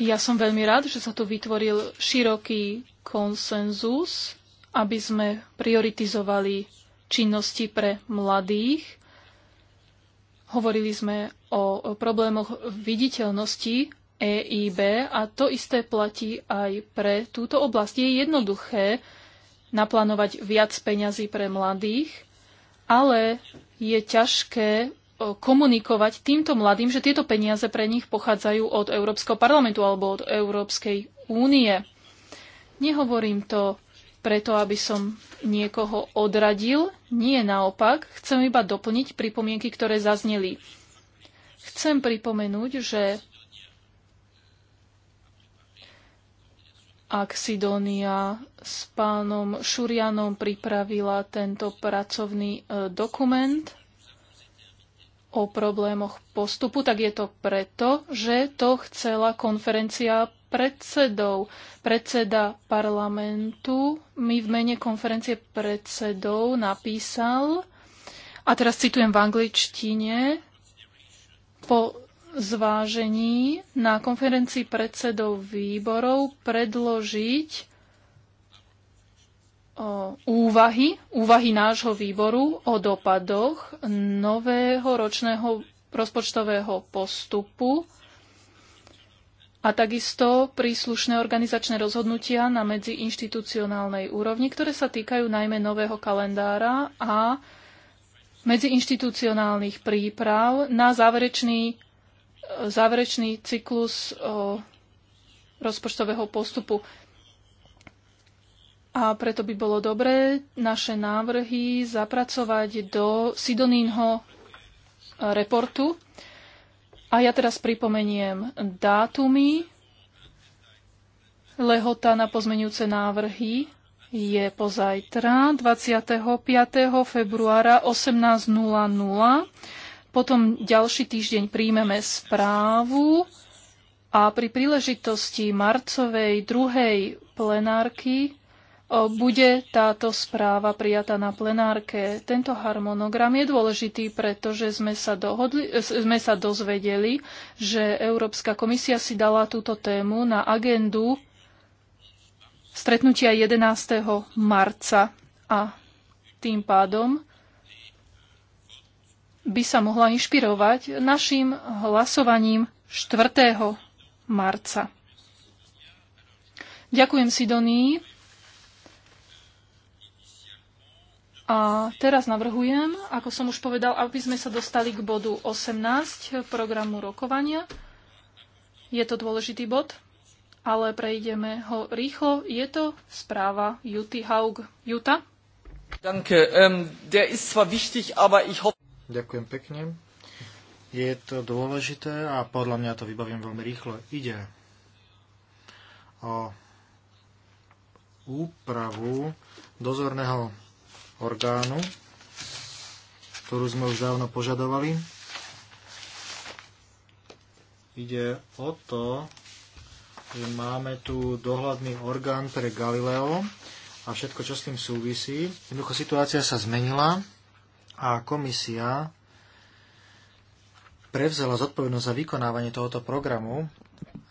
Ja som veľmi rád, že sa tu vytvoril široký konsenzus, aby sme prioritizovali činnosti pre mladých. Hovorili sme o problémoch viditeľnosti EIB a to isté platí aj pre túto oblasť. Je jednoduché naplánovať viac peňazí pre mladých, ale je ťažké E, komunikovať týmto mladým, že tieto peniaze pre nich pochádzajú od Európskeho parlamentu alebo od Európskej únie. Nehovorím to preto, aby som niekoho odradil. Nie naopak, chcem iba doplniť pripomienky, ktoré zazneli. Chcem pripomenúť, že ak Sidonia s pánom Šurianom pripravila tento pracovný e, dokument, o problémoch postupu, tak je to preto, že to chcela konferencia predsedov. Predseda parlamentu mi v mene konferencie predsedov napísal, a teraz citujem v angličtine, po zvážení na konferencii predsedov výborov predložiť úvahy, úvahy nášho výboru o dopadoch nového ročného rozpočtového postupu a takisto príslušné organizačné rozhodnutia na medziinštitucionálnej úrovni, ktoré sa týkajú najmä nového kalendára a medziinštitucionálnych príprav na záverečný, záverečný cyklus rozpočtového postupu. A preto by bolo dobré naše návrhy zapracovať do Sidonínho reportu. A ja teraz pripomeniem dátumy. Lehota na pozmenujúce návrhy je pozajtra 25. februára 18.00. Potom ďalší týždeň príjmeme správu a pri príležitosti marcovej druhej plenárky bude táto správa prijatá na plenárke. Tento harmonogram je dôležitý, pretože sme sa, dohodli, e, sme sa dozvedeli, že Európska komisia si dala túto tému na agendu stretnutia 11. marca a tým pádom by sa mohla inšpirovať našim hlasovaním 4. marca. Ďakujem Sidonii A teraz navrhujem, ako som už povedal, aby sme sa dostali k bodu 18 programu rokovania. Je to dôležitý bod, ale prejdeme ho rýchlo. Je to správa Juty Haug. Juta? Danke. Um, der ist zwar wichtig, aber ich hoffe... Ďakujem pekne. Je to dôležité a podľa mňa to vybavím veľmi rýchlo. Ide o úpravu dozorného orgánu, ktorú sme už dávno požadovali. Ide o to, že máme tu dohľadný orgán pre Galileo a všetko, čo s tým súvisí. Jednoducho situácia sa zmenila a komisia prevzala zodpovednosť za vykonávanie tohoto programu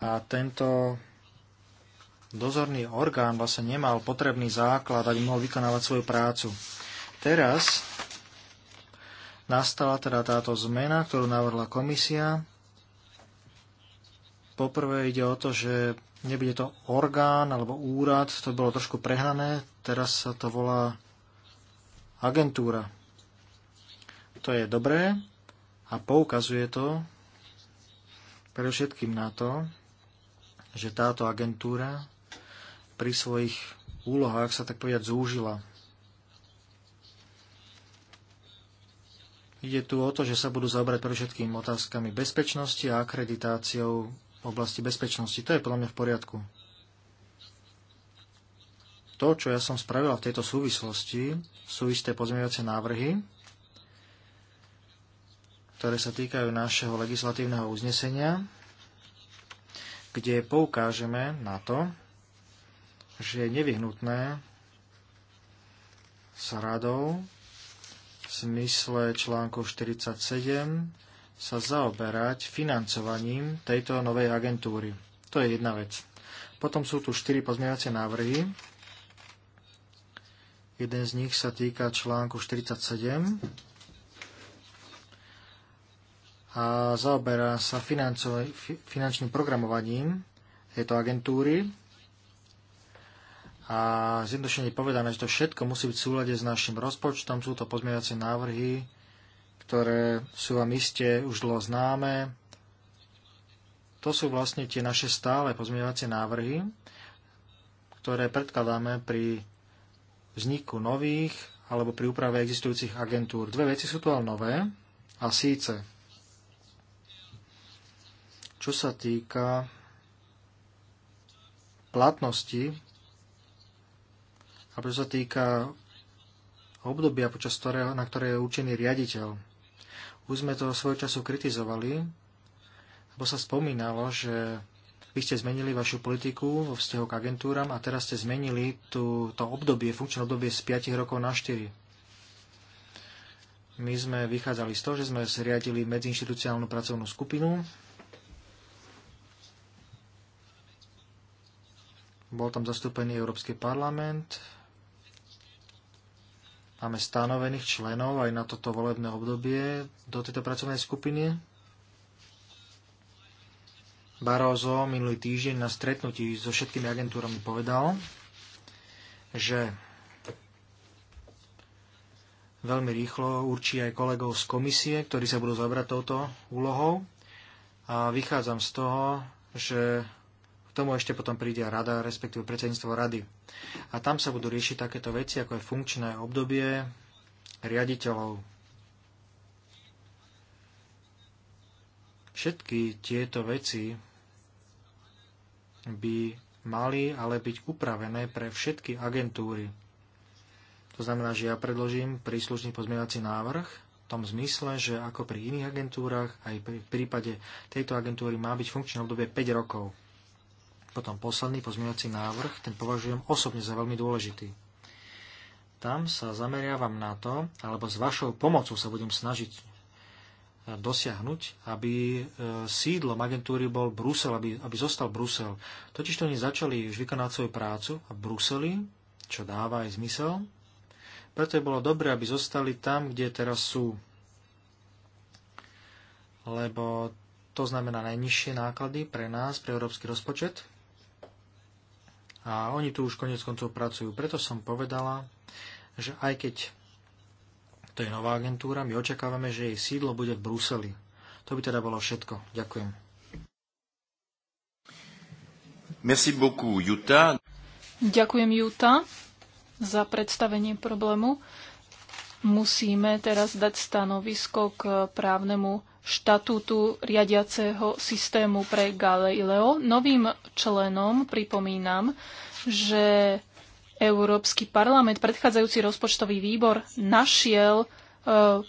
a tento dozorný orgán vlastne nemal potrebný základ, aby mohol vykonávať svoju prácu. Teraz nastala teda táto zmena, ktorú navrhla komisia. Poprvé ide o to, že nebude to orgán alebo úrad, to bolo trošku prehnané, teraz sa to volá agentúra. To je dobré a poukazuje to predovšetkým na to, že táto agentúra pri svojich úlohách sa tak povedať zúžila. Ide tu o to, že sa budú zaobrať pre všetkým otázkami bezpečnosti a akreditáciou v oblasti bezpečnosti. To je podľa mňa v poriadku. To, čo ja som spravila v tejto súvislosti, sú isté pozmeňovacie návrhy, ktoré sa týkajú našeho legislatívneho uznesenia, kde poukážeme na to, že je nevyhnutné s radou zmysle článku 47 sa zaoberať financovaním tejto novej agentúry. To je jedna vec. Potom sú tu štyri pozmeňovacie návrhy. Jeden z nich sa týka článku 47 a zaoberá sa finančným programovaním tejto agentúry. A zjednodušene povedané, že to všetko musí byť v súlade s našim rozpočtom. Sú to pozmeňovacie návrhy, ktoré sú vám iste už dlho známe. To sú vlastne tie naše stále pozmeňovacie návrhy, ktoré predkladáme pri vzniku nových alebo pri úprave existujúcich agentúr. Dve veci sú tu ale nové a síce, čo sa týka platnosti a čo sa týka obdobia, počas ktorého, na ktoré je určený riaditeľ. Už sme to svojho času kritizovali, lebo sa spomínalo, že vy ste zmenili vašu politiku vo vzťahu k agentúram a teraz ste zmenili tú, to obdobie, funkčné obdobie z 5 rokov na 4. My sme vychádzali z toho, že sme zriadili medziinstitucionálnu pracovnú skupinu. Bol tam zastúpený Európsky parlament, Máme stanovených členov aj na toto volebné obdobie do tejto pracovnej skupiny. Barozo minulý týždeň na stretnutí so všetkými agentúrami povedal, že veľmi rýchlo určí aj kolegov z komisie, ktorí sa budú zabrať touto úlohou. A vychádzam z toho, že k tomu ešte potom príde rada, respektíve predsedníctvo rady. A tam sa budú riešiť takéto veci, ako je funkčné obdobie riaditeľov. Všetky tieto veci by mali ale byť upravené pre všetky agentúry. To znamená, že ja predložím príslušný pozmeňovací návrh v tom zmysle, že ako pri iných agentúrach, aj pri, v prípade tejto agentúry má byť funkčné obdobie 5 rokov. Potom posledný pozmeňovací návrh, ten považujem osobne za veľmi dôležitý. Tam sa zameriavam na to, alebo s vašou pomocou sa budem snažiť eh, dosiahnuť, aby eh, sídlom agentúry bol Brusel, aby, aby zostal Brusel. Totiž to oni začali už vykonávať svoju prácu v Bruseli, čo dáva aj zmysel. Preto je bolo dobré, aby zostali tam, kde teraz sú. Lebo to znamená najnižšie náklady pre nás, pre európsky rozpočet a oni tu už konec koncov pracujú. Preto som povedala, že aj keď to je nová agentúra, my očakávame, že jej sídlo bude v Bruseli. To by teda bolo všetko. Ďakujem. Merci beaucoup, Juta. Ďakujem, Juta, za predstavenie problému. Musíme teraz dať stanovisko k právnemu štatútu riadiaceho systému pre Galileo. Novým členom pripomínam, že Európsky parlament, predchádzajúci rozpočtový výbor, našiel e,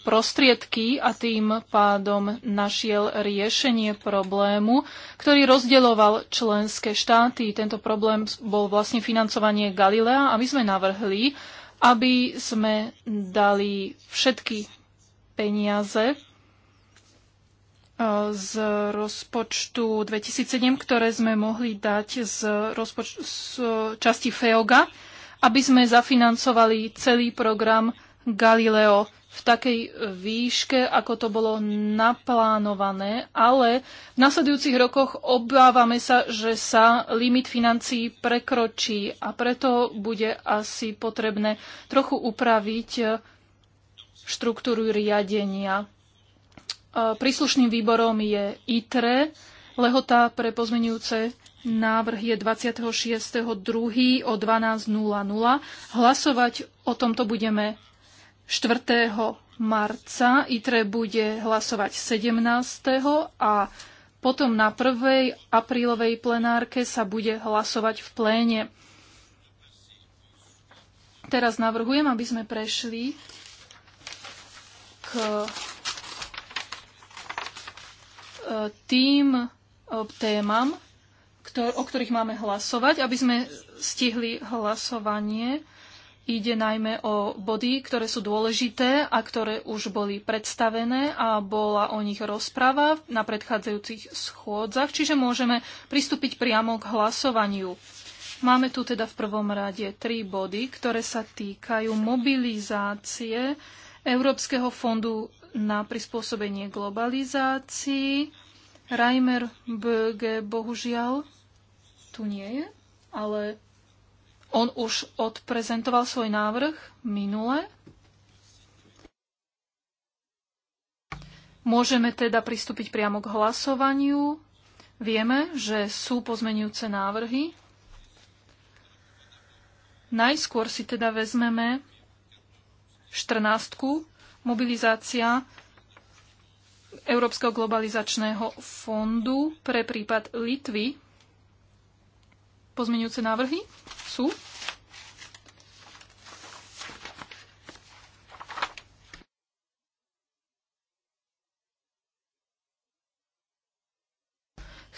prostriedky a tým pádom našiel riešenie problému, ktorý rozdeľoval členské štáty. Tento problém bol vlastne financovanie Galilea a my sme navrhli, aby sme dali všetky peniaze E, z rozpočtu 2007, ktoré sme mohli dať z, rozpoč- z časti FEOGA, aby sme zafinancovali celý program Galileo v takej výške, ako to bolo naplánované, ale v nasledujúcich rokoch obávame sa, že sa limit financií prekročí a preto bude asi potrebné trochu upraviť štruktúru riadenia E, príslušným výborom je ITRE. Lehota pre pozmenujúce návrh je 26.2. o 12.00. Hlasovať o tomto budeme 4. marca. ITRE bude hlasovať 17. a potom na 1. aprílovej plenárke sa bude hlasovať v pléne. Teraz navrhujem, aby sme prešli k tým e, témam, o ktorých máme hlasovať, aby sme stihli hlasovanie. Ide najmä o body, ktoré sú dôležité a ktoré už boli predstavené a bola o nich rozprava na predchádzajúcich schôdzach, čiže môžeme pristúpiť priamo k hlasovaniu. Máme tu teda v prvom rade tri body, ktoré sa týkajú mobilizácie Európskeho fondu na prispôsobenie globalizácii. Reimer Böge bohužiaľ tu nie je, ale on už odprezentoval svoj návrh minule. Môžeme teda pristúpiť priamo k hlasovaniu. Vieme, že sú pozmenujúce návrhy. Najskôr si teda vezmeme 14 mobilizácia Európskeho globalizačného fondu pre prípad Litvy. Pozmeňujúce návrhy sú.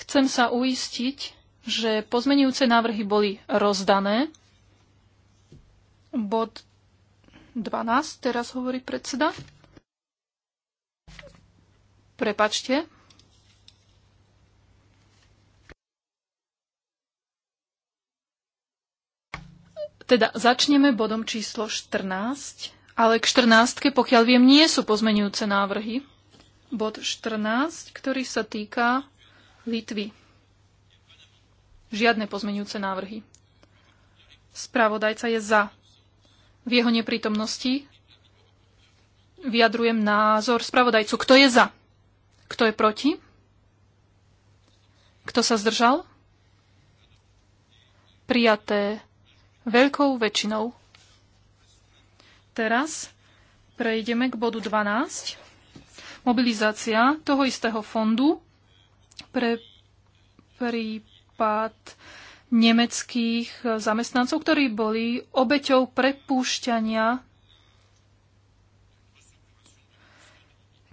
Chcem sa uistiť, že pozmenujúce návrhy boli rozdané. Bod 12, teraz hovorí predseda. Prepačte. Teda začneme bodom číslo 14, ale k 14, pokiaľ viem, nie sú pozmenujúce návrhy. Bod 14, ktorý sa týka Litvy. Žiadne pozmenujúce návrhy. Spravodajca je za. V jeho neprítomnosti vyjadrujem názor spravodajcu. Kto je za? Kto je proti? Kto sa zdržal? Prijaté veľkou väčšinou. Teraz prejdeme k bodu 12. Mobilizácia toho istého fondu pre prípad nemeckých eh, zamestnancov, ktorí boli obeťou prepúšťania,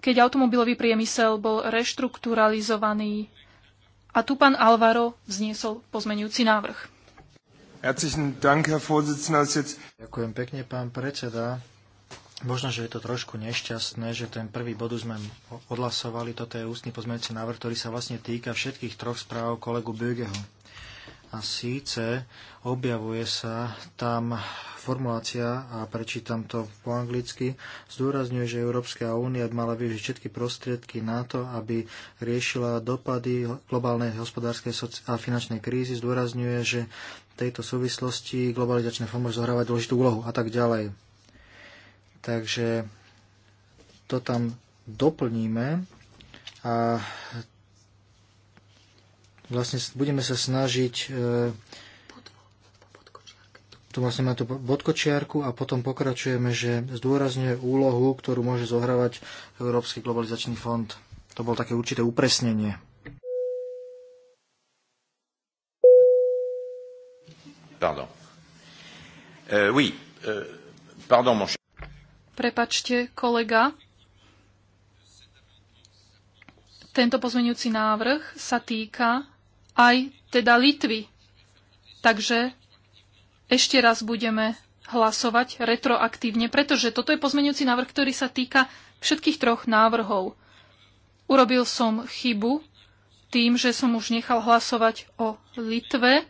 keď automobilový priemysel bol reštrukturalizovaný. A tu pán Alvaro vzniesol pozmenujúci návrh. Ďakujem pekne, pán predseda. Možno, že je to trošku nešťastné, že ten prvý bod sme odhlasovali, toto je ústny pozmeňujúci návrh, ktorý sa vlastne týka všetkých troch správ kolegu Bögeho. A síce objavuje sa tam formulácia, a prečítam to po anglicky, zdôrazňuje, že Európska únia by mala využiť všetky prostriedky na to, aby riešila dopady globálnej hospodárskej a finančnej krízy, zdôrazňuje, že v tejto súvislosti globalizačné fond môže zohrávať dôležitú úlohu a tak ďalej. Takže to tam doplníme a vlastne budeme sa snažiť e, tu vlastne má tú bodkočiarku a potom pokračujeme, že zdôrazňuje úlohu, ktorú môže zohrávať Európsky globalizačný fond. To bol také určité upresnenie. Pardon. Uh, oui. Uh, pardon, mon Prepačte, kolega. Tento pozmeňujúci návrh sa týka aj teda Litvy. Takže ešte raz budeme hlasovať retroaktívne, pretože toto je pozmeňujúci návrh, ktorý sa týka všetkých troch návrhov. Urobil som chybu tým, že som už nechal hlasovať o Litve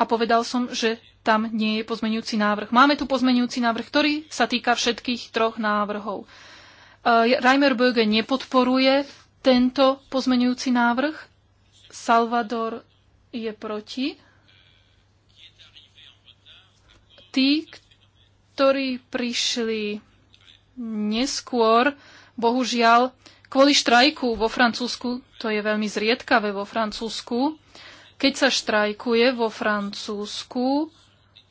a povedal som, že tam nie je pozmeňujúci návrh. Máme tu pozmeňujúci návrh, ktorý sa týka všetkých troch návrhov. E, Reimer Böge nepodporuje tento pozmeňujúci návrh Salvador je proti. Tí, ktorí prišli neskôr, bohužiaľ, kvôli štrajku vo Francúzsku, to je veľmi zriedkavé vo Francúzsku, keď sa štrajkuje vo Francúzsku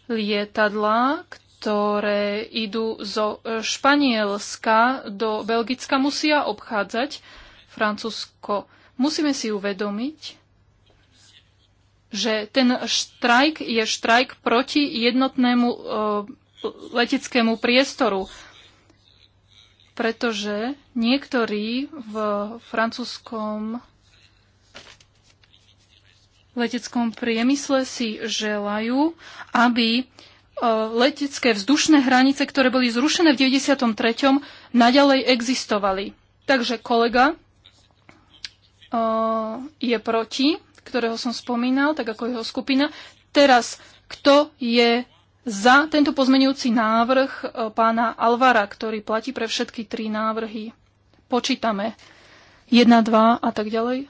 lietadlá, ktoré idú zo Španielska do Belgicka, musia obchádzať Francúzsko. Musíme si uvedomiť, že ten štrajk je štrajk proti jednotnému uh, leteckému priestoru, pretože niektorí v francúzskom leteckom priemysle si želajú, aby e, letecké vzdušné hranice, ktoré boli zrušené v 93. naďalej existovali. Takže kolega, je proti, ktorého som spomínal, tak ako jeho skupina. Teraz, kto je za tento pozmenujúci návrh pána Alvara, ktorý platí pre všetky tri návrhy? Počítame 1, 2 a tak ďalej.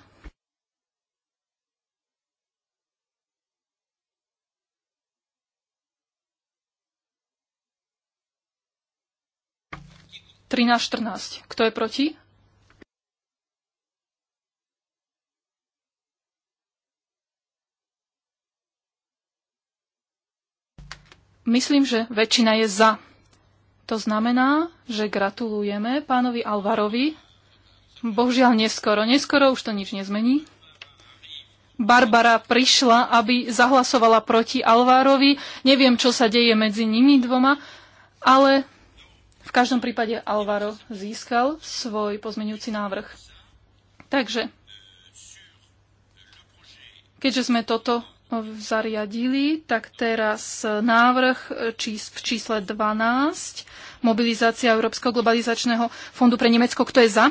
Trinásť, štrnásť. Kto je proti? Myslím, že väčšina je za. To znamená, že gratulujeme pánovi Alvarovi. Bohužiaľ neskoro, neskoro už to nič nezmení. Barbara prišla, aby zahlasovala proti Alvárovi. Neviem, čo sa deje medzi nimi dvoma, ale v každom prípade Alvaro získal svoj pozmenujúci návrh. Takže, keďže sme toto zariadili, tak teraz návrh čís, v čísle 12, mobilizácia Európskeho globalizačného fondu pre Nemecko. Kto je za?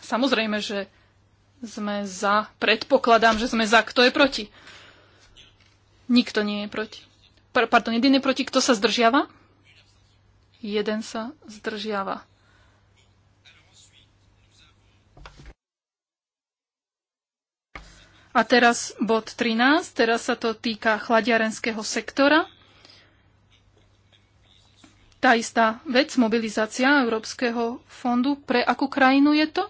Samozrejme, že sme za. Predpokladám, že sme za. Kto je proti? Nikto nie je proti. Pardon, jeden je proti. Kto sa zdržiava? Jeden sa zdržiava. A teraz bod 13, teraz sa to týka chladiarenského sektora. Tá istá vec, mobilizácia Európskeho fondu, pre akú krajinu je to?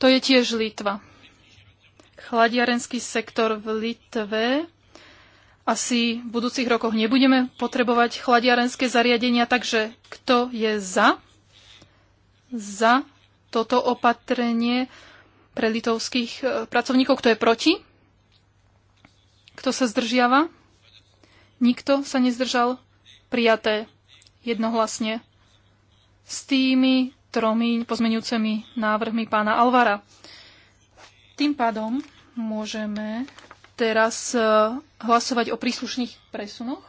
To je tiež Litva. Chladiarenský sektor v Litve asi v budúcich rokoch nebudeme potrebovať chladiarenské zariadenia, takže kto je za? Za toto opatrenie pre litovských e, pracovníkov, kto je proti? Kto sa zdržiava? Nikto sa nezdržal? Prijaté jednohlasne s tými tromi pozmenujúcemi návrhmi pána Alvara. Tým pádom môžeme teraz e, hlasovať o príslušných presunoch.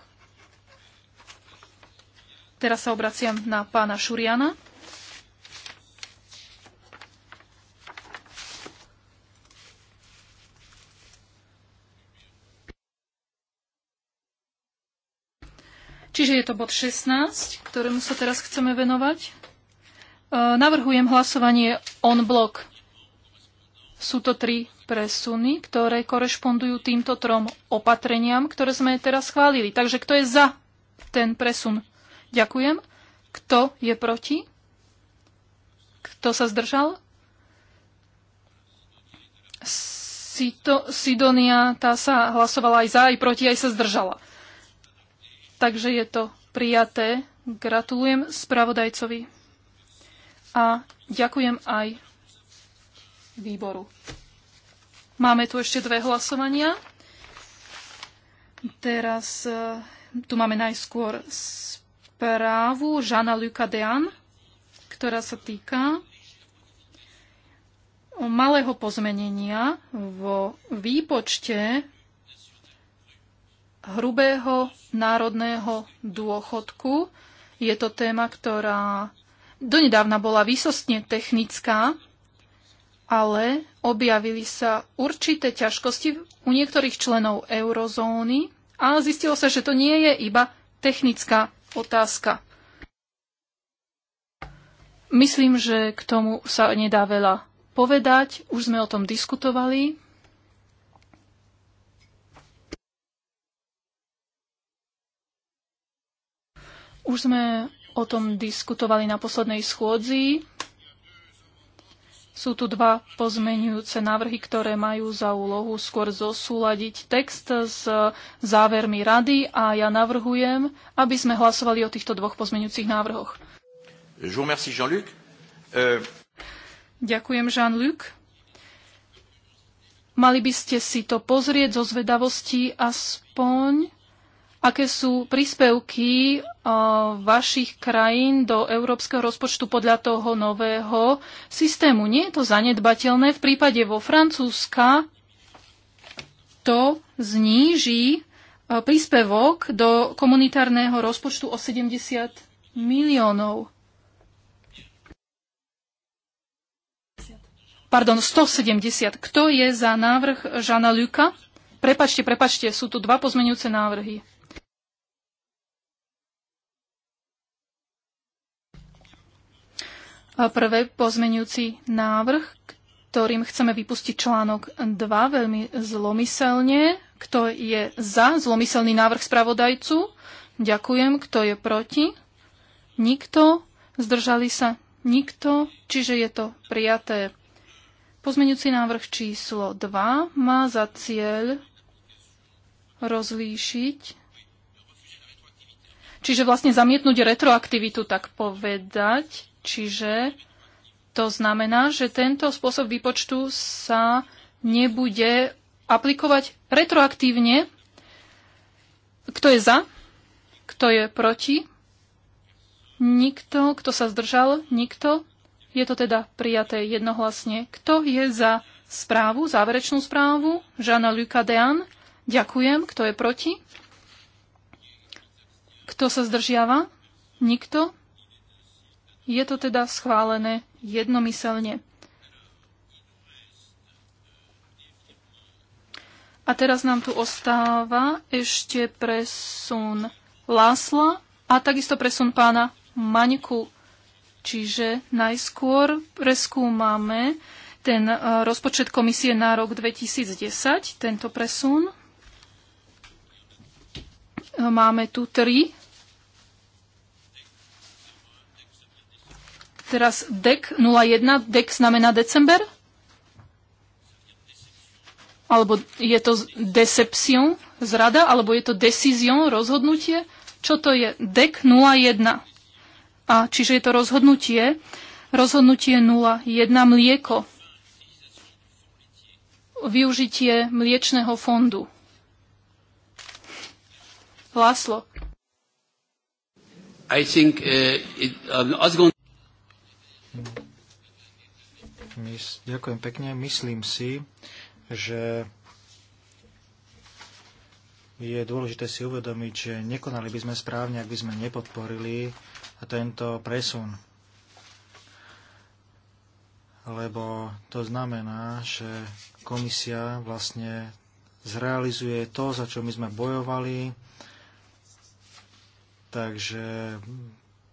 Teraz sa obraciam na pána Šuriana. Čiže je to bod 16, ktorému sa teraz chceme venovať. E, navrhujem hlasovanie on blok. Sú to tri presuny, ktoré korešpondujú týmto trom opatreniam, ktoré sme teraz schválili. Takže kto je za ten presun? Ďakujem. Kto je proti? Kto sa zdržal? Sito, Sidonia, tá sa hlasovala aj za, aj proti, aj sa zdržala. Takže je to prijaté. Gratulujem spravodajcovi. A ďakujem aj výboru. Máme tu ešte dve hlasovania. Teraz e, tu máme najskôr správu Žana Luka Dean, ktorá sa týka malého pozmenenia vo výpočte hrubého národného dôchodku. Je to téma, ktorá donedávna bola výsostne technická, ale objavili sa určité ťažkosti u niektorých členov eurozóny a zistilo sa, že to nie je iba technická otázka. Myslím, že k tomu sa nedá veľa povedať. Už sme o tom diskutovali. Už sme o tom diskutovali na poslednej schôdzi sú tu dva pozmeňujúce návrhy, ktoré majú za úlohu skôr zosúladiť text s závermi rady a ja navrhujem, aby sme hlasovali o týchto dvoch pozmenujúcich návrhoch. Je remercie, Jean-Luc. Uh... Ďakujem, Jean-Luc. Mali by ste si to pozrieť zo zvedavosti aspoň aké sú príspevky vašich krajín do európskeho rozpočtu podľa toho nového systému. Nie je to zanedbateľné. V prípade vo Francúzska to zníži príspevok do komunitárneho rozpočtu o 70 miliónov. Pardon, 170. Kto je za návrh Žana Luka? Prepačte, prepačte, sú tu dva pozmenujúce návrhy. prvé pozmenujúci návrh, ktorým chceme vypustiť článok 2 veľmi zlomyselne. Kto je za zlomyselný návrh spravodajcu? Ďakujem. Kto je proti? Nikto. Zdržali sa? Nikto. Čiže je to prijaté. Pozmenujúci návrh číslo 2 má za cieľ rozlíšiť Čiže vlastne zamietnúť retroaktivitu, tak povedať. Čiže to znamená, že tento spôsob výpočtu sa nebude aplikovať retroaktívne. Kto je za? Kto je proti? Nikto. Kto sa zdržal? Nikto. Je to teda prijaté jednohlasne. Kto je za správu, záverečnú správu? Žana Luka Dean. Ďakujem. Kto je proti? Kto sa zdržiava? Nikto? Je to teda schválené jednomyselne. A teraz nám tu ostáva ešte presun Lásla a takisto presun pána Maňku. Čiže najskôr preskúmame ten e, rozpočet komisie na rok 2010, tento presun. E, máme tu tri Teraz DEC 01, DEC znamená december? Alebo je to deception, zrada, alebo je to decision, rozhodnutie? Čo to je? DEC 01. A čiže je to rozhodnutie, rozhodnutie 01, mlieko. Využitie mliečného fondu. Láslo. I think, uh, it, um, Mys- ďakujem pekne. Myslím si, že je dôležité si uvedomiť, že nekonali by sme správne, ak by sme nepodporili tento presun. Lebo to znamená, že komisia vlastne zrealizuje to, za čo my sme bojovali. Takže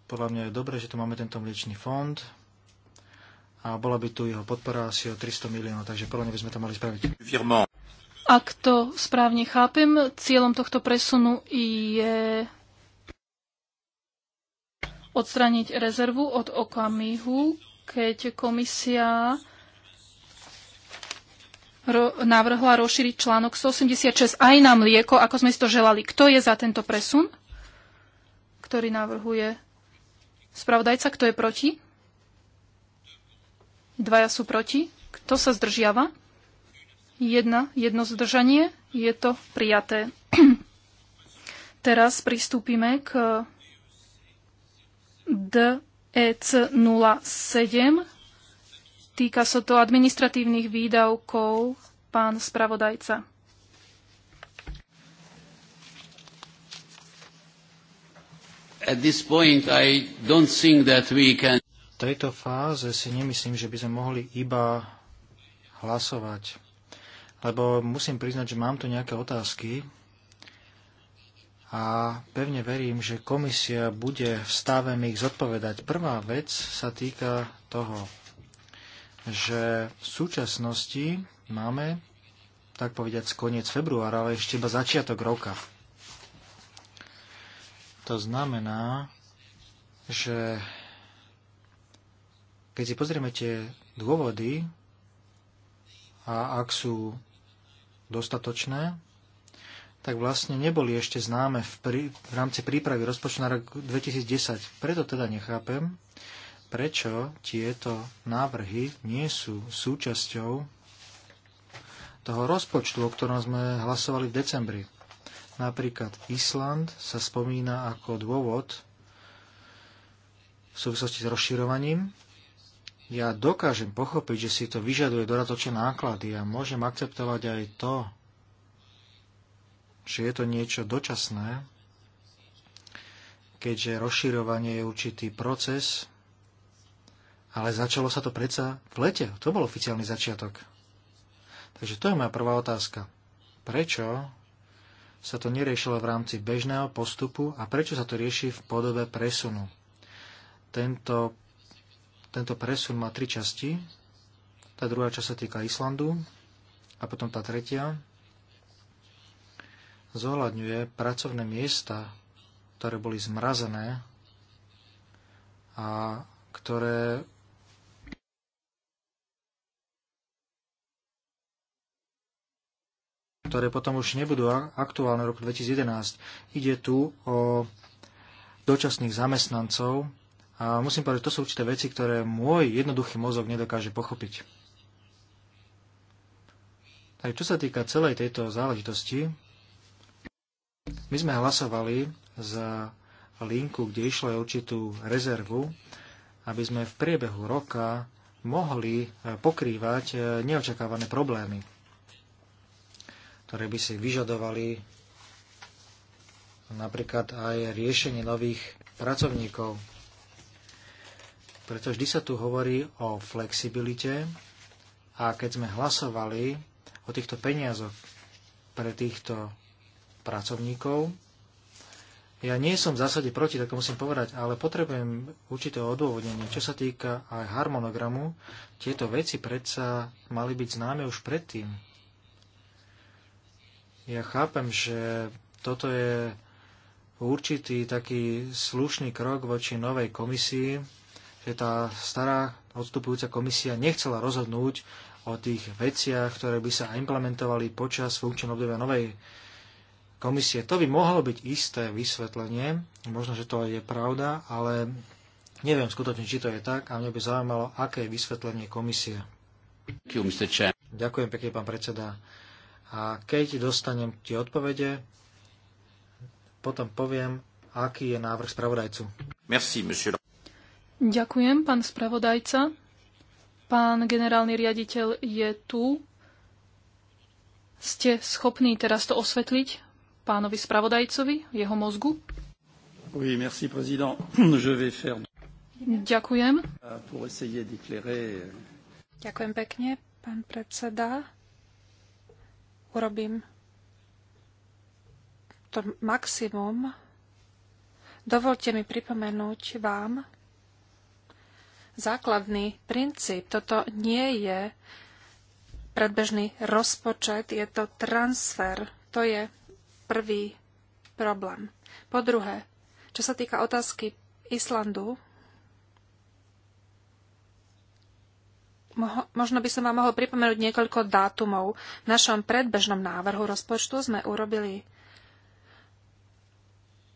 podľa mňa je dobré, že tu máme tento mliečný fond, a bola by tu jeho podpora asi o 300 miliónov, takže podľa by sme to mali spraviť. Ak to správne chápem, cieľom tohto presunu je odstrániť rezervu od okamihu, keď komisia ro- navrhla rozšíriť článok 186 aj na mlieko, ako sme si to želali. Kto je za tento presun, ktorý navrhuje spravodajca? Kto je proti? Dvaja sú proti. Kto sa zdržiava? Jedna, jedno zdržanie. Je to prijaté. Teraz pristúpime k e DEC07. Týka sa so to administratívnych výdavkov, pán spravodajca. At this point I don't think that we can tejto fáze si nemyslím, že by sme mohli iba hlasovať. Lebo musím priznať, že mám tu nejaké otázky a pevne verím, že komisia bude v stave mi ich zodpovedať. Prvá vec sa týka toho, že v súčasnosti máme, tak povediať, koniec februára, ale ešte iba začiatok roka. To znamená, že keď si pozrieme tie dôvody a ak sú dostatočné, tak vlastne neboli ešte známe v, prí, v rámci prípravy rozpočtu na rok 2010. Preto teda nechápem, prečo tieto návrhy nie sú súčasťou toho rozpočtu, o ktorom sme hlasovali v decembri. Napríklad Island sa spomína ako dôvod v súvislosti s rozširovaním ja dokážem pochopiť, že si to vyžaduje dodatočné náklady a môžem akceptovať aj to, že je to niečo dočasné, keďže rozširovanie je určitý proces, ale začalo sa to predsa v lete. To bol oficiálny začiatok. Takže to je moja prvá otázka. Prečo sa to neriešilo v rámci bežného postupu a prečo sa to rieši v podobe presunu? Tento tento presun má tri časti. Tá druhá časť sa týka Islandu a potom tá tretia zohľadňuje pracovné miesta, ktoré boli zmrazené a ktoré ktoré potom už nebudú aktuálne v roku 2011. Ide tu o dočasných zamestnancov, a musím povedať, že to sú určité veci, ktoré môj jednoduchý mozog nedokáže pochopiť. Tak čo sa týka celej tejto záležitosti, my sme hlasovali za linku, kde išlo aj určitú rezervu, aby sme v priebehu roka mohli e, pokrývať e, neočakávané problémy, ktoré by si vyžadovali napríklad aj riešenie nových pracovníkov preto vždy sa tu hovorí o flexibilite a keď sme hlasovali o týchto peniazoch pre týchto pracovníkov, ja nie som v zásade proti, tak to musím povedať, ale potrebujem určité odôvodnenie. Čo sa týka aj harmonogramu, tieto veci predsa mali byť známe už predtým. Ja chápem, že toto je určitý taký slušný krok voči novej komisii, že tá stará odstupujúca komisia nechcela rozhodnúť o tých veciach, ktoré by sa implementovali počas funkčného obdobia novej komisie. To by mohlo byť isté vysvetlenie, možno, že to je pravda, ale neviem skutočne, či to je tak a mňa by zaujímalo, aké je vysvetlenie komisie. Ďakujem pekne, pán predseda. A keď dostanem tie odpovede, potom poviem, aký je návrh spravodajcu. Merci, monsieur. Ďakujem, pán spravodajca. Pán generálny riaditeľ je tu. Ste schopní teraz to osvetliť pánovi spravodajcovi, jeho mozgu? Oui, merci, président. Je vais faire... Ďakujem. Pour Ďakujem pekne, pán predseda. Urobím to maximum. Dovolte mi pripomenúť vám, základný princíp. Toto nie je predbežný rozpočet, je to transfer. To je prvý problém. Po druhé, čo sa týka otázky Islandu, možno by som vám mohol pripomenúť niekoľko dátumov. V našom predbežnom návrhu rozpočtu sme urobili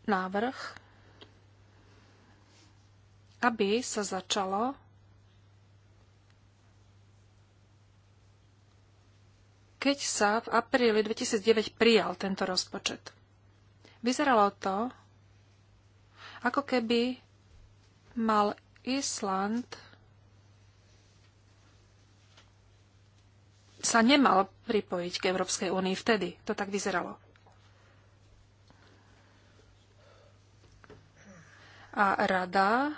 návrh aby sa začalo keď sa v apríli 2009 prijal tento rozpočet. Vyzeralo to, ako keby mal Island sa nemal pripojiť k Európskej únii vtedy. To tak vyzeralo. A rada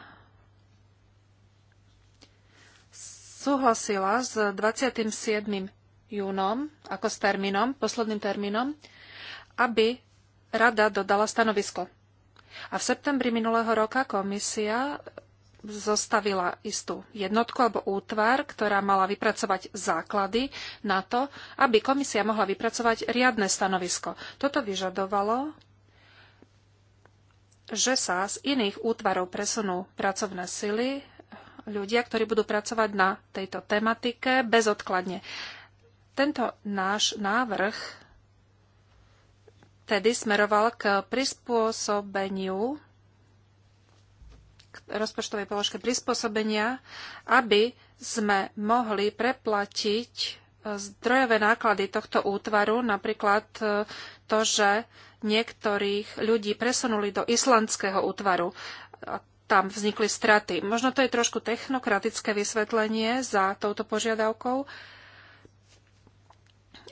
súhlasila s 27. júnom ako s termínom, posledným termínom, aby rada dodala stanovisko. A v septembri minulého roka komisia zostavila istú jednotku alebo útvar, ktorá mala vypracovať základy na to, aby komisia mohla vypracovať riadne stanovisko. Toto vyžadovalo, že sa z iných útvarov presunú pracovné sily ľudia, ktorí budú pracovať na tejto tematike bezodkladne. Tento náš návrh tedy smeroval k prispôsobeniu k rozpočtovej položke prispôsobenia, aby sme mohli preplatiť eh, zdrojové náklady tohto útvaru, napríklad eh, to, že niektorých ľudí presunuli do islandského útvaru. A tam vznikli straty. Možno to je trošku technokratické vysvetlenie za touto požiadavkou,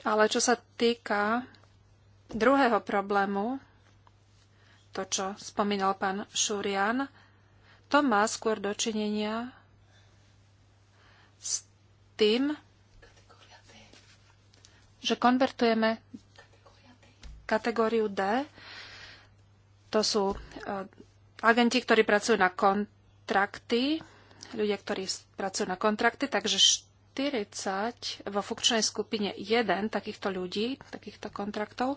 ale čo sa týka druhého problému, to, čo spomínal pán Šurian, to má skôr dočinenia s tým, že konvertujeme kategóriu D, to sú e, agenti, ktorí pracujú na kontrakty, ľudia, ktorí pracujú na kontrakty, takže 40 vo funkčnej skupine 1 takýchto ľudí, takýchto kontraktov.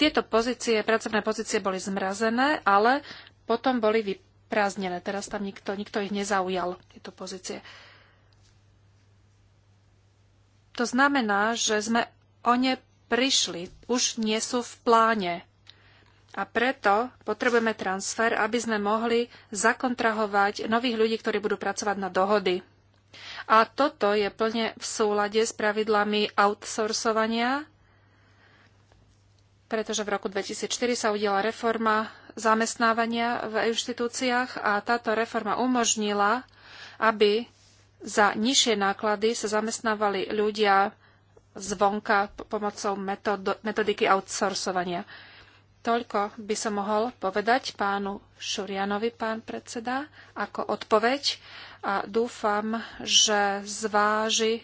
Tieto pozície, pracovné pozície boli zmrazené, ale potom boli vyprázdnené. Teraz tam nikto, nikto ich nezaujal, tieto pozície. To znamená, že sme o ne prišli, už nie sú v pláne. A preto potrebujeme transfer, aby sme mohli zakontrahovať nových ľudí, ktorí budú pracovať na dohody. A toto je plne v súlade s pravidlami outsourcovania, pretože v roku 2004 sa udiela reforma zamestnávania v inštitúciách a táto reforma umožnila, aby za nižšie náklady sa zamestnávali ľudia zvonka pomocou metod- metodiky outsourcovania. Toľko by som mohol povedať pánu Šurianovi, pán predseda, ako odpoveď a dúfam, že zváži,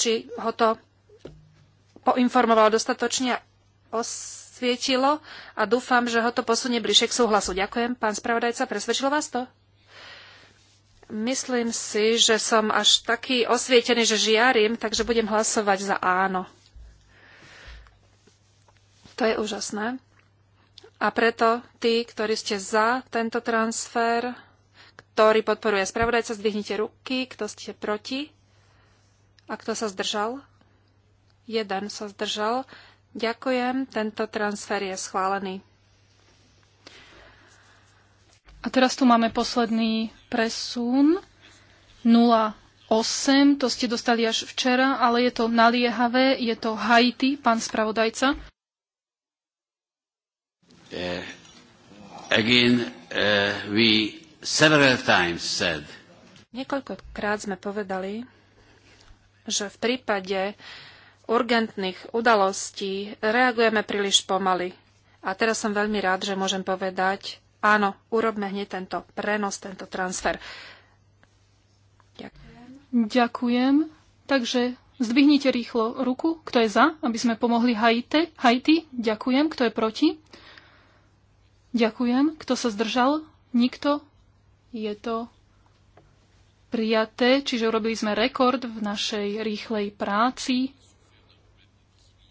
či ho to poinformovalo dostatočne a osvietilo a dúfam, že ho to posunie bližšie k súhlasu. Ďakujem, pán spravodajca, presvedčilo vás to? Myslím si, že som až taký osvietený, že žiarím, takže budem hlasovať za áno. To je úžasné. A preto tí, ktorí ste za tento transfer, ktorý podporuje spravodajca, zdvihnite ruky. Kto ste proti? A kto sa zdržal? Jeden sa zdržal. Ďakujem, tento transfer je schválený. A teraz tu máme posledný presun 08, to ste dostali až včera, ale je to naliehavé, je to Haiti, pán spravodajca. Uh, again, uh, we several times said. Niekoľkokrát sme povedali, že v prípade urgentných udalostí reagujeme príliš pomaly. A teraz som veľmi rád, že môžem povedať, áno, urobme hneď tento prenos, tento transfer. Ďakujem. Ďakujem. Takže zdvihnite rýchlo ruku, kto je za, aby sme pomohli Haiti. Haiti. Ďakujem. Kto je proti? Ďakujem. Kto sa zdržal? Nikto. Je to prijaté, čiže urobili sme rekord v našej rýchlej práci.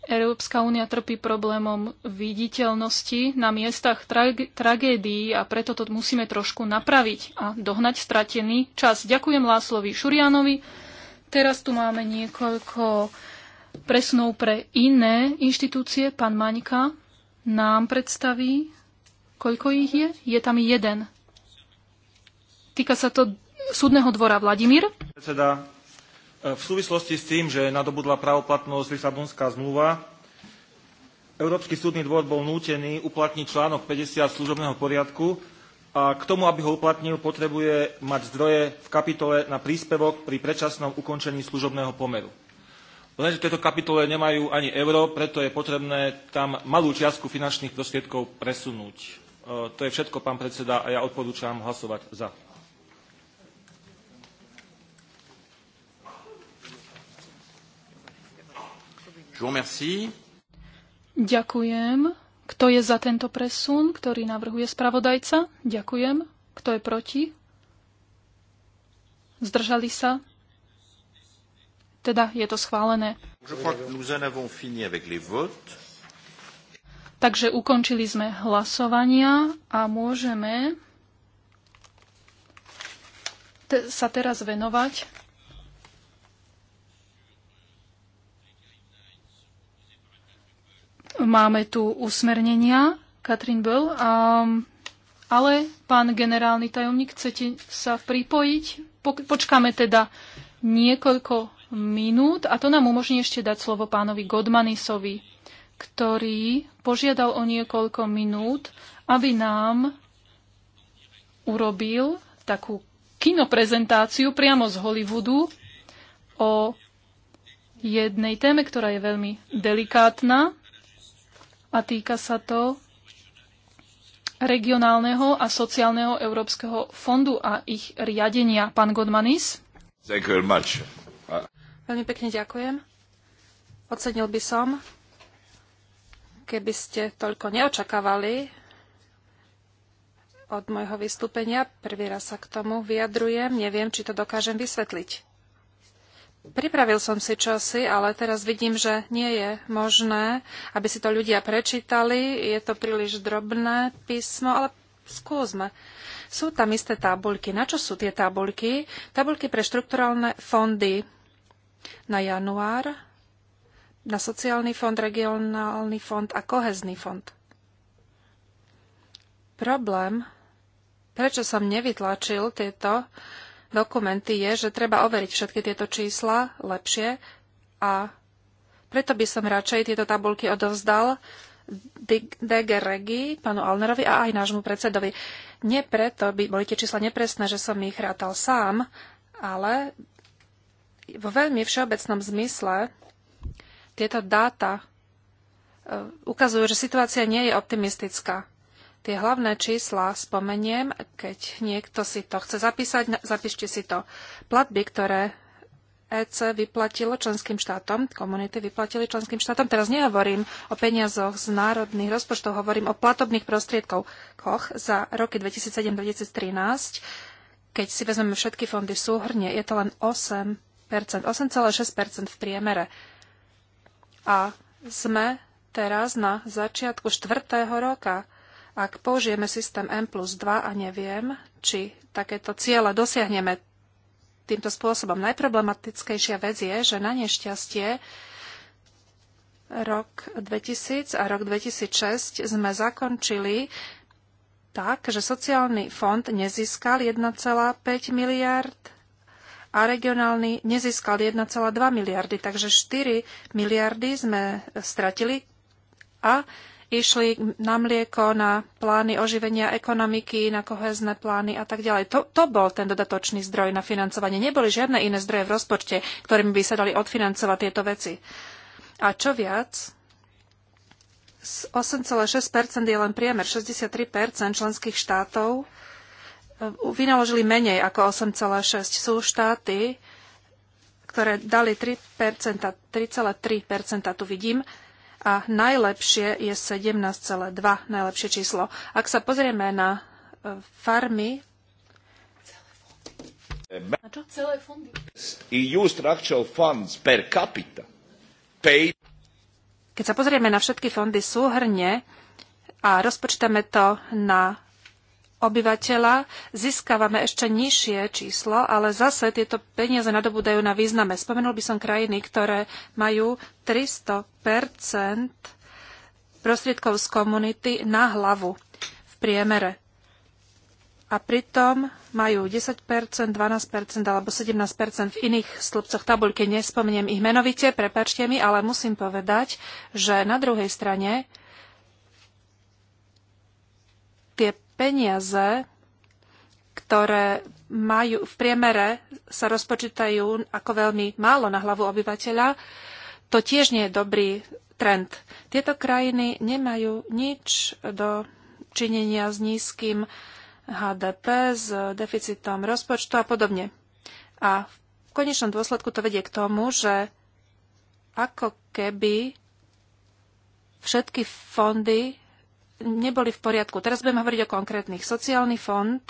Európska únia trpí problémom viditeľnosti na miestach tra- tragédií a preto to musíme trošku napraviť a dohnať stratený čas. Ďakujem Láslovi Šurianovi. Teraz tu máme niekoľko presnou pre iné inštitúcie. Pán Maňka nám predstaví, koľko ich je. Je tam jeden. Týka sa to súdneho dvora Vladimír. Predseda E, v súvislosti s tým, že nadobudla právoplatnosť Lisabonská zmluva, Európsky súdny dvor bol nútený uplatniť článok 50 služobného poriadku a k tomu, aby ho uplatnil, potrebuje mať zdroje v kapitole na príspevok pri predčasnom ukončení služobného pomeru. Lenže v tejto kapitole nemajú ani euro, preto je potrebné tam malú čiastku finančných prostriedkov presunúť. E, to je všetko, pán predseda, a ja odporúčam hlasovať za. Ďakujem. Kto je za tento presun, ktorý navrhuje spravodajca? Ďakujem. Kto je proti? Zdržali sa? Teda je to schválené. Takže ukončili sme hlasovania a môžeme te sa teraz venovať Máme tu usmernenia, Katrin Böll, um, ale pán generálny tajomník, chcete sa pripojiť? Počkáme teda niekoľko minút a to nám umožní ešte dať slovo pánovi Godmanisovi, ktorý požiadal o niekoľko minút, aby nám urobil takú kinoprezentáciu priamo z Hollywoodu o jednej téme, ktorá je veľmi delikátna a týka sa to regionálneho a sociálneho európskeho fondu a ich riadenia. Pán Godmanis? Veľmi pekne ďakujem. Ocenil by som, keby ste toľko neočakávali od môjho vystúpenia. Prvý raz sa k tomu vyjadrujem. Neviem, či to dokážem vysvetliť. Pripravil som si čosi, ale teraz vidím, že nie je možné, aby si to ľudia prečítali. Je to príliš drobné písmo, ale skúsme. Sú tam isté tabuľky. Na čo sú tie tabuľky? Tabuľky pre štrukturálne fondy na január, na sociálny fond, regionálny fond a kohezný fond. Problém, prečo som nevytlačil tieto dokumenty, je, že treba overiť všetky tieto čísla lepšie a preto by som radšej tieto tabulky odovzdal DG Regi, pánu Alnerovi a aj nášmu predsedovi. Nie preto by boli tie čísla nepresné, že som ich rátal sám, ale vo veľmi všeobecnom zmysle tieto dáta e, ukazujú, že situácia nie je optimistická. Tie hlavné čísla spomeniem, keď niekto si to chce zapísať, zapíšte si to. Platby, ktoré EC vyplatilo členským štátom, komunity vyplatili členským štátom. Teraz nehovorím o peniazoch z národných rozpočtov, hovorím o platobných prostriedkoch za roky 2007-2013. Keď si vezmeme všetky fondy súhrne, je to len 8%, 8,6% v priemere. A sme teraz na začiatku štvrtého roka ak použijeme systém M plus 2 a neviem, či takéto ciele dosiahneme týmto spôsobom, najproblematickejšia vec je, že na nešťastie rok 2000 a rok 2006 sme zakončili tak, že sociálny fond nezískal 1,5 miliard a regionálny nezískal 1,2 miliardy. Takže 4 miliardy sme stratili a išli na mlieko, na plány oživenia ekonomiky, na kohezné plány a tak ďalej. To, to bol ten dodatočný zdroj na financovanie. Neboli žiadne iné zdroje v rozpočte, ktorými by sa dali odfinancovať tieto veci. A čo viac, 8,6 je len priemer, 63 členských štátov e, vynaložili menej ako 8,6. Sú štáty, ktoré dali 3 3,3 tu vidím, a najlepšie je 17,2, najlepšie číslo. Ak sa pozrieme na e, farmy, na čo? Celé fondy. EU structural funds per capita paid. Keď sa pozrieme na všetky fondy súhrne a rozpočítame to na obyvateľa získavame ešte nižšie číslo, ale zase tieto peniaze nadobúdajú na význame. Spomenul by som krajiny, ktoré majú 300 prostriedkov z komunity na hlavu v priemere. A pritom majú 10%, 12% alebo 17% v iných slupcoch tabuľky. Nespomeniem ich menovite, prepačte mi, ale musím povedať, že na druhej strane peniaze, ktoré majú, v priemere sa rozpočítajú ako veľmi málo na hlavu obyvateľa, to tiež nie je dobrý trend. Tieto krajiny nemajú nič do činenia s nízkym HDP, s deficitom rozpočtu a podobne. A v konečnom dôsledku to vedie k tomu, že ako keby všetky fondy neboli v poriadku. Teraz budem hovoriť o konkrétnych. Sociálny fond,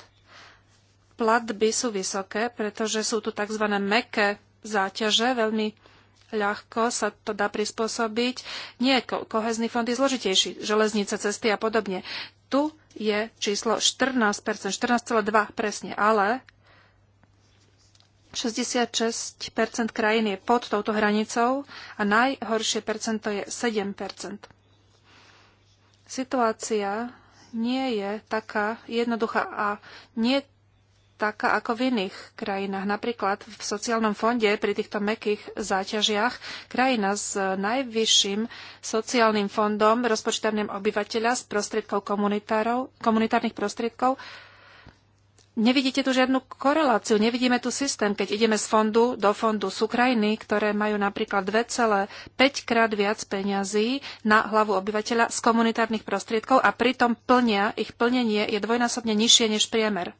platby sú vysoké, pretože sú tu tzv. meké záťaže, veľmi ľahko sa to dá prispôsobiť. Nie, ko- kohezný fond je zložitejší, železnice, cesty a podobne. Tu je číslo 14%, 14,2 presne, ale 66% krajín je pod touto hranicou a najhoršie percento je 7%. Situácia nie je taká jednoduchá a nie taká ako v iných krajinách. Napríklad v sociálnom fonde pri týchto mekých záťažiach krajina s najvyšším sociálnym fondom rozpočtovným obyvateľa z prostriedkov komunitárnych prostriedkov Nevidíte tu žiadnu koreláciu, nevidíme tu systém. Keď ideme z fondu do fondu, sú krajiny, ktoré majú napríklad 2,5 krát viac peňazí na hlavu obyvateľa z komunitárnych prostriedkov a pritom plnia, ich plnenie je dvojnásobne nižšie než priemer.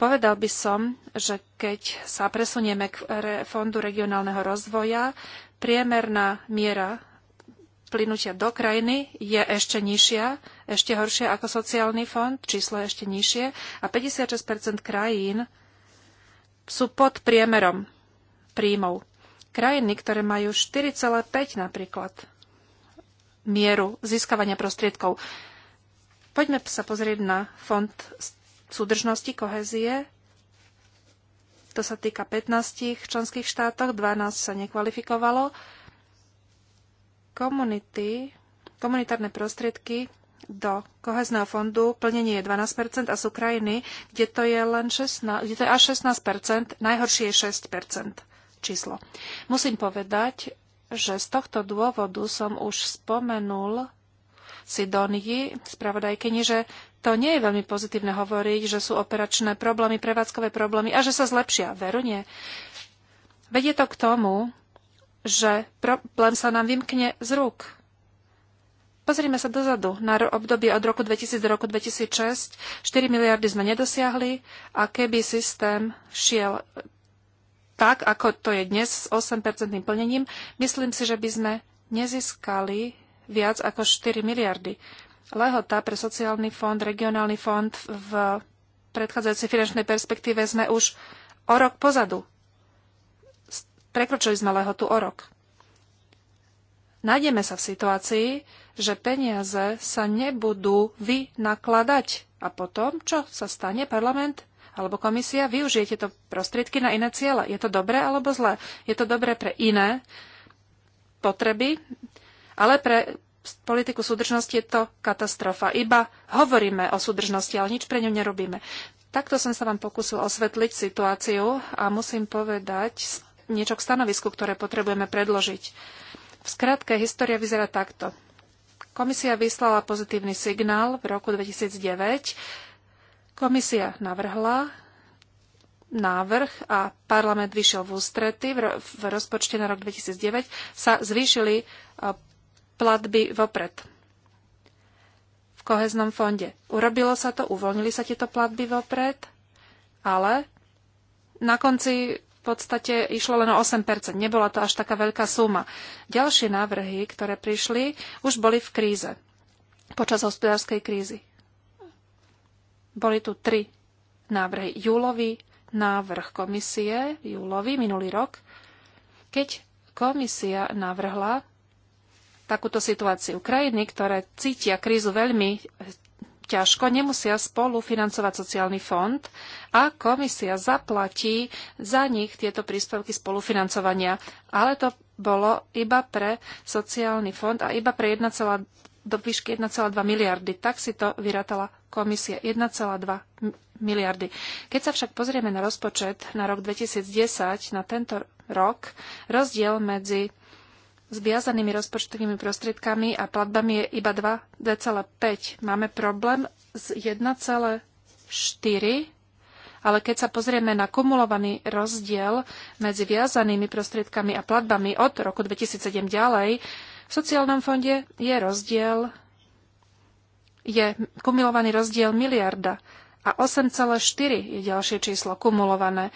Povedal by som, že keď sa presunieme k fondu regionálneho rozvoja, priemerná miera plynutia do krajiny je ešte nižšia, ešte horšia ako sociálny fond, číslo je ešte nižšie a 56 krajín sú pod priemerom príjmov. Krajiny, ktoré majú 4,5 napríklad mieru získavania prostriedkov. Poďme sa pozrieť na fond súdržnosti, kohezie. To sa týka 15 členských štátoch, 12 sa nekvalifikovalo Komunity, komunitárne prostriedky do kohezného fondu plnenie je 12 a sú krajiny, kde to je, len 16, kde to je až 16 najhoršie je 6 číslo. Musím povedať, že z tohto dôvodu som už spomenul Sidonii, spravodajkyni, že to nie je veľmi pozitívne hovoriť, že sú operačné problémy, prevádzkové problémy a že sa zlepšia. Veru nie. Vedie to k tomu, že problém sa nám vymkne z rúk. Pozrime sa dozadu. Na obdobie od roku 2000 do roku 2006 4 miliardy sme nedosiahli a keby systém šiel tak, ako to je dnes s 8 plnením, myslím si, že by sme nezískali viac ako 4 miliardy. Lehota pre sociálny fond, regionálny fond v predchádzajúcej finančnej perspektíve sme už o rok pozadu. Prekročili sme lehotu o rok. Nájdeme sa v situácii, že peniaze sa nebudú vynakladať. A potom, čo sa stane, parlament alebo komisia využije tieto prostriedky na iné ciele. Je to dobré alebo zlé? Je to dobré pre iné potreby, ale pre politiku súdržnosti je to katastrofa. Iba hovoríme o súdržnosti, ale nič pre ňu nerobíme. Takto som sa vám pokusil osvetliť situáciu a musím povedať, niečo k stanovisku, ktoré potrebujeme predložiť. V skratke, história vyzerá takto. Komisia vyslala pozitívny signál v roku 2009. Komisia navrhla návrh a parlament vyšiel v ústrety v rozpočte na rok 2009 sa zvýšili e, platby vopred v koheznom fonde. Urobilo sa to, uvoľnili sa tieto platby vopred, ale na konci podstate išlo len o 8%. Nebola to až taká veľká suma. Ďalšie návrhy, ktoré prišli, už boli v kríze. Počas hospodárskej krízy. Boli tu tri návrhy. Júlový návrh komisie, júlový minulý rok, keď komisia navrhla takúto situáciu. Krajiny, ktoré cítia krízu veľmi ťažko, nemusia spolu financovať sociálny fond a komisia zaplatí za nich tieto príspevky spolufinancovania. Ale to bolo iba pre sociálny fond a iba pre 1, do výšky 1,2 miliardy. Tak si to vyratala komisia 1,2 miliardy. Keď sa však pozrieme na rozpočet na rok 2010, na tento rok, rozdiel medzi s viazanými rozpočtovými prostriedkami a platbami je iba 2,5. Máme problém s 1,4, ale keď sa pozrieme na kumulovaný rozdiel medzi viazanými prostriedkami a platbami od roku 2007 ďalej, v sociálnom fonde je rozdiel, je kumulovaný rozdiel miliarda a 8,4 je ďalšie číslo kumulované.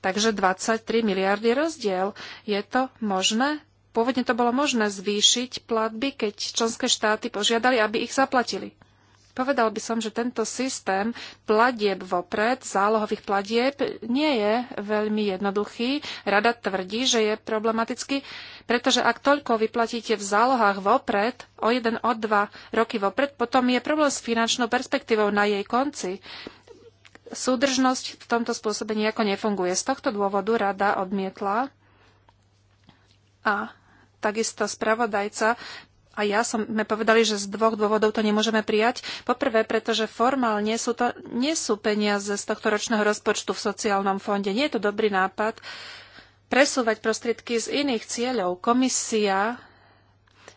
Takže 23 miliardy rozdiel. Je to možné? pôvodne to bolo možné zvýšiť platby, keď členské štáty požiadali, aby ich zaplatili. Povedal by som, že tento systém platieb vopred, zálohových platieb, nie je veľmi jednoduchý. Rada tvrdí, že je problematický, pretože ak toľko vyplatíte v zálohách vopred, o jeden, o dva roky vopred, potom je problém s finančnou perspektívou na jej konci. Súdržnosť v tomto spôsobe nejako nefunguje. Z tohto dôvodu rada odmietla a takisto spravodajca a ja som sme povedali, že z dvoch dôvodov to nemôžeme prijať. Poprvé, pretože formálne sú to, nie sú peniaze z tohto ročného rozpočtu v sociálnom fonde. Nie je to dobrý nápad presúvať prostriedky z iných cieľov. Komisia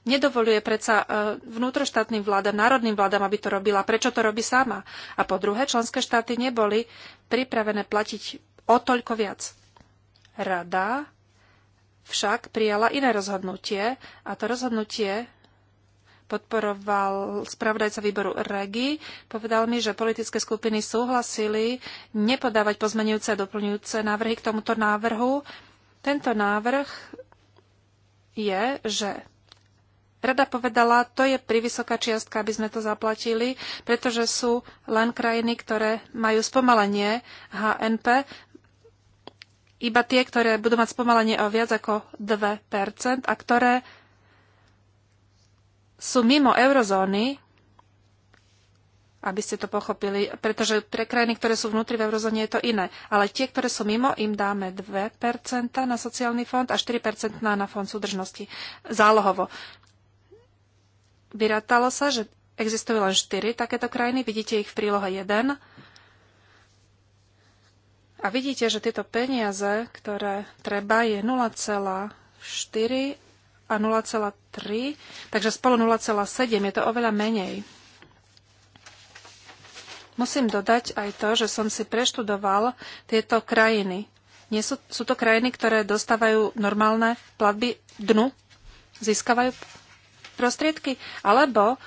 nedovoluje predsa e, vnútroštátnym vládam, národným vládam, aby to robila. Prečo to robí sama? A po druhé, členské štáty neboli pripravené platiť o toľko viac. Rada však prijala iné rozhodnutie a to rozhodnutie podporoval spravodajca výboru REGI. Povedal mi, že politické skupiny súhlasili nepodávať pozmenujúce a doplňujúce návrhy k tomuto návrhu. Tento návrh je, že Rada povedala, to je privysoká čiastka, aby sme to zaplatili, pretože sú len krajiny, ktoré majú spomalenie HNP iba tie, ktoré budú mať spomalenie o viac ako 2% a ktoré sú mimo eurozóny, aby ste to pochopili, pretože pre krajiny, ktoré sú vnútri v eurozóne, je to iné. Ale tie, ktoré sú mimo, im dáme 2% na sociálny fond a 4% na fond súdržnosti zálohovo. Vyrátalo sa, že existujú len 4 takéto krajiny, vidíte ich v prílohe 1 a vidíte, že tieto peniaze, ktoré treba, je 0,4 a 0,3, takže spolu 0,7 je to oveľa menej. Musím dodať aj to, že som si preštudoval tieto krajiny. Nie sú, sú to krajiny, ktoré dostávajú normálne platby dnu, získavajú prostriedky, alebo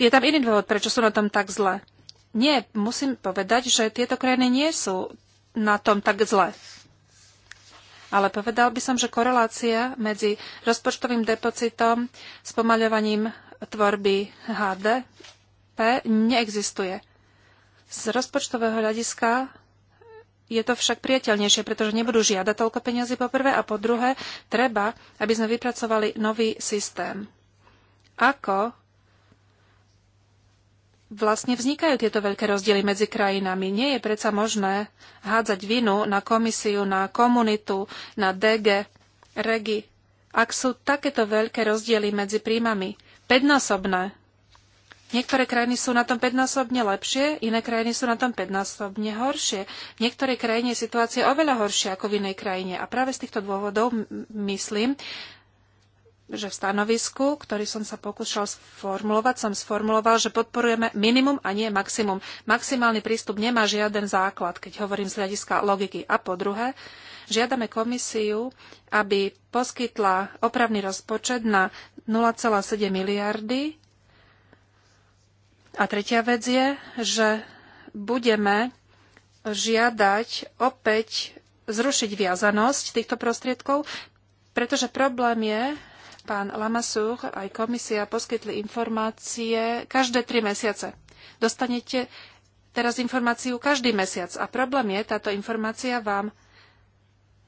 je tam iný dôvod, prečo sú na tom tak zle. Nie, musím povedať, že tieto krajiny nie sú na tom tak zle. Ale povedal by som, že korelácia medzi rozpočtovým deficitom, spomaľovaním tvorby HDP neexistuje. Z rozpočtového hľadiska je to však priateľnejšie, pretože nebudú žiadať toľko peniazy po prvé a po druhé treba, aby sme vypracovali nový systém. Ako vlastne vznikajú tieto veľké rozdiely medzi krajinami. Nie je predsa možné hádzať vinu na komisiu, na komunitu, na DG, regi, ak sú takéto veľké rozdiely medzi príjmami. Pednásobné. Niektoré krajiny sú na tom pednásobne lepšie, iné krajiny sú na tom pednásobne horšie. V niektorej krajine je situácia oveľa horšia ako v inej krajine. A práve z týchto dôvodov myslím, že v stanovisku, ktorý som sa pokúšal sformulovať, som sformuloval, že podporujeme minimum a nie maximum. Maximálny prístup nemá žiaden základ, keď hovorím z hľadiska logiky. A po druhé, žiadame komisiu, aby poskytla opravný rozpočet na 0,7 miliardy. A tretia vec je, že budeme žiadať opäť zrušiť viazanosť týchto prostriedkov, pretože problém je, pán Lamassur aj komisia poskytli informácie každé tri mesiace. Dostanete teraz informáciu každý mesiac a problém je, táto informácia vám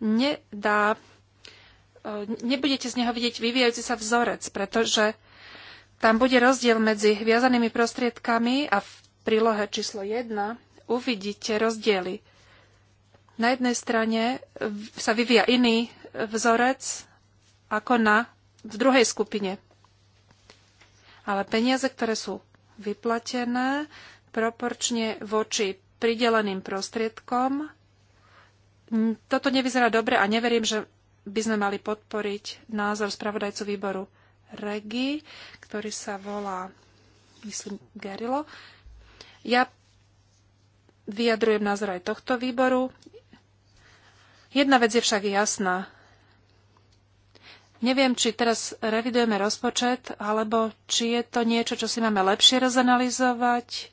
nedá, e, nebudete z neho vidieť vyvíjajúci sa vzorec, pretože tam bude rozdiel medzi viazanými prostriedkami a v prílohe číslo 1 uvidíte rozdiely. Na jednej strane sa vyvíja iný vzorec ako na v druhej skupine. Ale peniaze, ktoré sú vyplatené proporčne voči prideleným prostriedkom, toto nevyzerá dobre a neverím, že by sme mali podporiť názor spravodajcu výboru Regi, ktorý sa volá, myslím, Gerilo. Ja vyjadrujem názor aj tohto výboru. Jedna vec je však jasná. Neviem, či teraz revidujeme rozpočet, alebo či je to niečo, čo si máme lepšie rozanalizovať.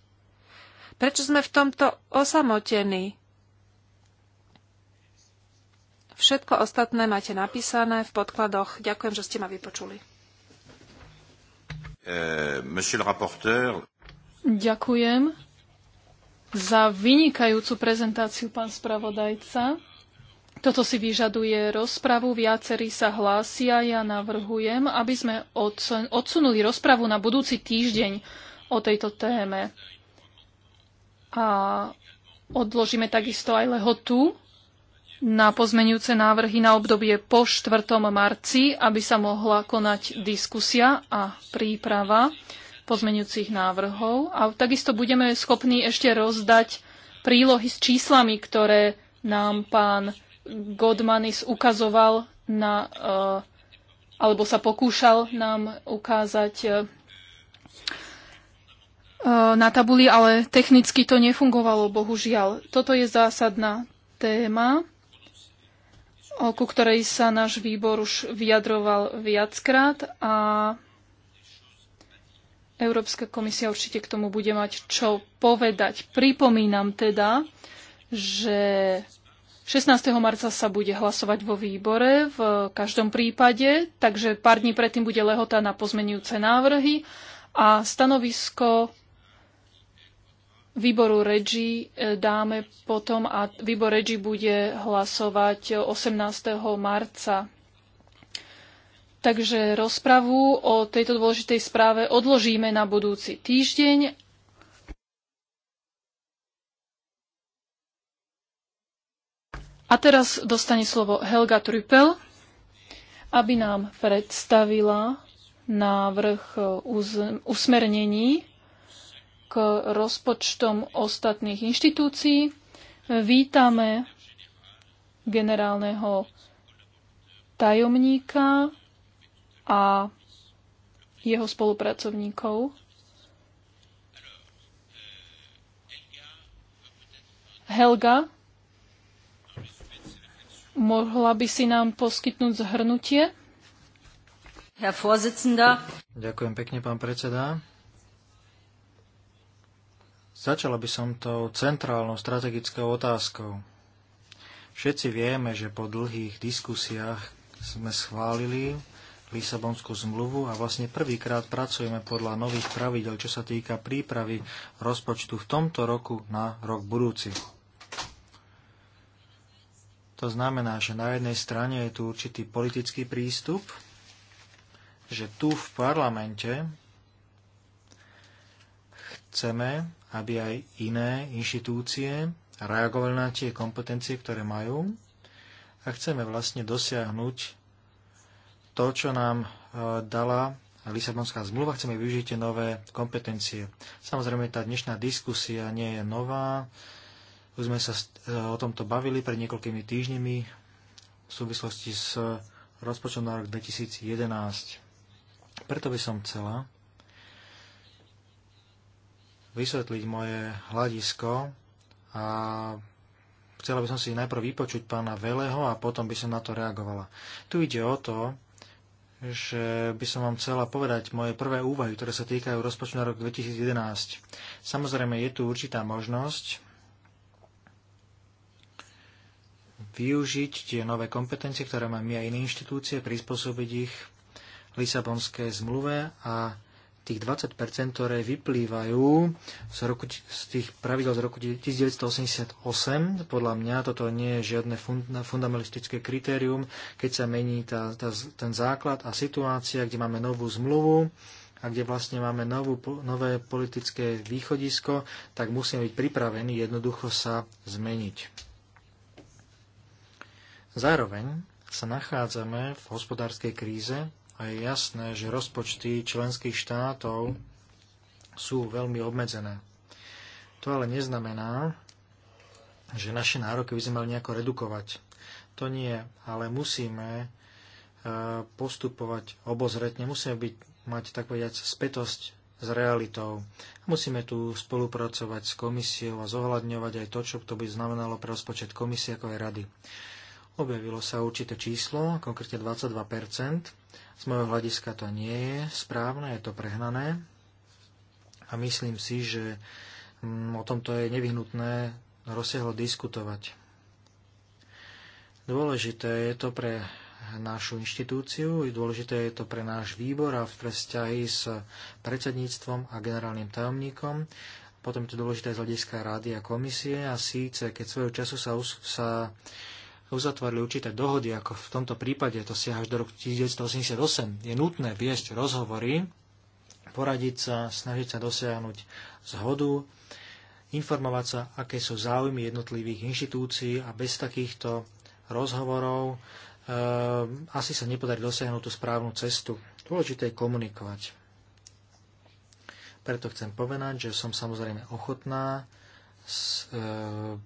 Prečo sme v tomto osamotení? Všetko ostatné máte napísané v podkladoch. Ďakujem, že ste ma vypočuli. Uh, Ďakujem za vynikajúcu prezentáciu, pán spravodajca. Toto si vyžaduje rozpravu, viacerí sa hlásia, ja navrhujem, aby sme odsunuli rozpravu na budúci týždeň o tejto téme. A odložíme takisto aj lehotu na pozmenujúce návrhy na obdobie po 4. marci, aby sa mohla konať diskusia a príprava pozmenujúcich návrhov. A takisto budeme schopní ešte rozdať prílohy s číslami, ktoré nám pán Godmanis ukazoval na, eh, alebo sa pokúšal nám ukázať eh, eh, na tabuli, ale technicky to nefungovalo, bohužiaľ. Toto je zásadná téma, ku ktorej sa náš výbor už vyjadroval viackrát a Európska komisia určite k tomu bude mať čo povedať. Pripomínam teda, že 16. marca sa bude hlasovať vo výbore v každom prípade, takže pár dní predtým bude lehota na pozmenujúce návrhy a stanovisko výboru REGI e, dáme potom a výbor REGI bude hlasovať 18. marca. Takže rozpravu o tejto dôležitej správe odložíme na budúci týždeň A teraz dostane slovo Helga Trüppel, aby nám predstavila návrh e, usmernení k rozpočtom ostatných inštitúcií. Vítame generálneho tajomníka a jeho spolupracovníkov. Helga Mohla by si nám poskytnúť zhrnutie? Ďakujem pekne, pán predseda. Začala by som tou centrálnou strategickou otázkou. Všetci vieme, že po dlhých diskusiách sme schválili Lisabonskú zmluvu a vlastne prvýkrát pracujeme podľa nových pravidel, čo sa týka prípravy rozpočtu v tomto roku na rok budúci. To znamená, že na jednej strane je tu určitý politický prístup, že tu v parlamente chceme, aby aj iné inštitúcie reagovali na tie kompetencie, ktoré majú a chceme vlastne dosiahnuť to, čo nám e, dala Lisabonská zmluva, chceme využiť tie nové kompetencie. Samozrejme, tá dnešná diskusia nie je nová, už sme sa e, o tomto bavili pred niekoľkými týždňami v súvislosti s rozpočtom na rok 2011. Preto by som chcela vysvetliť moje hľadisko a chcela by som si najprv vypočuť pána Veleho a potom by som na to reagovala. Tu ide o to, že by som vám chcela povedať moje prvé úvahy, ktoré sa týkajú rozpočtu na rok 2011. Samozrejme, je tu určitá možnosť, využiť tie nové kompetencie, ktoré máme my a iné inštitúcie, prispôsobiť ich Lisabonskej zmluve a tých 20%, ktoré vyplývajú z, roku, z tých pravidel z roku 1988, podľa mňa toto nie je žiadne fundamentalistické kritérium, keď sa mení tá, tá, ten základ a situácia, kde máme novú zmluvu a kde vlastne máme novú, nové politické východisko, tak musíme byť pripravení jednoducho sa zmeniť. Zároveň sa nachádzame v hospodárskej kríze a je jasné, že rozpočty členských štátov sú veľmi obmedzené. To ale neznamená, že naše nároky by sme mali nejako redukovať. To nie, ale musíme e, postupovať obozretne, musíme byť, mať tak povedať spätosť s realitou. Musíme tu spolupracovať s komisiou a zohľadňovať aj to, čo to by znamenalo pre rozpočet komisie ako aj rady. Objavilo sa určité číslo, konkrétne 22%. Z môjho hľadiska to nie je správne, je to prehnané. A myslím si, že mm, o tomto je nevyhnutné rozsiahlo diskutovať. Dôležité je to pre našu inštitúciu, dôležité je to pre náš výbor a pre vzťahy s predsedníctvom a generálnym tajomníkom. Potom je to dôležité z hľadiska rády a komisie a síce, keď svojho času sa, sa uzatvorili určité dohody, ako v tomto prípade to si až do roku 1988, je nutné viesť rozhovory, poradiť sa, snažiť sa dosiahnuť zhodu, informovať sa, aké sú záujmy jednotlivých inštitúcií a bez takýchto rozhovorov e, asi sa nepodarí dosiahnuť tú správnu cestu. Dôležité je komunikovať. Preto chcem povedať, že som samozrejme ochotná E,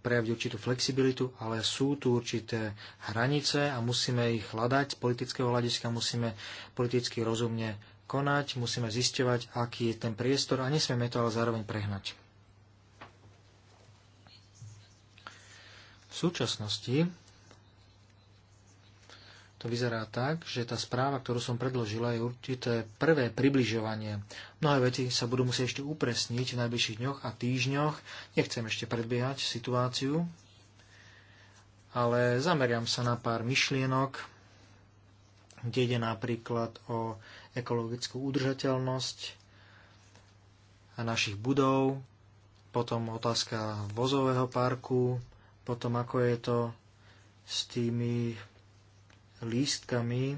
prejaviť určitú flexibilitu, ale sú tu určité hranice a musíme ich hľadať. Z politického hľadiska musíme politicky rozumne konať, musíme zisťovať, aký je ten priestor a nesmieme to ale zároveň prehnať. V súčasnosti to vyzerá tak, že tá správa, ktorú som predložila, je určité prvé približovanie. Mnohé veci sa budú musieť ešte upresniť v najbližších dňoch a týždňoch. Nechcem ešte predbiehať situáciu, ale zameriam sa na pár myšlienok, kde ide napríklad o ekologickú udržateľnosť a našich budov, potom otázka vozového parku, potom ako je to s tými lístkami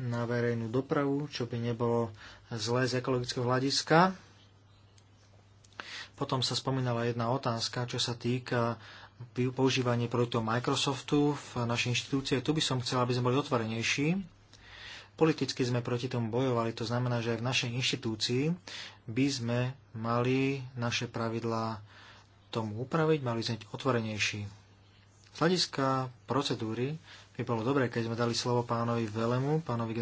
na verejnú dopravu, čo by nebolo zlé z ekologického hľadiska. Potom sa spomínala jedna otázka, čo sa týka používanie produktov Microsoftu v našej inštitúcii. Tu by som chcel, aby sme boli otvorenejší. Politicky sme proti tomu bojovali, to znamená, že aj v našej inštitúcii by sme mali naše pravidlá tomu upraviť, mali sme byť otvorenejší. Z hľadiska procedúry by bolo dobré, keď sme dali slovo pánovi Velemu, pánovi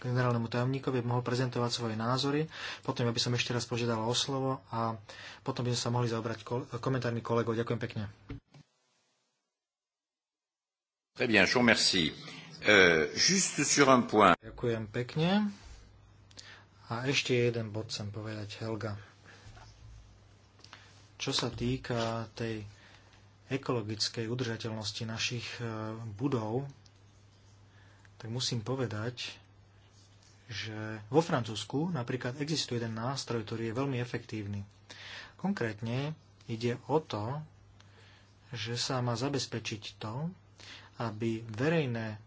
generálnemu tajomníkovi, aby mohol prezentovať svoje názory. Potom ja by som ešte raz požiadal o slovo a potom by sme sa mohli zaobrať komentármi kolegov. Ďakujem pekne. Très bien, je vous remercie. Euh, juste sur un point. Ďakujem pekne. A ešte jeden bod chcem povedať, Helga. Čo sa týka tej ekologickej udržateľnosti našich e, budov, tak musím povedať, že vo Francúzsku napríklad existuje jeden nástroj, ktorý je veľmi efektívny. Konkrétne ide o to, že sa má zabezpečiť to, aby verejné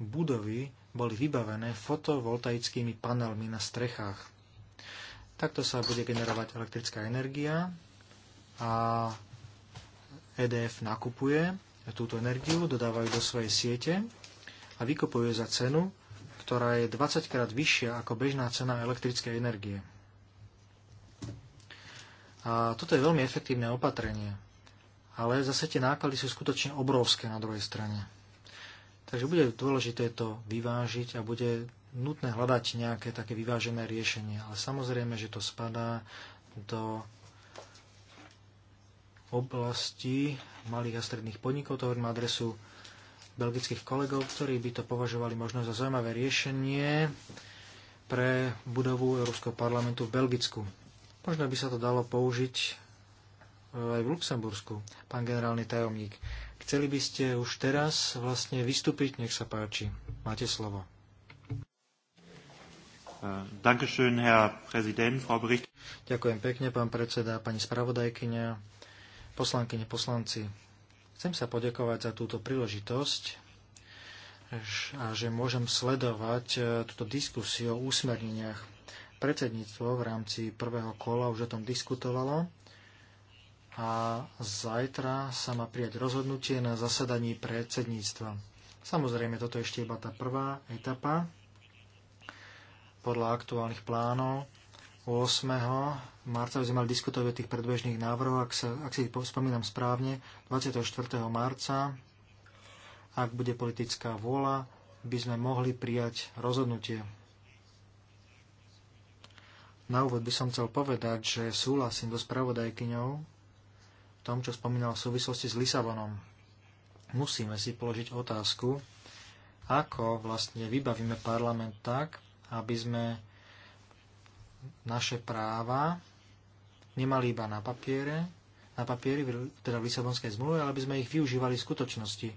budovy boli vybavené fotovoltaickými panelmi na strechách. Takto sa bude generovať elektrická energia a EDF nakupuje túto energiu, dodávajú do svojej siete a vykupuje za cenu, ktorá je 20 krát vyššia ako bežná cena elektrickej energie. A toto je veľmi efektívne opatrenie, ale zase tie náklady sú skutočne obrovské na druhej strane. Takže bude dôležité to vyvážiť a bude nutné hľadať nejaké také vyvážené riešenie. Ale samozrejme, že to spadá do oblasti malých a stredných podnikov. To hovorím adresu belgických kolegov, ktorí by to považovali možno za zaujímavé riešenie pre budovu Európskeho parlamentu v Belgicku. Možno by sa to dalo použiť e, aj v Luxembursku, pán generálny tajomník. Chceli by ste už teraz vlastne vystúpiť? Nech sa páči. Máte slovo. Äh, Ďakujem pekne, pán predseda, pani spravodajkyňa poslankyne, poslanci. Chcem sa poďakovať za túto príležitosť a že môžem sledovať e, túto diskusiu o úsmerneniach. Predsedníctvo v rámci prvého kola už o tom diskutovalo a zajtra sa má prijať rozhodnutie na zasadaní predsedníctva. Samozrejme, toto je ešte iba tá prvá etapa podľa aktuálnych plánov 8. marca by sme mali diskutovať o tých predbežných návrhoch, ak, sa, ak si spomínam správne, 24. marca, ak bude politická vôľa, by sme mohli prijať rozhodnutie. Na úvod by som chcel povedať, že súhlasím so spravodajkyňou v tom, čo spomínal v súvislosti s Lisabonom. Musíme si položiť otázku, ako vlastne vybavíme parlament tak, aby sme naše práva nemali iba na papiere, na papieri, teda v Lisabonskej zmluve, ale aby sme ich využívali v skutočnosti.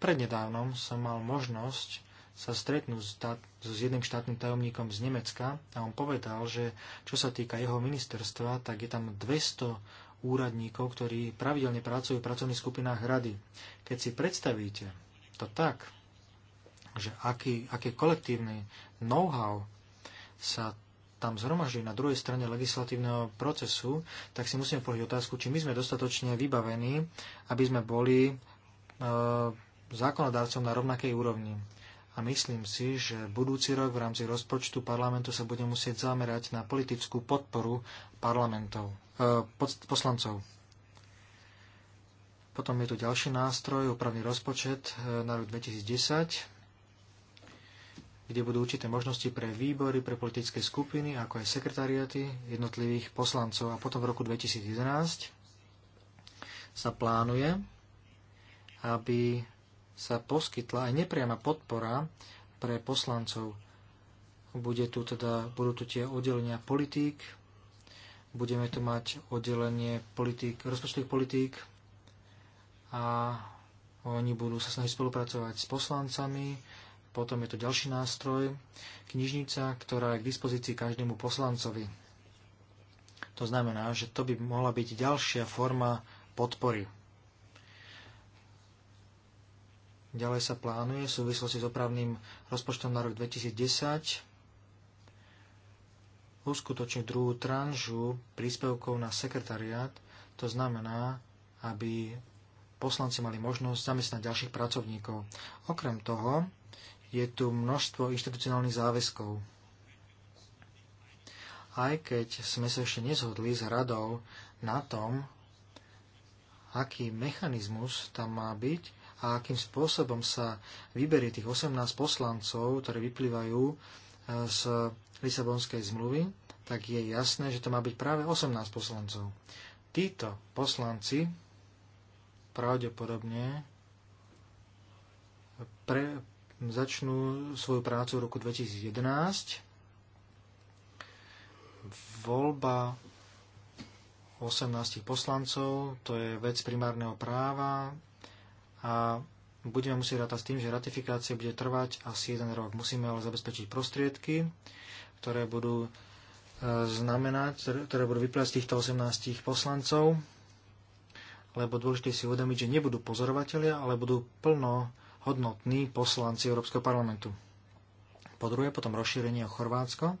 Prednedávnom som mal možnosť sa stretnúť s, so, s jedným štátnym tajomníkom z Nemecka a on povedal, že čo sa týka jeho ministerstva, tak je tam 200 úradníkov, ktorí pravidelne pracujú v pracovných skupinách rady. Keď si predstavíte to tak, že aký, aké kolektívne know-how sa tam zhromaždí na druhej strane legislatívneho procesu, tak si musíme položiť otázku, či my sme dostatočne vybavení, aby sme boli e, zákonodárcom na rovnakej úrovni. A myslím si, že budúci rok v rámci rozpočtu parlamentu sa bude musieť zamerať na politickú podporu parlamentov, e, poslancov. Potom je tu ďalší nástroj, opravný rozpočet e, na rok 2010 kde budú určité možnosti pre výbory, pre politické skupiny, ako aj sekretariaty jednotlivých poslancov. A potom v roku 2011 sa plánuje, aby sa poskytla aj nepriama podpora pre poslancov. Bude tu teda, budú tu tie oddelenia politík, budeme tu mať oddelenie politík, rozpočtových politík a oni budú sa snažiť spolupracovať s poslancami, potom je to ďalší nástroj, knižnica, ktorá je k dispozícii každému poslancovi. To znamená, že to by mohla byť ďalšia forma podpory. Ďalej sa plánuje v súvislosti s opravným rozpočtom na rok 2010 uskutočniť druhú tranžu príspevkov na sekretariát. To znamená, aby poslanci mali možnosť zamestnať ďalších pracovníkov. Okrem toho, je tu množstvo inštitucionálnych záväzkov. Aj keď sme sa ešte nezhodli s radou na tom, aký mechanizmus tam má byť a akým spôsobom sa vyberie tých 18 poslancov, ktorí vyplývajú e, z Lisabonskej zmluvy, tak je jasné, že to má byť práve 18 poslancov. Títo poslanci pravdepodobne pre, začnú svoju prácu v roku 2011. Voľba 18 poslancov, to je vec primárneho práva a budeme musieť rátať s tým, že ratifikácia bude trvať asi jeden rok. Musíme ale zabezpečiť prostriedky, ktoré budú e, znamenať, ktoré budú vyplať z týchto 18 poslancov, lebo dôležité si uvedomiť, že nebudú pozorovatelia, ale budú plno hodnotní poslanci Európskeho parlamentu. Po druhé, potom rozšírenie o Chorvátsko.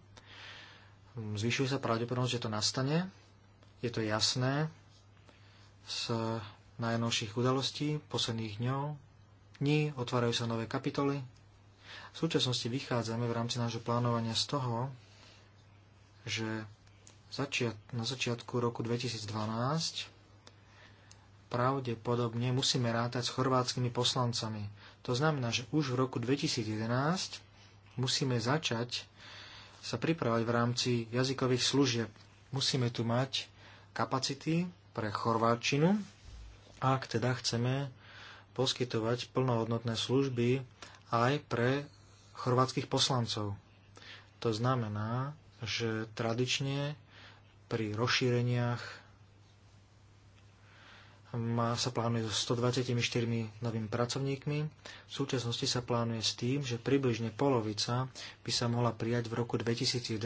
Zvyšuje sa pravdepodobnosť, že to nastane. Je to jasné z najnovších udalostí posledných dňov. Dní otvárajú sa nové kapitoly. V súčasnosti vychádzame v rámci nášho plánovania z toho, že na začiatku roku 2012 pravdepodobne musíme rátať s chorvátskymi poslancami. To znamená, že už v roku 2011 musíme začať sa pripravať v rámci jazykových služieb. Musíme tu mať kapacity pre chorváčinu, ak teda chceme poskytovať plnohodnotné služby aj pre chorvátskych poslancov. To znamená, že tradične pri rozšíreniach má, sa plánuje so 124 novými pracovníkmi. V súčasnosti sa plánuje s tým, že približne polovica by sa mohla prijať v roku 2011.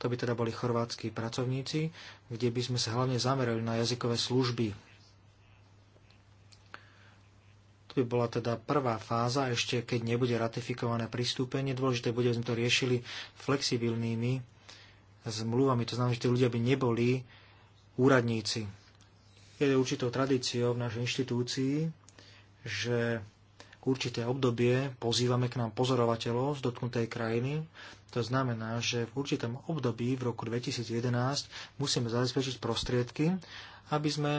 To by teda boli chorvátsky pracovníci, kde by sme sa hlavne zamerali na jazykové služby. To by bola teda prvá fáza, ešte keď nebude ratifikované pristúpenie. Dôležité bude, aby sme to riešili flexibilnými zmluvami. To znamená, že tí ľudia by neboli úradníci je určitou tradíciou v našej inštitúcii, že určité obdobie pozývame k nám pozorovateľov z dotknutej krajiny. To znamená, že v určitom období v roku 2011 musíme zabezpečiť prostriedky, aby sme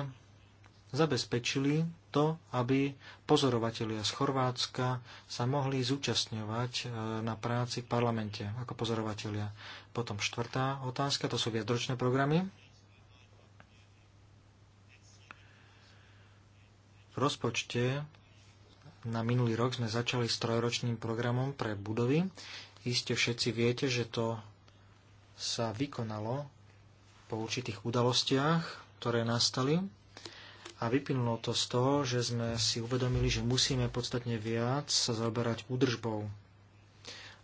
zabezpečili to, aby pozorovatelia z Chorvátska sa mohli zúčastňovať e, na práci v parlamente ako pozorovatelia. Potom štvrtá otázka, to sú viacročné programy. V rozpočte na minulý rok sme začali s trojročným programom pre budovy. Iste všetci viete, že to sa vykonalo po určitých udalostiach, ktoré nastali. A vyplynulo to z toho, že sme si uvedomili, že musíme podstatne viac sa zaoberať údržbou.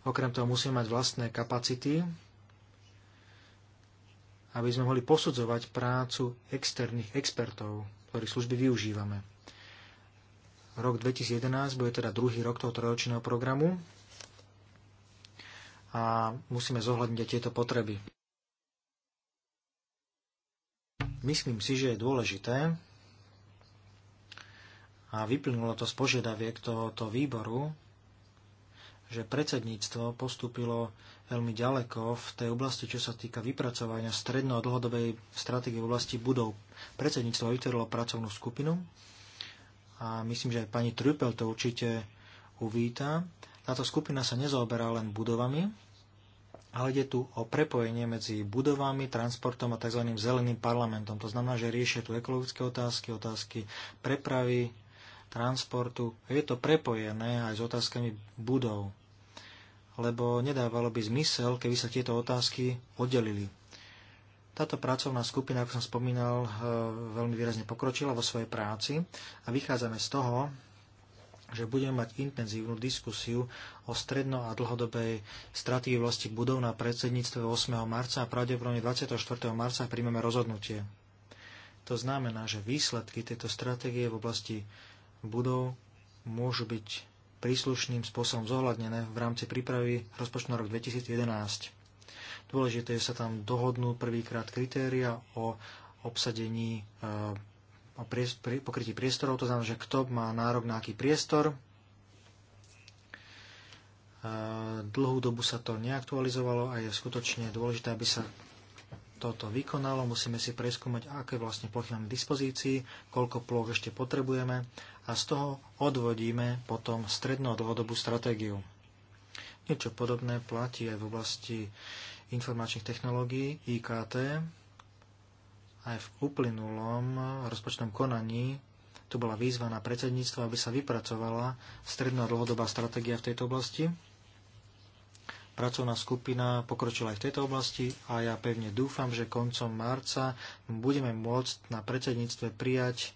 Okrem toho musíme mať vlastné kapacity, aby sme mohli posudzovať prácu externých expertov, ktorých služby využívame. Rok 2011 bude teda druhý rok toho trojročného programu a musíme zohľadniť aj tieto potreby. Myslím si, že je dôležité, a vyplynulo to z požiadaviek tohoto výboru, že predsedníctvo postúpilo veľmi ďaleko v tej oblasti, čo sa týka vypracovania stredno- a dlhodobej stratégie v oblasti budov. Predsedníctvo vytvorilo pracovnú skupinu, a myslím, že aj pani Trupel to určite uvíta. Táto skupina sa nezaoberá len budovami, ale ide tu o prepojenie medzi budovami, transportom a tzv. zeleným parlamentom. To znamená, že riešia tu ekologické otázky, otázky prepravy, transportu. Je to prepojené aj s otázkami budov, lebo nedávalo by zmysel, keby sa tieto otázky oddelili. Táto pracovná skupina, ako som spomínal, e, veľmi výrazne pokročila vo svojej práci a vychádzame z toho, že budeme mať intenzívnu diskusiu o stredno- a dlhodobej stratégii vlasti budov na predsedníctve 8. marca a pravdepodobne 24. marca príjmeme rozhodnutie. To znamená, že výsledky tejto stratégie v oblasti budov môžu byť príslušným spôsobom zohľadnené v rámci prípravy rozpočtu na rok 2011. Dôležité je sa tam dohodnú prvýkrát kritéria o obsadení eh, o pokrytí priestorov, to znamená, že kto má nárok na aký priestor. Eh, dlhú dobu sa to neaktualizovalo a je skutočne dôležité, aby sa toto vykonalo. Musíme si preskúmať, aké vlastne plochy máme dispozícii, koľko ploch ešte potrebujeme a z toho odvodíme potom strednú dlhodobú stratégiu. Niečo podobné platí aj v oblasti informačných technológií, IKT, aj v uplynulom rozpočtom konaní tu bola výzva na predsedníctvo, aby sa vypracovala stredná dlhodobá stratégia v tejto oblasti. Pracovná skupina pokročila aj v tejto oblasti a ja pevne dúfam, že koncom marca budeme môcť na predsedníctve prijať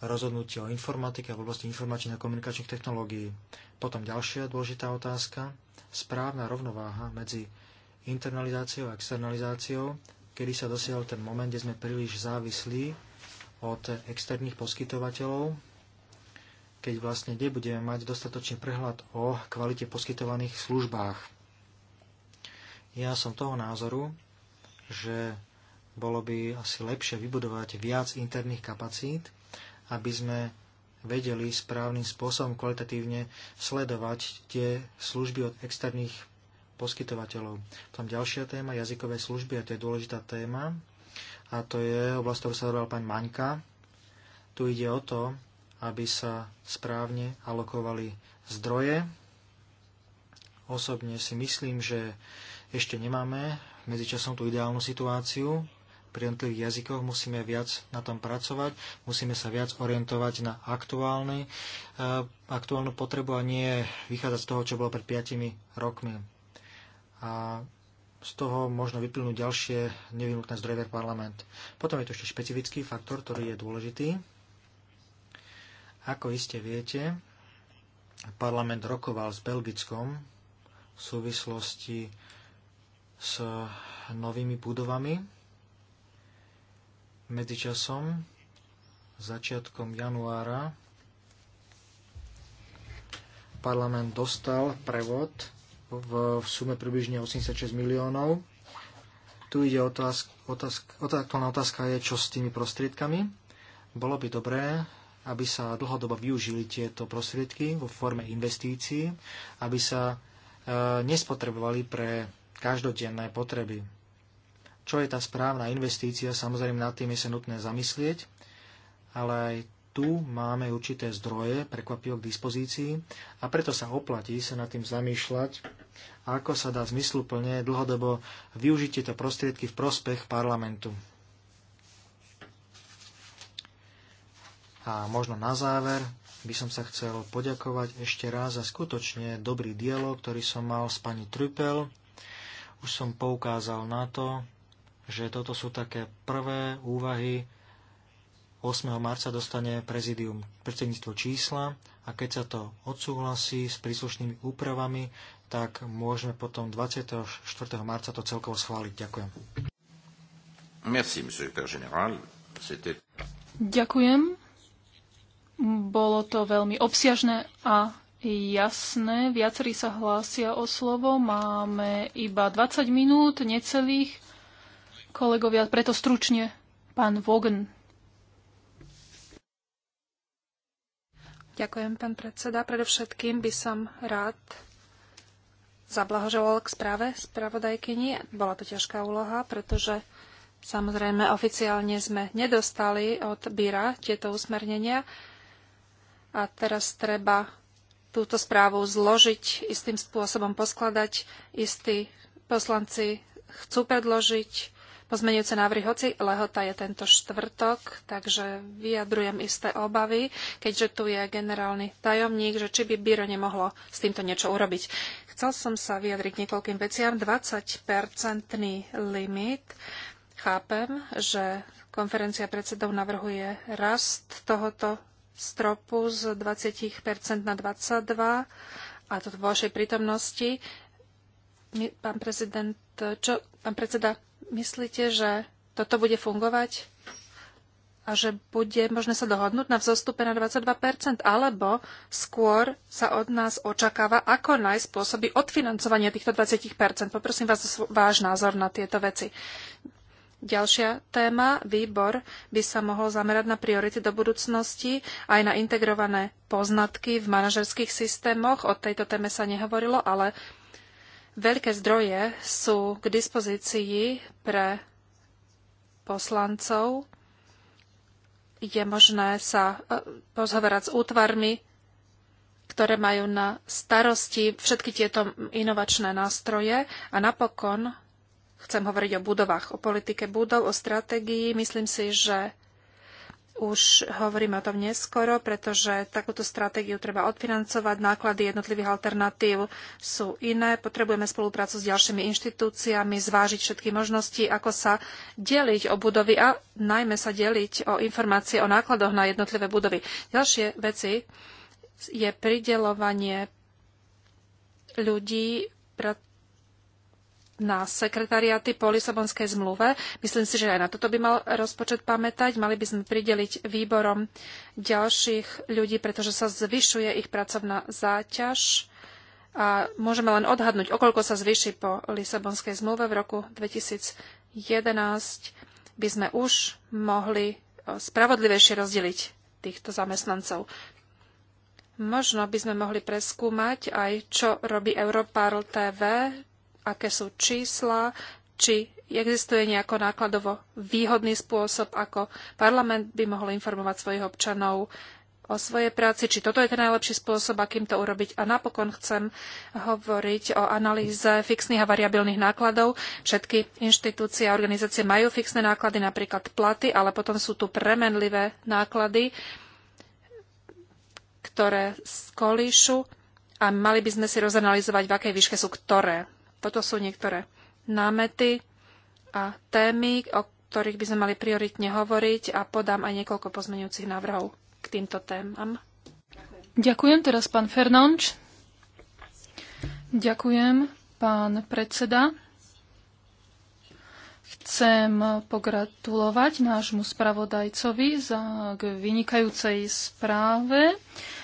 rozhodnutie o informatike a v oblasti informačných a komunikačných technológií. Potom ďalšia dôležitá otázka, správna rovnováha medzi internalizáciou a externalizáciou, kedy sa dosiahol ten moment, kde sme príliš závislí od externých poskytovateľov, keď vlastne nebudeme mať dostatočný prehľad o kvalite poskytovaných službách. Ja som toho názoru, že bolo by asi lepšie vybudovať viac interných kapacít, aby sme vedeli správnym spôsobom kvalitatívne sledovať tie služby od externých poskytovateľov. Tam ďalšia téma, jazykové služby, a to je dôležitá téma. A to je oblasť, ktorú sa zaoberal pán Maňka. Tu ide o to, aby sa správne alokovali zdroje. Osobne si myslím, že ešte nemáme medzičasom tú ideálnu situáciu. Pri jednotlivých jazykoch musíme viac na tom pracovať, musíme sa viac orientovať na aktuálny, eh, aktuálnu potrebu a nie vychádzať z toho, čo bolo pred 5 rokmi a z toho možno vyplnúť ďalšie nevyhnutné zdroje ver parlament. Potom je tu ešte špecifický faktor, ktorý je dôležitý. Ako iste viete, parlament rokoval s Belgickom v súvislosti s novými budovami. Medzičasom, začiatkom januára, parlament dostal prevod v, v sume približne 86 miliónov. Tu ide otázka, otázka, otázka je, čo s tými prostriedkami. Bolo by dobré, aby sa dlhodobo využili tieto prostriedky vo forme investícií, aby sa e, nespotrebovali pre každodenné potreby. Čo je tá správna investícia, samozrejme nad tým je sa nutné zamyslieť, ale aj tu máme určité zdroje prekvapivo k dispozícii a preto sa oplatí sa nad tým zamýšľať a ako sa dá zmysluplne dlhodobo využiť tieto prostriedky v prospech parlamentu. A možno na záver by som sa chcel poďakovať ešte raz za skutočne dobrý dialog, ktorý som mal s pani Trupel. Už som poukázal na to, že toto sú také prvé úvahy. 8. marca dostane prezidium predsedníctvo čísla a keď sa to odsúhlasí s príslušnými úpravami, tak môžeme potom 24. marca to celkovo schváliť. Ďakujem. Merci, monsieur Ďakujem. Bolo to veľmi obsiažné a jasné. Viacerí sa hlásia o slovo. Máme iba 20 minút, necelých. Kolegovia, preto stručne pán Vogen. Ďakujem, pán predseda. Predovšetkým by som rád zablahoželal k správe spravodajkyni. Bola to ťažká úloha, pretože samozrejme oficiálne sme nedostali od Bíra tieto usmernenia a teraz treba túto správu zložiť, istým spôsobom poskladať. Istí poslanci chcú predložiť pozmenujúce návrhy, hoci lehota je tento štvrtok, takže vyjadrujem isté obavy, keďže tu je generálny tajomník, že či by Biro nemohlo s týmto niečo urobiť. Chcel som sa vyjadriť niekoľkým veciam. 20-percentný limit. Chápem, že konferencia predsedov navrhuje rast tohoto stropu z 20% na 22% a to v vašej prítomnosti. My, pán prezident, čo, pán predseda, myslíte, že toto bude fungovať? a že bude možné sa dohodnúť na vzostupe na 22%, alebo skôr sa od nás očakáva, ako nájsť spôsoby odfinancovania týchto 20%. Poprosím vás o váš názor na tieto veci. Ďalšia téma, výbor, by sa mohol zamerať na priority do budúcnosti, aj na integrované poznatky v manažerských systémoch. O tejto téme sa nehovorilo, ale veľké zdroje sú k dispozícii pre poslancov je možné sa e, pozhoverať s útvarmi, ktoré majú na starosti všetky tieto inovačné nástroje. A napokon chcem hovoriť o budovách, o politike budov, o stratégii. Myslím si, že už hovorím o tom neskoro, pretože takúto stratégiu treba odfinancovať. Náklady jednotlivých alternatív sú iné. Potrebujeme spoluprácu s ďalšími inštitúciami, zvážiť všetky možnosti, ako sa deliť o budovy a najmä sa deliť o informácie o nákladoch na jednotlivé budovy. Ďalšie veci je pridelovanie ľudí, na sekretariaty po Lisabonskej zmluve. Myslím si, že aj na toto by mal rozpočet pamätať. Mali by sme prideliť výborom ďalších ľudí, pretože sa zvyšuje ich pracovná záťaž. A môžeme len odhadnúť, okoľko sa zvyši po Lisabonskej zmluve v roku 2011 by sme už mohli e, spravodlivejšie rozdeliť týchto zamestnancov. Možno by sme mohli preskúmať aj, čo robí Europarl TV, aké sú čísla, či existuje nejako nákladovo výhodný spôsob, ako parlament by mohol informovať svojich občanov o svojej práci, či toto je ten najlepší spôsob, akým to urobiť. A napokon chcem hovoriť o analýze fixných a variabilných nákladov. Všetky inštitúcie a organizácie majú fixné náklady, napríklad platy, ale potom sú tu premenlivé náklady, ktoré skolíšu a mali by sme si rozanalizovať, v akej výške sú ktoré. Toto sú niektoré námety a témy, o ktorých by sme mali prioritne hovoriť a podám aj niekoľko pozmeňujúcich návrhov k týmto témam. Ďakujem teraz pán Fernonč. Ďakujem pán predseda. Chcem pogratulovať nášmu spravodajcovi za k vynikajúcej správe.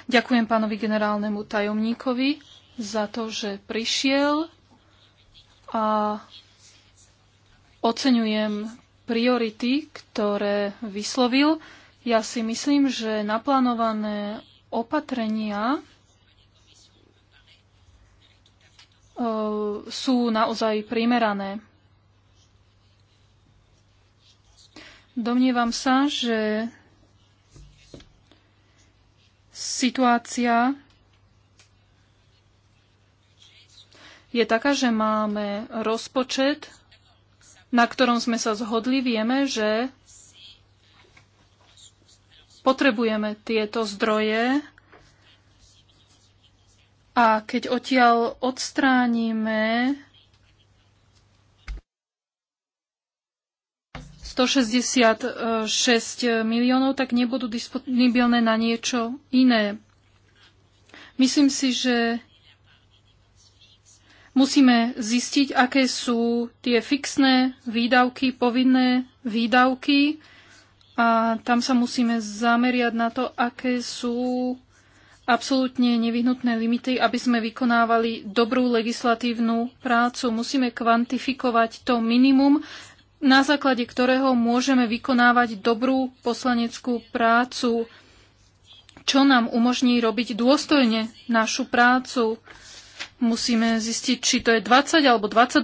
Ďakujem pánovi generálnemu tajomníkovi za to, že prišiel a oceňujem priority, ktoré vyslovil. Ja si myslím, že naplánované opatrenia e, sú naozaj primerané. Domnievam sa, že situácia je taká, že máme rozpočet, na ktorom sme sa zhodli. Vieme, že potrebujeme tieto zdroje a keď odtiaľ odstránime 166 miliónov, tak nebudú disponibilné na niečo iné. Myslím si, že Musíme zistiť, aké sú tie fixné výdavky, povinné výdavky a tam sa musíme zameriať na to, aké sú absolútne nevyhnutné limity, aby sme vykonávali dobrú legislatívnu prácu. Musíme kvantifikovať to minimum, na základe ktorého môžeme vykonávať dobrú poslaneckú prácu, čo nám umožní robiť dôstojne našu prácu. Musíme zistiť, či to je 20 alebo 22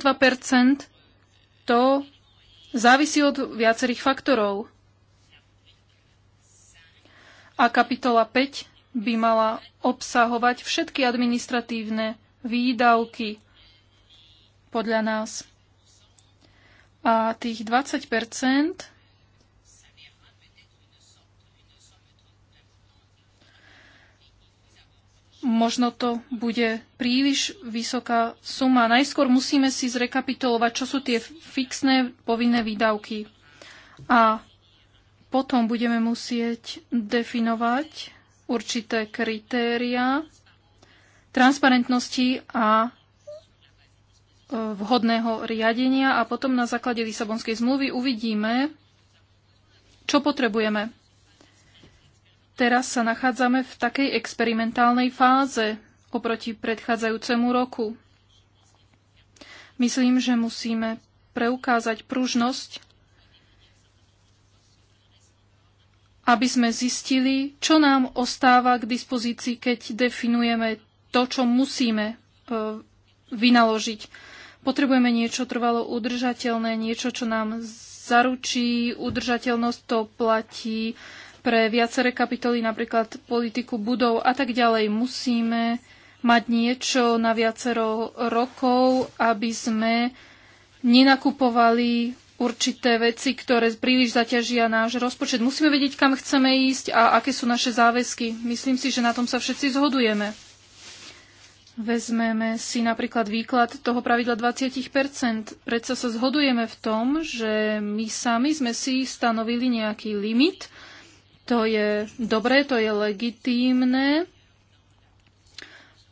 To závisí od viacerých faktorov. A kapitola 5 by mala obsahovať všetky administratívne výdavky podľa nás. A tých 20 Možno to bude príliš vysoká suma. Najskôr musíme si zrekapitulovať, čo sú tie fixné povinné výdavky. A potom budeme musieť definovať určité kritéria transparentnosti a e, vhodného riadenia a potom na základe Lisabonskej zmluvy uvidíme, čo potrebujeme. Teraz sa nachádzame v takej experimentálnej fáze oproti predchádzajúcemu roku. Myslím, že musíme preukázať pružnosť, aby sme zistili, čo nám ostáva k dispozícii, keď definujeme to, čo musíme e, vynaložiť. Potrebujeme niečo trvalo udržateľné, niečo, čo nám zaručí udržateľnosť, to platí pre viaceré kapitoly, napríklad politiku budov a tak ďalej. Musíme mať niečo na viacero rokov, aby sme nenakupovali určité veci, ktoré príliš zaťažia náš rozpočet. Musíme vedieť, kam chceme ísť a aké sú naše záväzky. Myslím si, že na tom sa všetci zhodujeme. Vezmeme si napríklad výklad toho pravidla 20%. Predsa sa zhodujeme v tom, že my sami sme si stanovili nejaký limit to je dobré, to je legitímne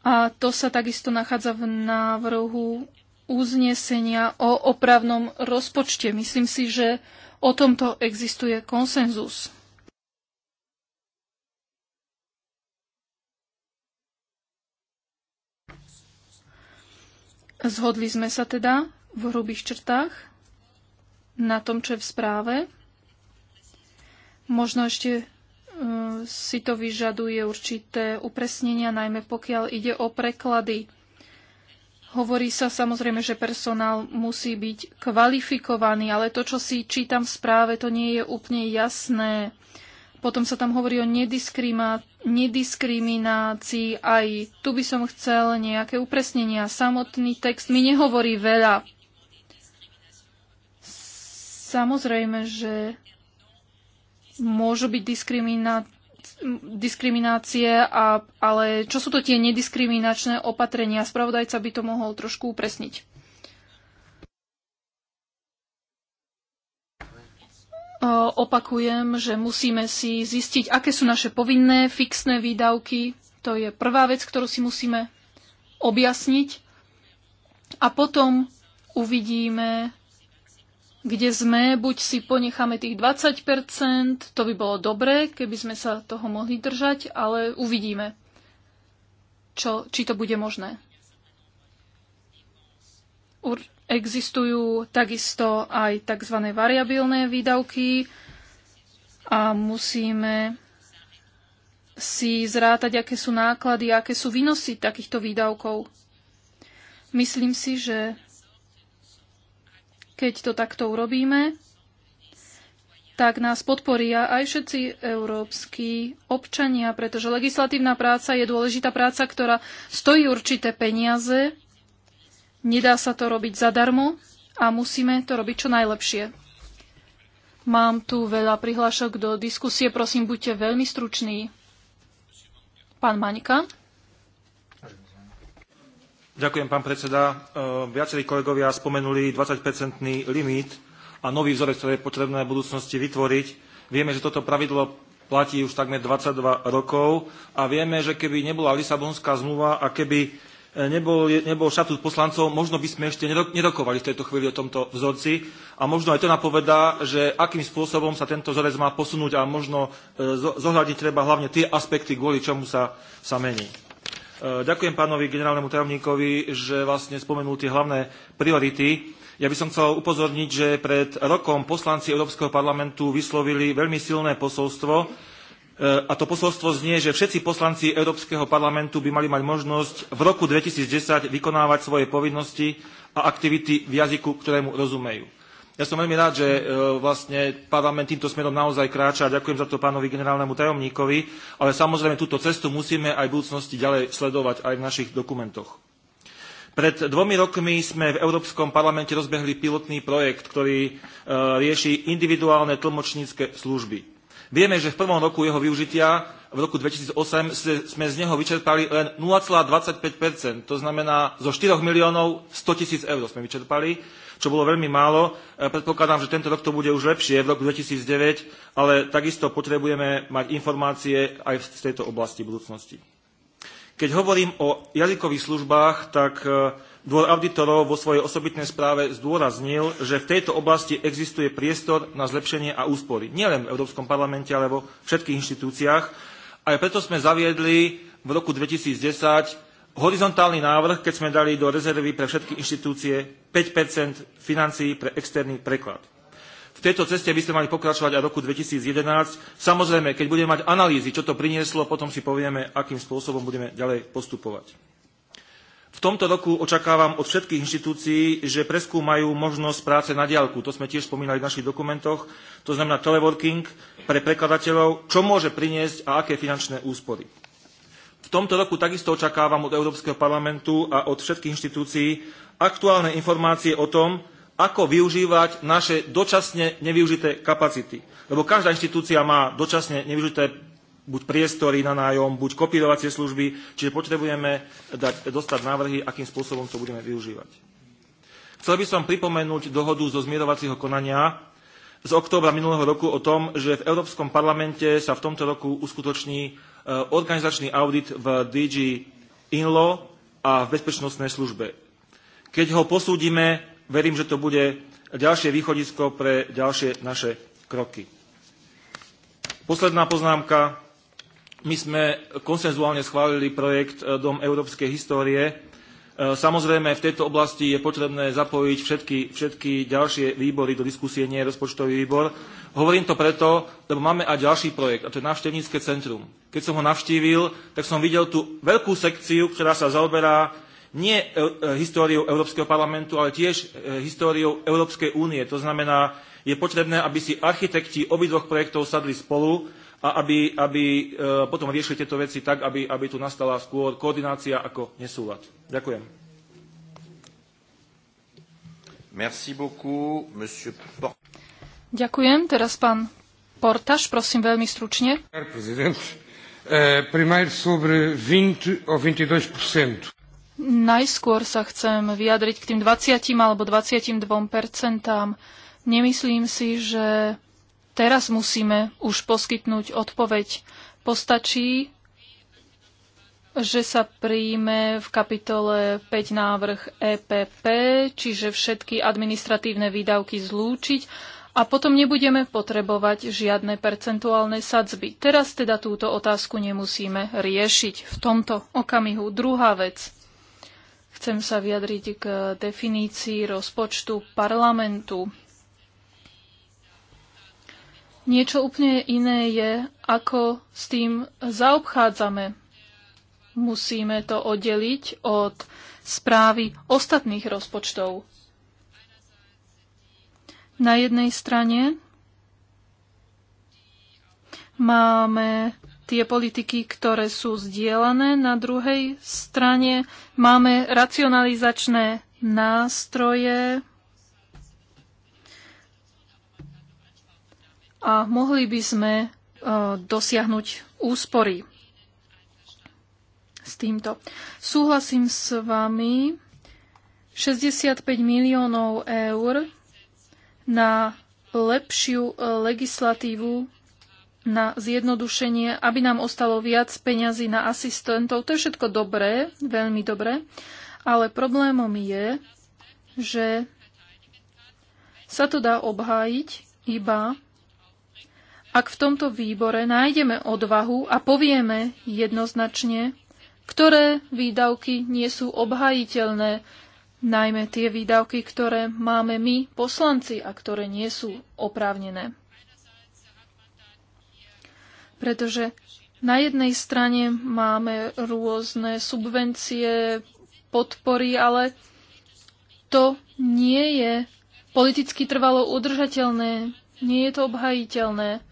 a to sa takisto nachádza v návrhu uznesenia o opravnom rozpočte. Myslím si, že o tomto existuje konsenzus. Zhodli sme sa teda v hrubých črtách na tom, čo je v správe. Možno ešte e, si to vyžaduje určité upresnenia, najmä pokiaľ ide o preklady. Hovorí sa samozrejme, že personál musí byť kvalifikovaný, ale to, čo si čítam v správe, to nie je úplne jasné. Potom sa tam hovorí o nediskriminácii. Aj tu by som chcel nejaké upresnenia. Samotný text mi nehovorí veľa. Samozrejme, že môžu byť diskriminácie diskriminácie, a, ale čo sú to tie nediskriminačné opatrenia? Spravodajca by to mohol trošku upresniť. Opakujem, že musíme si zistiť, aké sú naše povinné fixné výdavky. To je prvá vec, ktorú si musíme objasniť. A potom uvidíme, kde sme, buď si ponecháme tých 20%, to by bolo dobré, keby sme sa toho mohli držať, ale uvidíme, čo, či to bude možné. Ur- existujú takisto aj tzv. variabilné výdavky a musíme si zrátať, aké sú náklady, aké sú výnosy takýchto výdavkov. Myslím si, že keď to takto urobíme, tak nás podporia aj všetci európsky občania, pretože legislatívna práca je dôležitá práca, ktorá stojí určité peniaze. Nedá sa to robiť zadarmo a musíme to robiť čo najlepšie. Mám tu veľa prihlášok do diskusie, prosím, buďte veľmi struční. Pán Maňka. Ďakujem, pán predseda. E, viacerí kolegovia spomenuli 20-percentný limit a nový vzorec, ktorý je potrebné v budúcnosti vytvoriť. Vieme, že toto pravidlo platí už takmer 22 rokov a vieme, že keby nebola Lisabonská zmluva a keby e, nebol, nebol štatút poslancov, možno by sme ešte nerokovali v tejto chvíli o tomto vzorci a možno aj to napovedá, že akým spôsobom sa tento vzorec má posunúť a možno e, zohľadiť treba hlavne tie aspekty, kvôli čomu sa, sa mení. Eh, ďakujem pánovi generálnemu tajomníkovi, že vlastne spomenul tie hlavné priority. Ja by som chcel upozorniť, že pred rokom poslanci Európskeho parlamentu vyslovili veľmi silné posolstvo, eh, a to posolstvo znie, že všetci poslanci Európskeho parlamentu by mali mať možnosť v roku 2010 vykonávať svoje povinnosti a aktivity v jazyku, ktorému rozumejú. Ja som veľmi rád, že e, vlastne parlament týmto smerom naozaj kráča a ďakujem za to pánovi generálnemu tajomníkovi, ale samozrejme túto cestu musíme aj v budúcnosti ďalej sledovať aj v našich dokumentoch. Pred dvomi rokmi sme v Európskom parlamente rozbehli pilotný projekt, ktorý e, rieši individuálne tlmočnícke služby. Vieme, že v prvom roku jeho využitia v roku 2008 sme z neho vyčerpali len 0,25 To znamená, zo 4 miliónov 100 tisíc eur sme vyčerpali čo bolo veľmi málo. E, predpokladám, že tento rok to bude už lepšie, v roku 2009, ale takisto potrebujeme mať informácie aj z tejto oblasti budúcnosti. Keď hovorím o jazykových službách, tak e, Dvor auditorov vo svojej osobitnej správe zdôraznil, že v tejto oblasti existuje priestor na zlepšenie a úspory. Nielen v Európskom parlamente, ale vo všetkých inštitúciách. Aj preto sme zaviedli v roku 2010 horizontálny návrh, keď sme dali do rezervy pre všetky inštitúcie 5 financií pre externý preklad. V tejto ceste by sme mali pokračovať aj roku 2011. Samozrejme, keď budeme mať analýzy, čo to prinieslo, potom si povieme, akým spôsobom budeme ďalej postupovať. V tomto roku očakávam od všetkých inštitúcií, že preskúmajú možnosť práce na diaľku. To sme tiež spomínali v našich dokumentoch. To znamená teleworking pre prekladateľov, čo môže priniesť a aké finančné úspory. V tomto roku takisto očakávam od Európskeho parlamentu a od všetkých inštitúcií aktuálne informácie o tom, ako využívať naše dočasne nevyužité kapacity. Lebo každá inštitúcia má dočasne nevyužité buď priestory na nájom, buď kopírovacie služby, čiže potrebujeme dať, dostať návrhy, akým spôsobom to budeme využívať. Chcel by som pripomenúť dohodu zo zmierovacieho konania z októbra minulého roku o tom, že v Európskom parlamente sa v tomto roku uskutoční Eh, organizačný audit v DG Inlo a v bezpečnostnej službe. Keď ho posúdime, verím, že to bude ďalšie východisko pre ďalšie naše kroky. Posledná poznámka. My sme konsenzuálne schválili projekt eh, Dom európskej histórie, E, samozrejme, v tejto oblasti je potrebné zapojiť všetky, všetky ďalšie výbory do diskusie, nie rozpočtový výbor. Hovorím to preto, lebo máme aj ďalší projekt, a to je návštevnícke centrum. Keď som ho navštívil, tak som videl tú veľkú sekciu, ktorá sa zaoberá nie e, e, históriou Európskeho parlamentu, ale tiež históriou Európskej únie. To znamená, je potrebné, aby si architekti obidvoch projektov sadli spolu a aby, aby e, potom riešili tieto veci tak, aby, aby tu nastala skôr koordinácia ako nesúlad. Ďakujem. Merci beaucoup, monsieur Por- Ďakujem. Teraz pán Portaš, prosím veľmi stručne. Prezident, eh, äh, sobre 20 o 22 Najskôr sa chcem vyjadriť k tým 20 alebo 22 percentám. Nemyslím si, že Teraz musíme už poskytnúť odpoveď. Postačí, že sa príjme v kapitole 5 návrh EPP, čiže všetky administratívne výdavky zlúčiť a potom nebudeme potrebovať žiadne percentuálne sadzby. Teraz teda túto otázku nemusíme riešiť v tomto okamihu. Druhá vec. Chcem sa vyjadriť k definícii rozpočtu parlamentu. Niečo úplne iné je, ako s tým zaobchádzame. Musíme to oddeliť od správy ostatných rozpočtov. Na jednej strane máme tie politiky, ktoré sú zdieľané. Na druhej strane máme racionalizačné nástroje, a mohli by sme e, dosiahnuť úspory s týmto. Súhlasím s vami, 65 miliónov eur na lepšiu e, legislatívu na zjednodušenie, aby nám ostalo viac peňazí na asistentov. To je všetko dobré, veľmi dobré, ale problémom je, že sa to dá obhájiť iba ak v tomto výbore nájdeme odvahu a povieme jednoznačne, ktoré výdavky nie sú obhajiteľné, najmä tie výdavky, ktoré máme my, poslanci, a ktoré nie sú oprávnené. Pretože na jednej strane máme rôzne subvencie, podpory, ale to nie je politicky trvalo udržateľné, nie je to obhajiteľné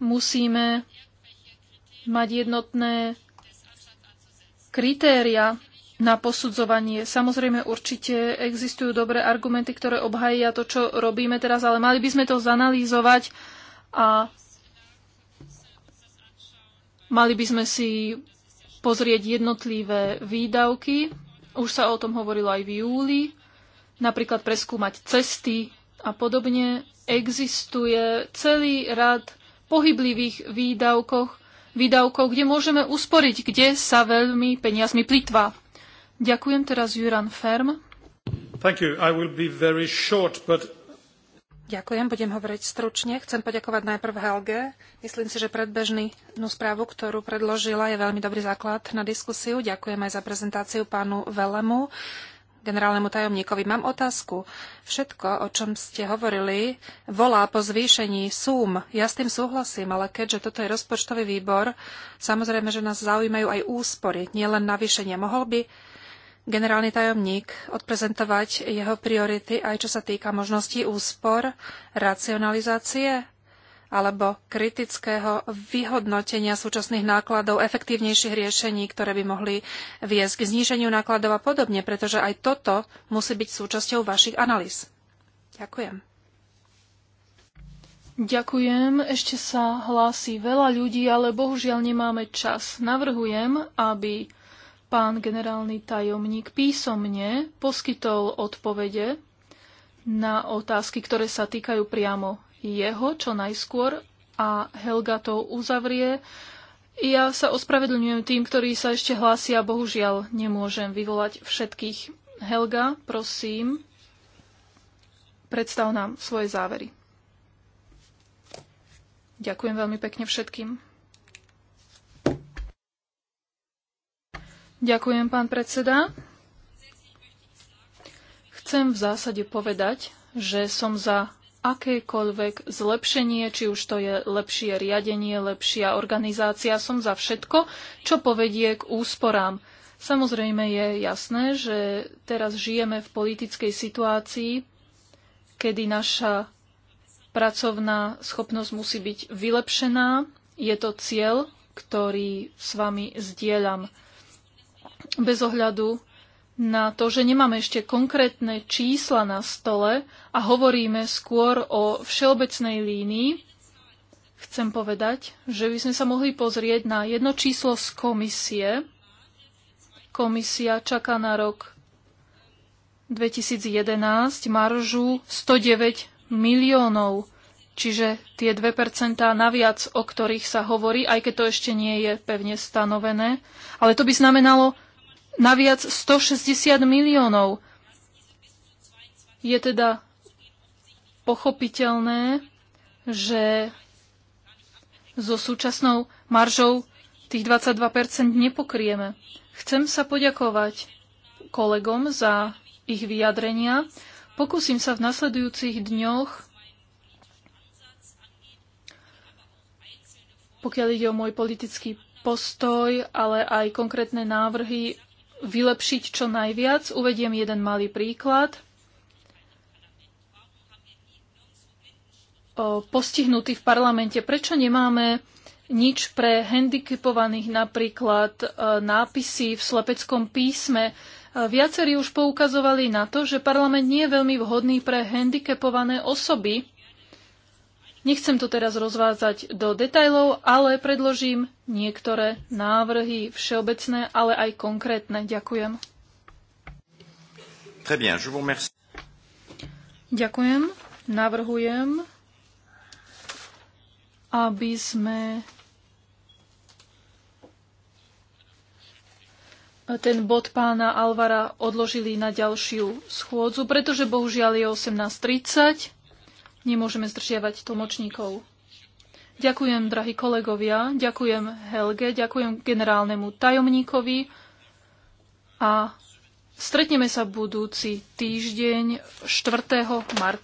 musíme mať jednotné kritéria na posudzovanie. Samozrejme, určite existujú dobré argumenty, ktoré obhajia to, čo robíme teraz, ale mali by sme to zanalýzovať a mali by sme si pozrieť jednotlivé výdavky. Už sa o tom hovorilo aj v júli. Napríklad preskúmať cesty a podobne. Existuje celý rad pohyblivých výdavkoch, výdavkov, kde môžeme usporiť, kde sa veľmi peniazmi plitvá. Ďakujem teraz Juran Ferm. Thank you. I will be very short, but... Ďakujem, budem hovoriť stručne. Chcem poďakovať najprv Helge. Myslím si, že predbežnú správu, ktorú predložila, je veľmi dobrý základ na diskusiu. Ďakujem aj za prezentáciu pánu Velemu generálnemu tajomníkovi. Mám otázku. Všetko, o čom ste hovorili, volá po zvýšení súm. Ja s tým súhlasím, ale keďže toto je rozpočtový výbor, samozrejme, že nás zaujímajú aj úspory, nielen navýšenie. Mohol by generálny tajomník odprezentovať jeho priority aj čo sa týka možností úspor, racionalizácie alebo kritického vyhodnotenia súčasných nákladov, efektívnejších riešení, ktoré by mohli viesť k zníženiu nákladov a podobne, pretože aj toto musí byť súčasťou vašich analýz. Ďakujem. Ďakujem, ešte sa hlási veľa ľudí, ale bohužiaľ nemáme čas. Navrhujem, aby pán generálny tajomník písomne poskytol odpovede na otázky, ktoré sa týkajú priamo jeho čo najskôr a Helga to uzavrie. Ja sa ospravedlňujem tým, ktorí sa ešte hlásia. Bohužiaľ, nemôžem vyvolať všetkých. Helga, prosím, predstav nám svoje závery. Ďakujem veľmi pekne všetkým. Ďakujem, pán predseda. Chcem v zásade povedať, že som za akékoľvek zlepšenie, či už to je lepšie riadenie, lepšia organizácia. Som za všetko, čo povedie k úsporám. Samozrejme je jasné, že teraz žijeme v politickej situácii, kedy naša pracovná schopnosť musí byť vylepšená. Je to cieľ, ktorý s vami zdieľam. Bez ohľadu na to, že nemáme ešte konkrétne čísla na stole a hovoríme skôr o všeobecnej línii, chcem povedať, že by sme sa mohli pozrieť na jedno číslo z komisie. Komisia čaká na rok 2011 maržu 109 miliónov, čiže tie 2% naviac, o ktorých sa hovorí, aj keď to ešte nie je pevne stanovené. Ale to by znamenalo naviac 160 miliónov. Je teda pochopiteľné, že so súčasnou maržou tých 22% nepokrieme. Chcem sa poďakovať kolegom za ich vyjadrenia. Pokúsim sa v nasledujúcich dňoch pokiaľ ide o môj politický postoj, ale aj konkrétne návrhy vylepšiť čo najviac. Uvediem jeden malý príklad. Postihnutý v parlamente. Prečo nemáme nič pre handicapovaných, napríklad e, nápisy v slepeckom písme? E, viacerí už poukazovali na to, že parlament nie je veľmi vhodný pre handicapované osoby Nechcem to teraz rozvádzať do detajlov, ale predložím niektoré návrhy všeobecné, ale aj konkrétne. Ďakujem. Très bien, je vous remercie. Ďakujem. Navrhujem, aby sme ten bod pána Alvara odložili na ďalšiu schôdzu, pretože bohužiaľ je 18.30 nemôžeme zdržiavať tlmočníkov. Ďakujem, drahí kolegovia, ďakujem Helge, ďakujem generálnemu tajomníkovi a stretneme sa budúci týždeň 4. marca.